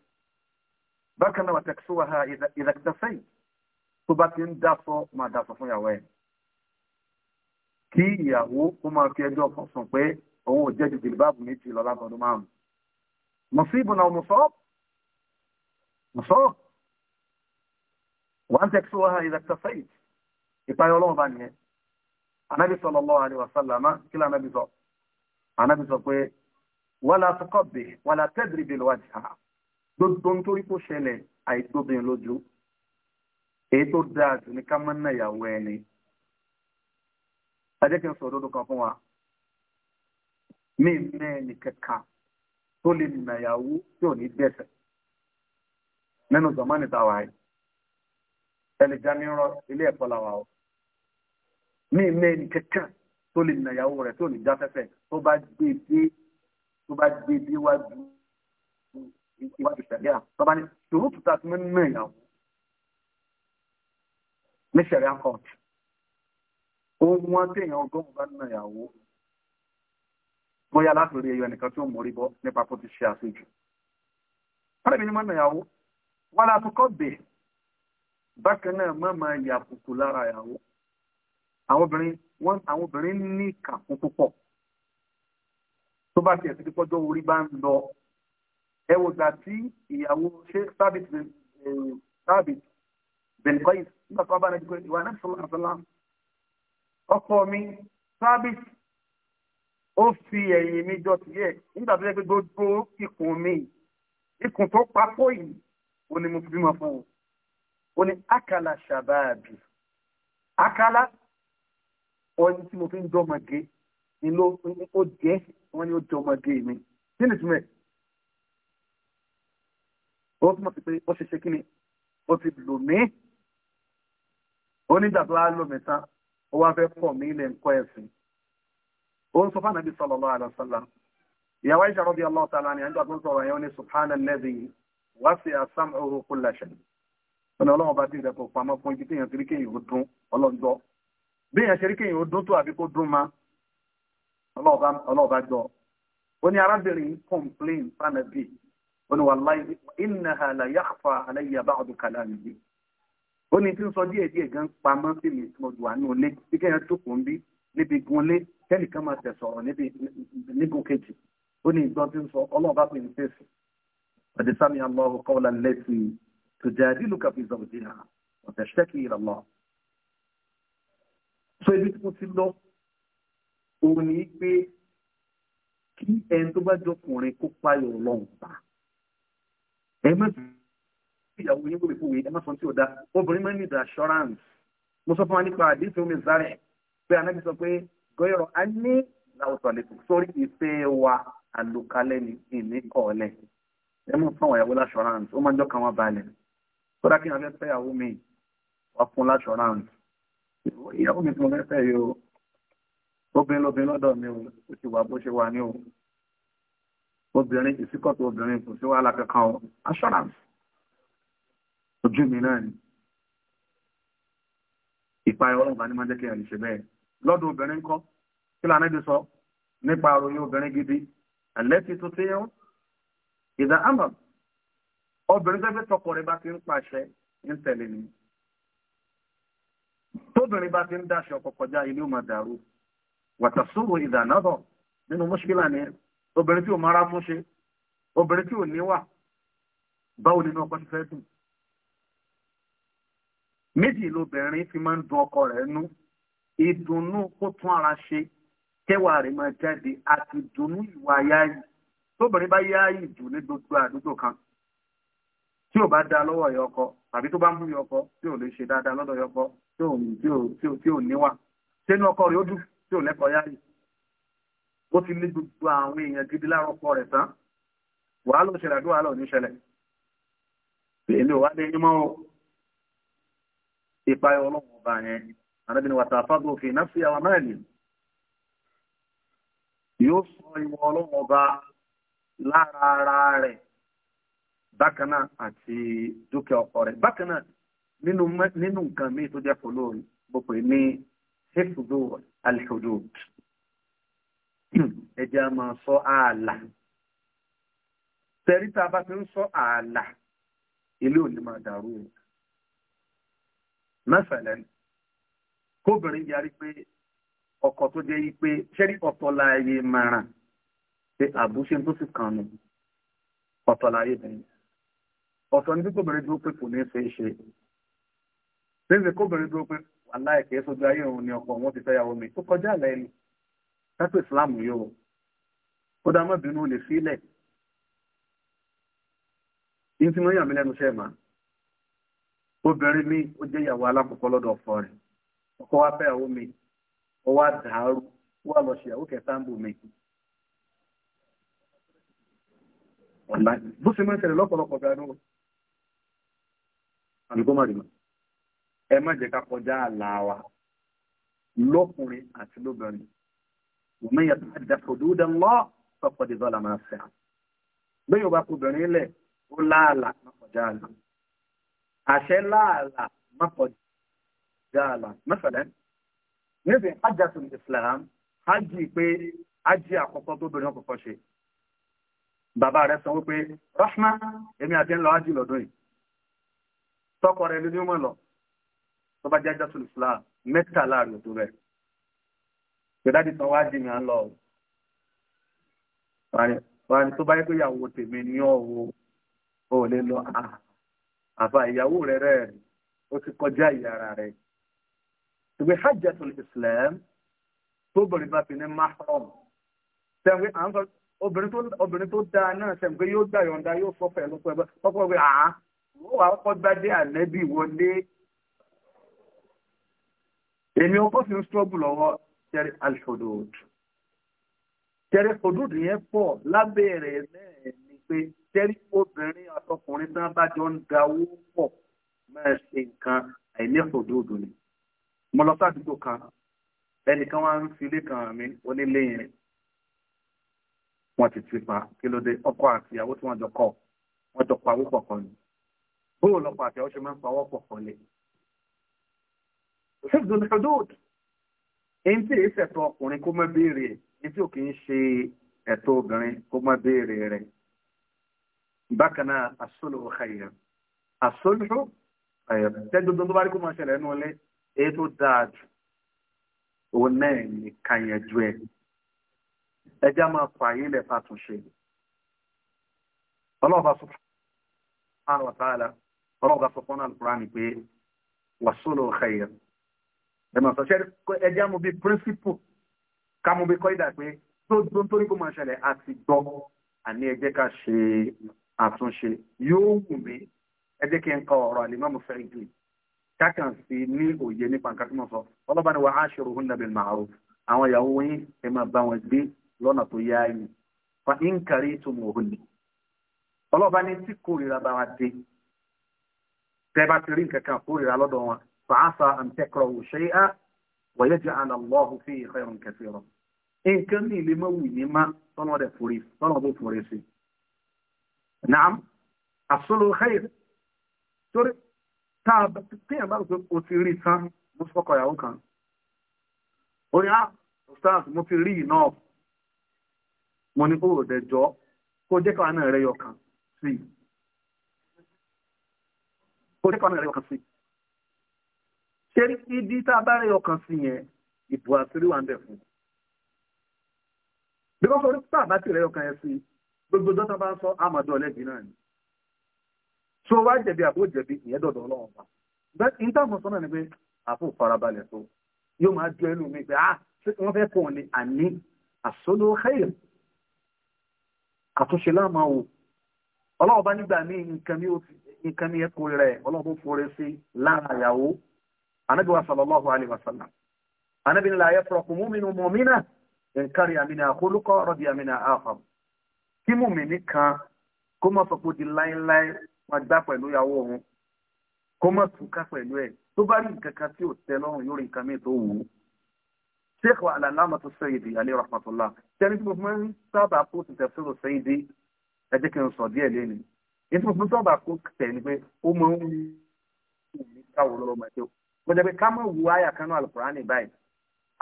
Speaker 1: bákan náà wàtẹ̀kísọ́ wà ha ìdàkídàsẹ́yìn tó bá ti ń dáṣọ máa dáṣọ fún ìyàwó ẹ̀ kí ìyàwó ó máa fi ẹjọ́ sùn pé òun ò jẹ́ ju jìlìbáàbù méjì lọ lábọ̀dún márùn-ún mọ̀síbù náà mọ̀sọ́ọ̀bù mọ̀sọ́ọ̀bù wọ́n tẹ̀kísọ́ wà ha ìdàkídàsẹ́yìn ìpayọ̀ ọlọ́run bá nìyẹn anábì sallallahu alaihi wasallam kí lànàbì sọ anábì sọ pé wàlá àtọkọbẹ wàlá tẹdìrìbì lọwọdì ha gbogbo nítorí kó ṣẹlẹ̀ àìtóbìnrin lójú èyí tó dáa jù ní ká má ná ìyàwó ẹni ẹ jẹ́ kí n sọ òdodo kan fún wa mí mẹ ẹnì kẹka tó lè nà ìyàwó tí ò ní dẹsẹ nínú zamani táwa yìí ẹnì janirọ ilé ẹ̀kọ́ làwà o mí mẹ ẹnì kẹka tó lè nà ìyàwó rẹ̀ tí ní jáfẹfẹ tó bá gbé e dé tó bá dé déwájú iwájú sẹ̀ríà tó bá ní ṣòro tuta tí wọ́n ń ná ìyàwó ní sẹ̀ríà court ohun wọn téèyàn ọgọ́rùn-ún bá ń ná ìyàwó bóyá láti rí ẹyọ ẹnìkan tí ó mórí bọ́ nípa tó ti ṣe àṣejù. Fẹ́rẹ̀mí ni wọ́n nà ìyàwó, wọ́n láti kọ́ bẹ̀. Bákan náà má máa yà àbùkù lára ìyàwó. Àwọn obìnrin ní ìkàkùn púpọ̀ tó bá tiẹ̀ sí pọ́jọ́ orí bá ń lọ ẹ wò gbà tí ìyàwó ṣe sábìt sábìt bẹ̀ǹkọ́yì nígbà tó bá rẹ̀ pé ìwà náà sọ̀rọ̀ àfẹ́lá ọkọ mi sábìt ó fi ẹ̀yìn mi jọ tiẹ̀ nígbà tó yẹ pé gbogbo ikùn mi ikùn tó papọ̀ yìí ó ní mo fi bímọ fún un ó ní akala ṣàbáàbì akala ó ní tí mo fi ń dọ́mọge ni ló ó jẹ́ wọ́n ní ó jẹ́ ọmọge mi kí ni túmọ̀ ẹ̀ ó túmọ̀ sí pé ó ṣe ṣe kí ni ó ti lò mí ó nígbà tó á lò mí tán ó wá fẹ́ pọ̀ mí ilẹ̀ ńkọ́ ẹ̀sìn ó ń sọ fún ànábì sallallahu alaihi wasallam ìyàwó Aisha radiyallahu ta'ala ni àjọ àtúntò ọ̀rọ̀ yẹn ó ní subhana alladhi wasi'a sam'uhu kulla shay ọ̀nà ọlọ́run bá dìrẹ̀ kò pamọ́ fún ibi téèyàn kéríkéyìn ó dún ọlọ́njọ́ bí èèyàn kéríkéyìn ó dún tó àbí kó dún máa ọlọ́ọ̀bá gbọ́ ó ní arábìnrin complain fanabi ó ní wàláyé innaha la yakhfa alayya ba'du kalami yìí ó ní tí ń sọ díẹ̀ díẹ̀ gan pamọ́ sí mi tí mo jù wá ní olé bí kéèyàn jókòó ń bí níbi gunlé kẹ́nìkan máa tẹ̀ sọ̀rọ̀ níbi nígun kejì ó ní ìgbọ́n tí ń sọ ọlọ́ọ̀bá pè ní fèsì ọ̀dẹ sami allahu qawla allati tujadiluka fi zawjiha wa tashtaki òun ni pé kí ẹni tó bá jọkùnrin kó payọ̀ ọlọ́run pa ẹ má ti ìyàwó yín gbòmí fòwe ẹ má sọ tí ò da obìnrin máa ń need assurance mo sọ fún wa nípa àdéhùn omi zárẹ̀ pé anábì sọ pé gọ́yọ̀rọ̀ a ní láwùjọ àlejò sórí ìfẹ́ wa àlùkalẹ̀ ní ìní ọ̀ọ́lẹ̀ ẹ mọ̀ fún àwọn ìyàwó assurance, ó máa ń jọ́ kàn wọ́n balẹ̀ kódà kí n àfẹ́ fẹ́ ìyàwó mi wà fún l'assurance ìyàwó mi tí mo fẹ́ fẹ́ yìí o obìnrin lóbìnrin lọ́dọ̀ mi ò ó ti wà bó ṣe wà ní o obìnrin ìsíkọ̀tò obìnrin kò sí wàhálà kankan o assurance ojú mi náà ni ìpayọ ọlọ́gbà ní máa jẹ́ kí ẹ̀rì ṣe bẹ́ẹ̀ lọ́dọ̀ obìnrin kọ́ kí lànà ìdí sọ nípa àròyìn obìnrin gidi ẹ̀lẹ́tì tó ti yẹn ìdá àmọ̀ obìnrin tẹ́fẹ́ tọkọ rẹ̀ bá ti ń pàṣẹ ń tẹ̀lé ni tóbìnrin bá ti ń dáṣẹ ọkọ̀ ilé ò máa dàrú wàtàsúrò ìdánádọ̀ nínú mọ́ṣíkílà ni obìnrin tí ò mara fún ṣe obìnrin tí ò níwà báwo nínú ọkọ ti fẹ́ dùn méjì lobìnrin fi máa ń dun ọkọ rẹ̀ nú ìdùnnú kó tún ara ṣe kẹwàá rẹ̀ máa jáde àti ìdùnnú ìwà yáàyì tóbìnrin bá yáàyì jù ní gbogbo àdúgbò kan tí ò tó bá ń mú ìyá tí ò lè ṣe dáadáa lọ́dọ̀ ìyá tí ò níwà sínú ọkọ rẹ̀ ó dùn tí ò lẹ́kọ̀ọ́ yáyì ó ti ní gbogbo àwọn èèyàn gidi lárúkọ rẹ̀ tán wàá ló ṣẹlẹ̀ àdúrà lọ níṣẹlẹ̀ èmi ò wá dé yín mọ́ o ìpayọ ọlọ́run ọba yẹn arábìnrin wàtà àfáàgbò òfin náà fi àwọn máìlì yóò sọ ìwọ ọlọ́run ọba lára ara rẹ̀ bákan náà àti dúkìá ọkọ rẹ̀ bákan náà nínú nǹkan míì tó jẹ́ pọ̀ lórí bó ní ṣéfùdó rẹ̀ alhudud ẹ jẹ́ a máa sọ ààlà tẹríta bá ti ń sọ ààlà ilé ò ní máa dàrú o mẹfẹlẹ kóbìnrin yarí pé ọkọ tó jẹ́ yìí pé ṣẹrí ọ̀tọ̀là ayé pé àbúṣe tó sì kàn nù ọ̀tọ̀là ayé ọ̀tọ̀ ní kóbìnrin dúró pé kò ní í ṣe é ṣe ṣe ṣe kóbìnrin dúró pé aláìkẹ́ sójú ayé òun ni ọkọ òun ti fẹ́yàwó mi tó kọjá àlẹ́ ẹni sátò ìsìláàmù yìí o kódà mọ́bìnrin ò lè sílẹ̀ yín tí mo yàn mí lẹ́nu iṣẹ́ mà obìnrin mi ó jẹ́ ìyàwó alákọ̀ọ́kọ́ lọ́dọ̀ ọ̀fọ́ rẹ̀ ọkọ wa fẹ́yàwó mi ó wá dàárú ó wà lọ ṣèyàwó kẹta ń bò mi. bó ṣe máa ń ṣẹlẹ̀ lọ́pọ̀lọpọ̀ gan-an àlùkò má rí mọ́ ẹ má jẹ́ ká kọjá àlà wa lọ́kùnrin àti lóbìnrin òmìn yàtọ̀ àdàfọ̀dúdà lọ́ fọ́pọ̀dé bọ́lá máa fẹ́ à. bẹ́ẹ̀ yóò bá kobìnrin lẹ̀ ó láàlà má kọjá àlà àṣẹ láàlà má kọjá àlà mẹ́fẹ̀lẹ́ níbi hajjatul islam hajj pé hajj àkọ́kọ́ tóbìnrin ọkọ̀ọ̀kọ́ ṣe bàbá rẹ̀ sanwó pé rahma èmi àti ńlọ hajj lọ́dún yìí tọkọ rẹ̀ lójú mọ́ lọ tó bá jẹ́ jọ́sùn islam mẹ́ta láàrin òtún rẹ̀ gbẹ̀dájì tán wáá dìmí à ń lọ wọ́n tó bá yẹ pé ìyàwó tèmi ní ọ̀wọ́ ò lè lọ àbá ìyàwó rẹ̀ rẹ̀ ó ti kọjá ìyàrá rẹ̀ ìwé hajjatul islam tóbìnrin bá fi ní mahram sẹ́wé à ń sọ obìnrin tó dáa náà sẹ́wé pé yóò gbà yọ̀ǹda yóò fọ́fẹ́ lóko ẹ̀bẹ̀ kọ́kọ́ wí àá wọ́n wà á kọ́ gbádé ànẹ́bí wọlé èmi ọkọ̀ fi ń strọ́bù lọ́wọ́ tẹ́rí alṣọ́dọ̀dù tẹ́rí fòdùdù yẹn pọ̀ lábẹ́ rẹ̀ náà ni pé tẹ́rí obìnrin àtọkùnrin náà bá jọ ń dawó pọ̀ máa ṣe nǹkan àìní fòdùdù ni mo lọ sádùúgbò kan ẹnìkan wá ń filé kan mi onílé yẹn wọn ti ti pa kí ló dé ọkọ àti ìyàwó tí wọn jọ kọ wọn jọ pawó pọ̀ kan ni bóòlù ọkọ àti ìyàwó ṣe máa ń pawó pọ̀ kan lẹ́yìn hifdul hudud èyí tí èyí ṣẹ̀tọ́ ọkùnrin kó má béèrè ẹ̀ èyí tí ò kì í ṣe ẹ̀tọ́ obìnrin kó má béèrè rẹ̀ bákan náà as-sulhu khayr as-sulhu khayr tẹ́gbẹ́gbẹ́ tó bá rí kó máa ṣẹlẹ̀ ẹnu ọlẹ́ èyí tó dáa jù òun náà ní kàyànjú ẹ̀ ẹjá máa pààyè lẹ̀ fàtúnṣe ọlọ́ọ̀bá subhanahu wa ta'ala ọlọ́ọ̀bá sọ fọ́nà al-Qur'ani pé was-sulhu khayr ẹ̀mọ̀ sọ ṣẹ́ ẹjẹ́ mo bí píríncípù ká mo bí kọ́ ìdà pé tó tó tó ní kó máa ṣẹlẹ̀ àti gbọ́ àní ẹjẹ́ ká ṣe àtúnṣe yóò wù mí ẹjẹ́ kí n kọ ọ̀rọ̀ àlìmọ́ mo fẹ́ ìdí kákan sí ní òye nípa nǹkan tí mo sọ ọlọ́ba ni wà á ṣòro hùn nàbẹ̀ màrú àwọn ìyàwó yín ẹ máa bá wọn gbé lọ́nà tó yá yìí fa ń kárí ìtumọ̀ òhun ni ọlọ́ba ni tí kórìíra bá wa dé tẹ́ bá ti rí nǹkan kan kórìíra lọ́dọ̀ wọn فعسى أن تكرهوا شيئا ويجعل الله فيه خيرا كثيرا إن كان لي لموي ما طلب فريس طلب فريسي نعم الصلح الخير torí tá a téèyàn bá rò pé o ti rí tán mo ti fọkọ ìyàwó kan ó ní ah ustaz mo ti rí iná mo ní kóòrò dẹjọ kó jẹ́ káwọn náà rẹ yọ kan sí kó jẹ́ káwọn náà rẹ yọ kan sí ṣé ìdí tá a bá rí ọkàn sí yẹn ìbò àṣírí wà ń bẹ̀ fún. bí wọ́n sọ orí tá a bá tẹ̀lé ọkàn yẹn sí gbogbo dọ́tà bá ń sọ àmàdọ́ ọlẹ́bí náà ni. tí o wá jẹ̀bi àbó jẹ̀bi ìyẹn dọ̀dọ̀ ọlọ́run pa. bẹ́ẹ̀ ní táwọn sọ́nà ni pé àpò farabalẹ̀ tó yóò máa jọ ẹnu mi pé ah ṣé wọ́n fẹ́ kàn ní àní àsọlọ xeyr àtúnṣe láàmà wò ọlọ́run bá nígbà míì nǹkan ní ẹ̀kọ́ rẹ̀ ọlọ́run bó forí sí lára ìyàwó anabi wa sallallahu alaihi wasallam anabi la yafraku mu'minu mu'mina in kariya mina khuluqa radiya mina akhar kí mùmínì kan kó má sọ pé di láéláé wọn gbá pẹ̀lú ìyàwó òun kó má túká pẹ̀lú ẹ̀ tó bá rí nǹkan kan tí ò tẹ́ lọ́rùn yóò rí nǹkan míì tó wù ú. sheikh alalama tó Sayyidi alayhi rahmatullah tẹ́lẹ̀ tí mo fún mi sábà kó ti tafsir Sayyidi ẹ jẹ́ kí n sọ díẹ̀ lẹ́nu ètò ìfún sábà kó tẹ̀ ni pé ó máa ń wù mí káwọ́ lọ́wọ́ máa ṣe kò jẹ́ pé ká mọ̀ wo àyà kan náà alukurani báyìí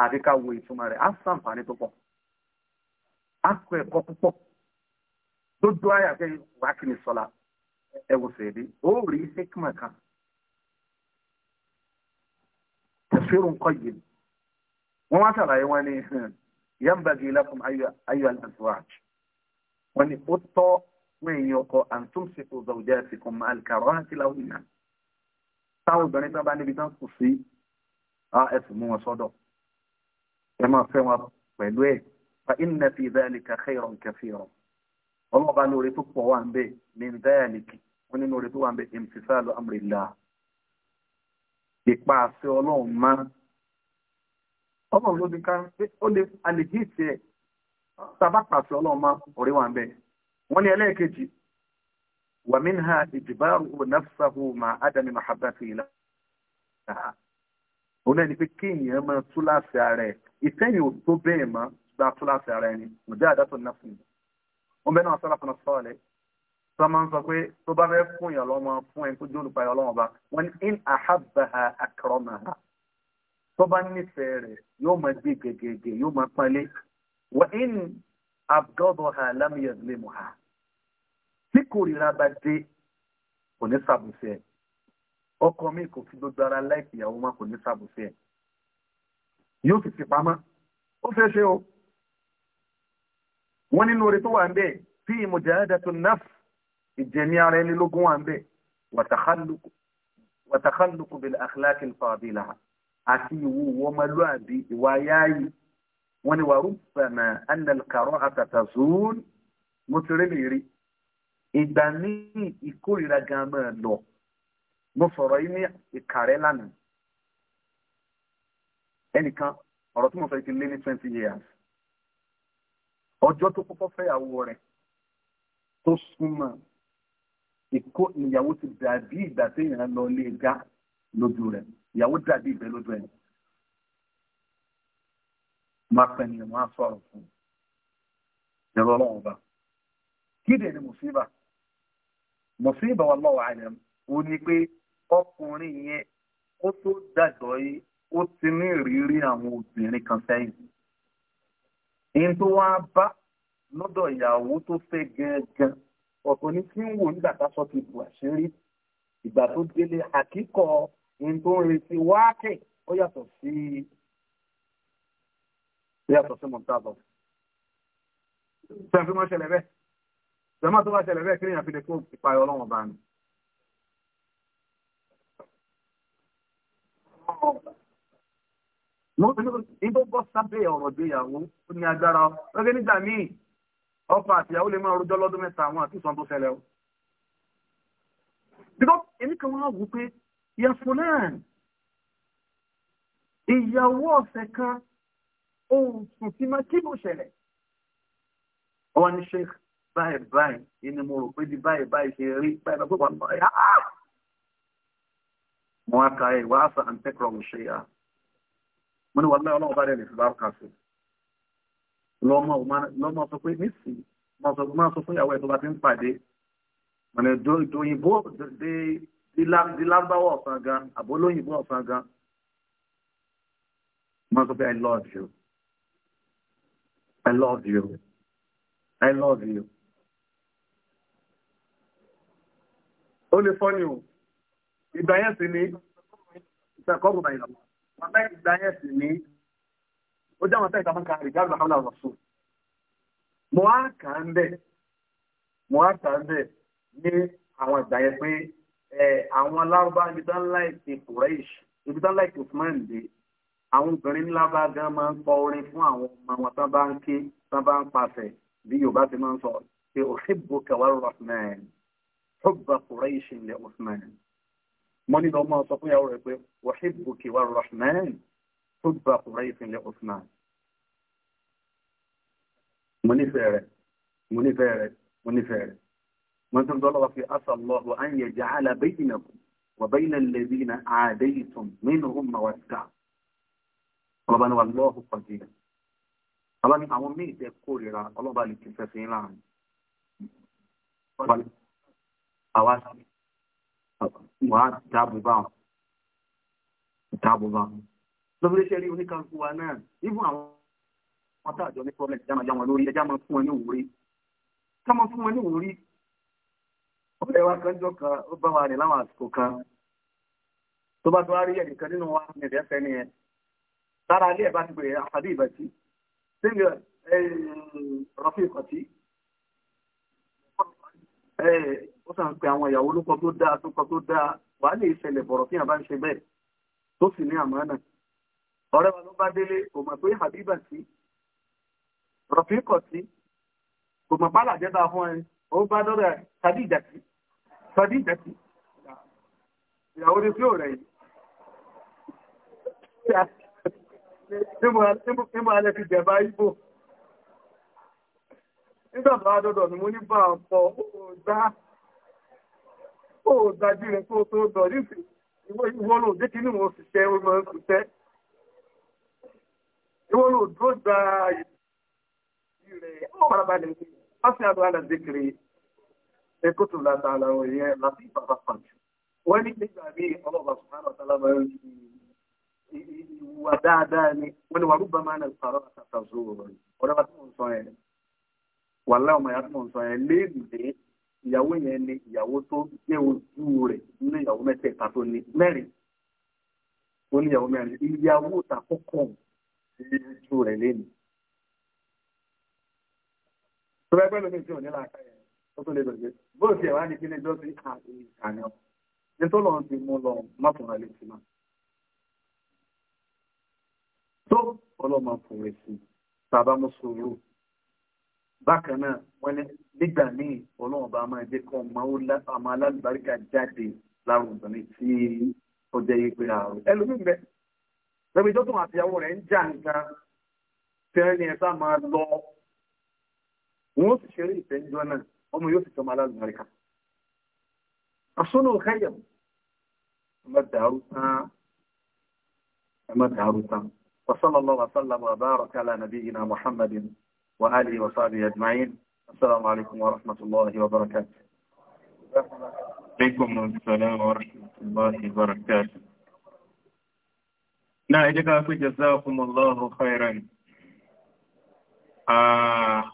Speaker 1: àfi ká wo ìtumọ̀ rẹ̀ á sàǹfààní tó pọ̀ á kọ ẹ̀kọ́ púpọ̀ dódó àyà pé wàá kì í sọ̀la ẹ wò rí hikma kan tafsirun qayyim wọ́n wá sàlàyé wọn ni yambagi lakum ayu al-azwaj ni ó tọ́ wọ́n èèyàn ọkọ̀ antum sifu zawjatikum ma'al karahati lahunna táwọn obìnrin tán bá níbi tán kù sí ẹ̀sùn mú wọn sọ́dọ̀ ẹ máa fẹ́ wọn pẹ̀lú ẹ̀ fa inna fi dhalika khayran kathira ọlọ́ọ̀bá lóore tó pọ̀ wà ń bẹ̀ min dhalika wọn nínú oore tó wà ń bẹ̀ imtisalu amrillah ìpa àṣẹ ọlọ́run má ọlọ́run ló ní ká ó lè àlejò ìṣe ẹ̀ tàbá pàṣẹ ọlọ́run má ọ̀rẹ́ wà ń bẹ̀ wọ́n ní ẹlẹ́ẹ̀kejì ومنها إجباره نفسه مع عدم محبته لها هنا نفكين يما تلا سعره إثني وطبي ما تلا سعرين مجاهدة النفس ومن أصلافنا الصالح sọmọ sọ pé tó bá fẹ́ fún yàn lọ́mọ fún ẹni tó jẹ́ olùpayọ̀ ọlọ́wọ́n bá wọn ní in ahabbaha akramaha tó bá nífẹ̀ẹ́ rẹ̀ yóò máa gbé gègègè yóò máa pálé wọn in abgadaha lam yazlimuha tí kòrìíra bá dé kò ní sàbùsẹ̀ ọkọ mi kò fi gbogbo ara láìpẹ́ ìyàwó má kò ní sàbùsẹ̀ yóò fi fi pamọ́ ó fẹ́ ṣe o wọ́n nínú orí tó wà ń bẹ̀ tí mujahadatu nafs ìjẹ̀mí ara ẹni lógún wà ń bẹ̀ wàtàkàlùkù bil akhlaq al àti ìwú wọmọlúàbí ìwà yáàyè wọ́n ní wàrúfẹ̀mẹ̀ anàlkàrọ̀ àtàtàzún mo ti rí mi rí ìgbà ní ìkórìíra gan máa lọ mo sọ̀rọ̀ yìí ní ìkàrẹ́ lánàá ẹnìkan ọ̀rọ̀ tí mo sọ yìí ti lé ní twenty years ọjọ́ tó kọ́kọ́ fẹ́yàwó rẹ̀ tó súnmọ́ ìkó ìyàwó ti dàbí ìgbà téèyàn lọ lé ga lójú rẹ̀ ìyàwó dàbí ìgbẹ́ lójú ẹ̀ máa pẹ̀ nìyẹn máa sọ̀rọ̀ fún un ìrọ̀lọ́wọ́n ọba kí dẹ̀ ni mo fi bá mọ̀síbà wallahu alam ó ní pé ọkùnrin yẹn ó tó dàgbọ́ yìí ó ti ní ìrírí àwọn obìnrin kan sẹ́yìn. Ìyẹn tó wá bá lọ́dọ̀ ìyàwó tó fẹ́ gẹ́gẹ́ ọ̀tọ̀ ní tí ń wò nígbà táṣọ ti bù àṣírí ìgbà tó délé àkíkọ ìyẹn tó ń retí wákè ó yàtọ̀ sí ó yàtọ̀ sí mọ̀tàbọ̀. Ṣé àfihàn ṣẹlẹ̀ bẹ́ẹ̀? jọmọ tó bá ṣẹlẹ̀ bẹ́ẹ̀ kéèyàn fi lè kó ìpayọ Ọlọ́run bá ní. níbo bọ́ sábẹ́ ọ̀rọ̀ ìgbéyàwó ó ní agbára ọ̀gẹ́ nígbà míì ọkọ àtìyàwó lè máa rojọ́ lọ́dún mẹ́ta àwọn àti ìsọ̀n tó ṣẹlẹ̀ o. bíkọ́ èmi kan wọ́n wù pé yẹ̀fun náà ìyàwó ọ̀sẹ̀ kan ohun tuntun máa kí ló ṣẹlẹ̀. ọwọ́ ni sheikh báyìí báyìí inú mo rò pé di báyìí báyìí ṣe rí báyìí báyìí wọn báyìí áá mo wá ka ẹ wàá sọ àǹtẹkọrọ mo ṣe yá mo ní wàá lọ ọlọ́run bá rẹ lè fi bá kà sí lọmọ lọmọ sọ pé nísìnyí mo sọ máa sọ fún ìyàwó ẹ tó bá ti ń pàdé mo ní dòyìnbó di lábáwọ ọ̀sán gan àbó lóyìnbó ọ̀sán gan mo sọ pé I love you I love you I love you. ó lè fọ́ni o ìgbà yẹn sì ni ìṣàkọ́bù bàyìí lọ́wọ́ wọn bẹ́ẹ̀ ìgbà yẹn sì ni ó jẹ́ àwọn sẹ́yìn tàbí ìjáàlú àwọn àwọn ọ̀sùn mo á kà ń bẹ̀ mo á kà ń bẹ̀ ní àwọn ìgbà yẹn pé àwọn lárúbá ibi tán láìpẹ́ kùrẹ́ìṣ ibi tán láìpẹ́ usman dé àwọn obìnrin ńlá bá gan máa ń kọ orin fún àwọn ọmọ wọn tán bá ń ké tán bá ń pàṣẹ bí yorùbá ti máa ń sọ pé òṣèbùkẹ́ wà rọ̀ náà حب قريش لعثمان ماني دوما تطيع وحبك والرحمن حب قريش لعثمان ماني فارق ماني فارق ماني فارق ما انتم دولة في أسى الله أن يجعل بينكم وبين الذين عاديتم منهم موسع طبعا والله قدير طبعا من عمومي تقول الله بالكفاسين لعن طبعا àwa wàá dáàbò bá wọn dáàbò bá wọn lọ́bílẹ̀ ṣe rí oníkàlùkù wa náà nígbà àwọn ọmọ tá àjọ ní problem ẹja máa já wọn lórí ẹja máa fún wọn ní òwúrí ká máa fún wọn ní òwúrí ọ̀rẹ́ wa kan jọ kan ó bá wa rìn láwọn àsìkò kan tó bá tó wá rí ẹnìkan nínú wa ní ẹ̀dẹ́ ni ẹ lára ilé ẹ̀ bá ti bèrè àfàdé ìbẹ̀tì sínú rọ́fì ìkọ̀tì ó sàn pé àwọn ìyàwó lóko tó dáa tó kọ tó dáa wàá lè ṣẹlẹ̀ bọ̀rọ̀ fíyàn bá ń ṣe bẹ́ẹ̀ tó sì ní àmánà ọ̀rẹ́ wa ló bá délé kò mọ̀ pé habiba sí rọ̀fíkọ̀ sí kò mọ̀ pálà jẹ́ta fún ẹ ó bá dọ́rẹ̀ tàbí ìjàtí tàbí ìjàtí ìyàwó ni tí ò rẹ̀ yìí tí alẹ́ fi jẹ̀bá igbó nígbà tó wá dọ́dọ̀ ni mo ní bá ọ̀pọ̀ gbá ó dájú rẹ̀ tó tó dọ̀ nífì ìwọ́lò jẹ́ kí ní wọ́n ṣiṣẹ́ ó máa ń ṣiṣẹ́ ìwọ́lò dúró gba rẹ̀ ó padà balẹ̀ sí wọ́n sì àdó àdà dékèrè ẹkọ́ tó láta ara wọn yẹn láti bàbá pàjù wọ́n ní nígbà bí ọlọ́ba sùnmọ́ àtàlà máa ń fi ìwà dáadáa ni wọ́n ní wà rúbà máa ń sàrọ̀ àtàtà zòòrò ọ̀dọ́ wa tí mò ń sọ yẹn wàláwọ̀ mọ̀ yà léèdè ìyàwó yẹn ni ìyàwó tó jẹ́ ojú rẹ̀ nínú ìyàwó mẹ́tẹ̀ẹ̀ta tó ní mẹ́rin ó ní ìyàwó mẹ́rin ìyàwó tàkọ́kọ́ ojú rẹ̀ lẹ́nu. tó bá gbẹ́ lómi tí ò ní láàká yẹn tó tó lè bẹ̀rẹ̀ bó ti ẹ̀ wá ní kílé jọ́ sí àná nítorí lọ́n ti mú lọ má fún alẹ́ sí máa. tó ọlọ́mọ fòrè sí bàbá mú sùúrù bákan náà wọ́n ní nígbà míì ọlọ́run bá máa jẹ́ kí ọmọ alálùbáríkà jáde lárùn ìbọnì tí ó jẹ́ yìí pé àrùn ẹlòmíín bẹ́ẹ̀ lẹ́bi tó tún àtìyàwó rẹ̀ ń jà nǹkan tẹ́lẹ̀ ni ẹ̀sà máa lọ wọn sì ṣeré ìtẹ́jọ́ náà ọmọ yóò sì tọ́mọ alálùbáríkà àsọ́nà òkáyà ọmọ dàrú tán ọmọ dàrú tán وصلى الله وسلم وبارك على نبينا محمد وآله وصحبه أجمعين السلام عليكم ورحمة الله وبركاته عليكم السلام ورحمة الله وبركاته na idan ka ku jazakumullahu khairan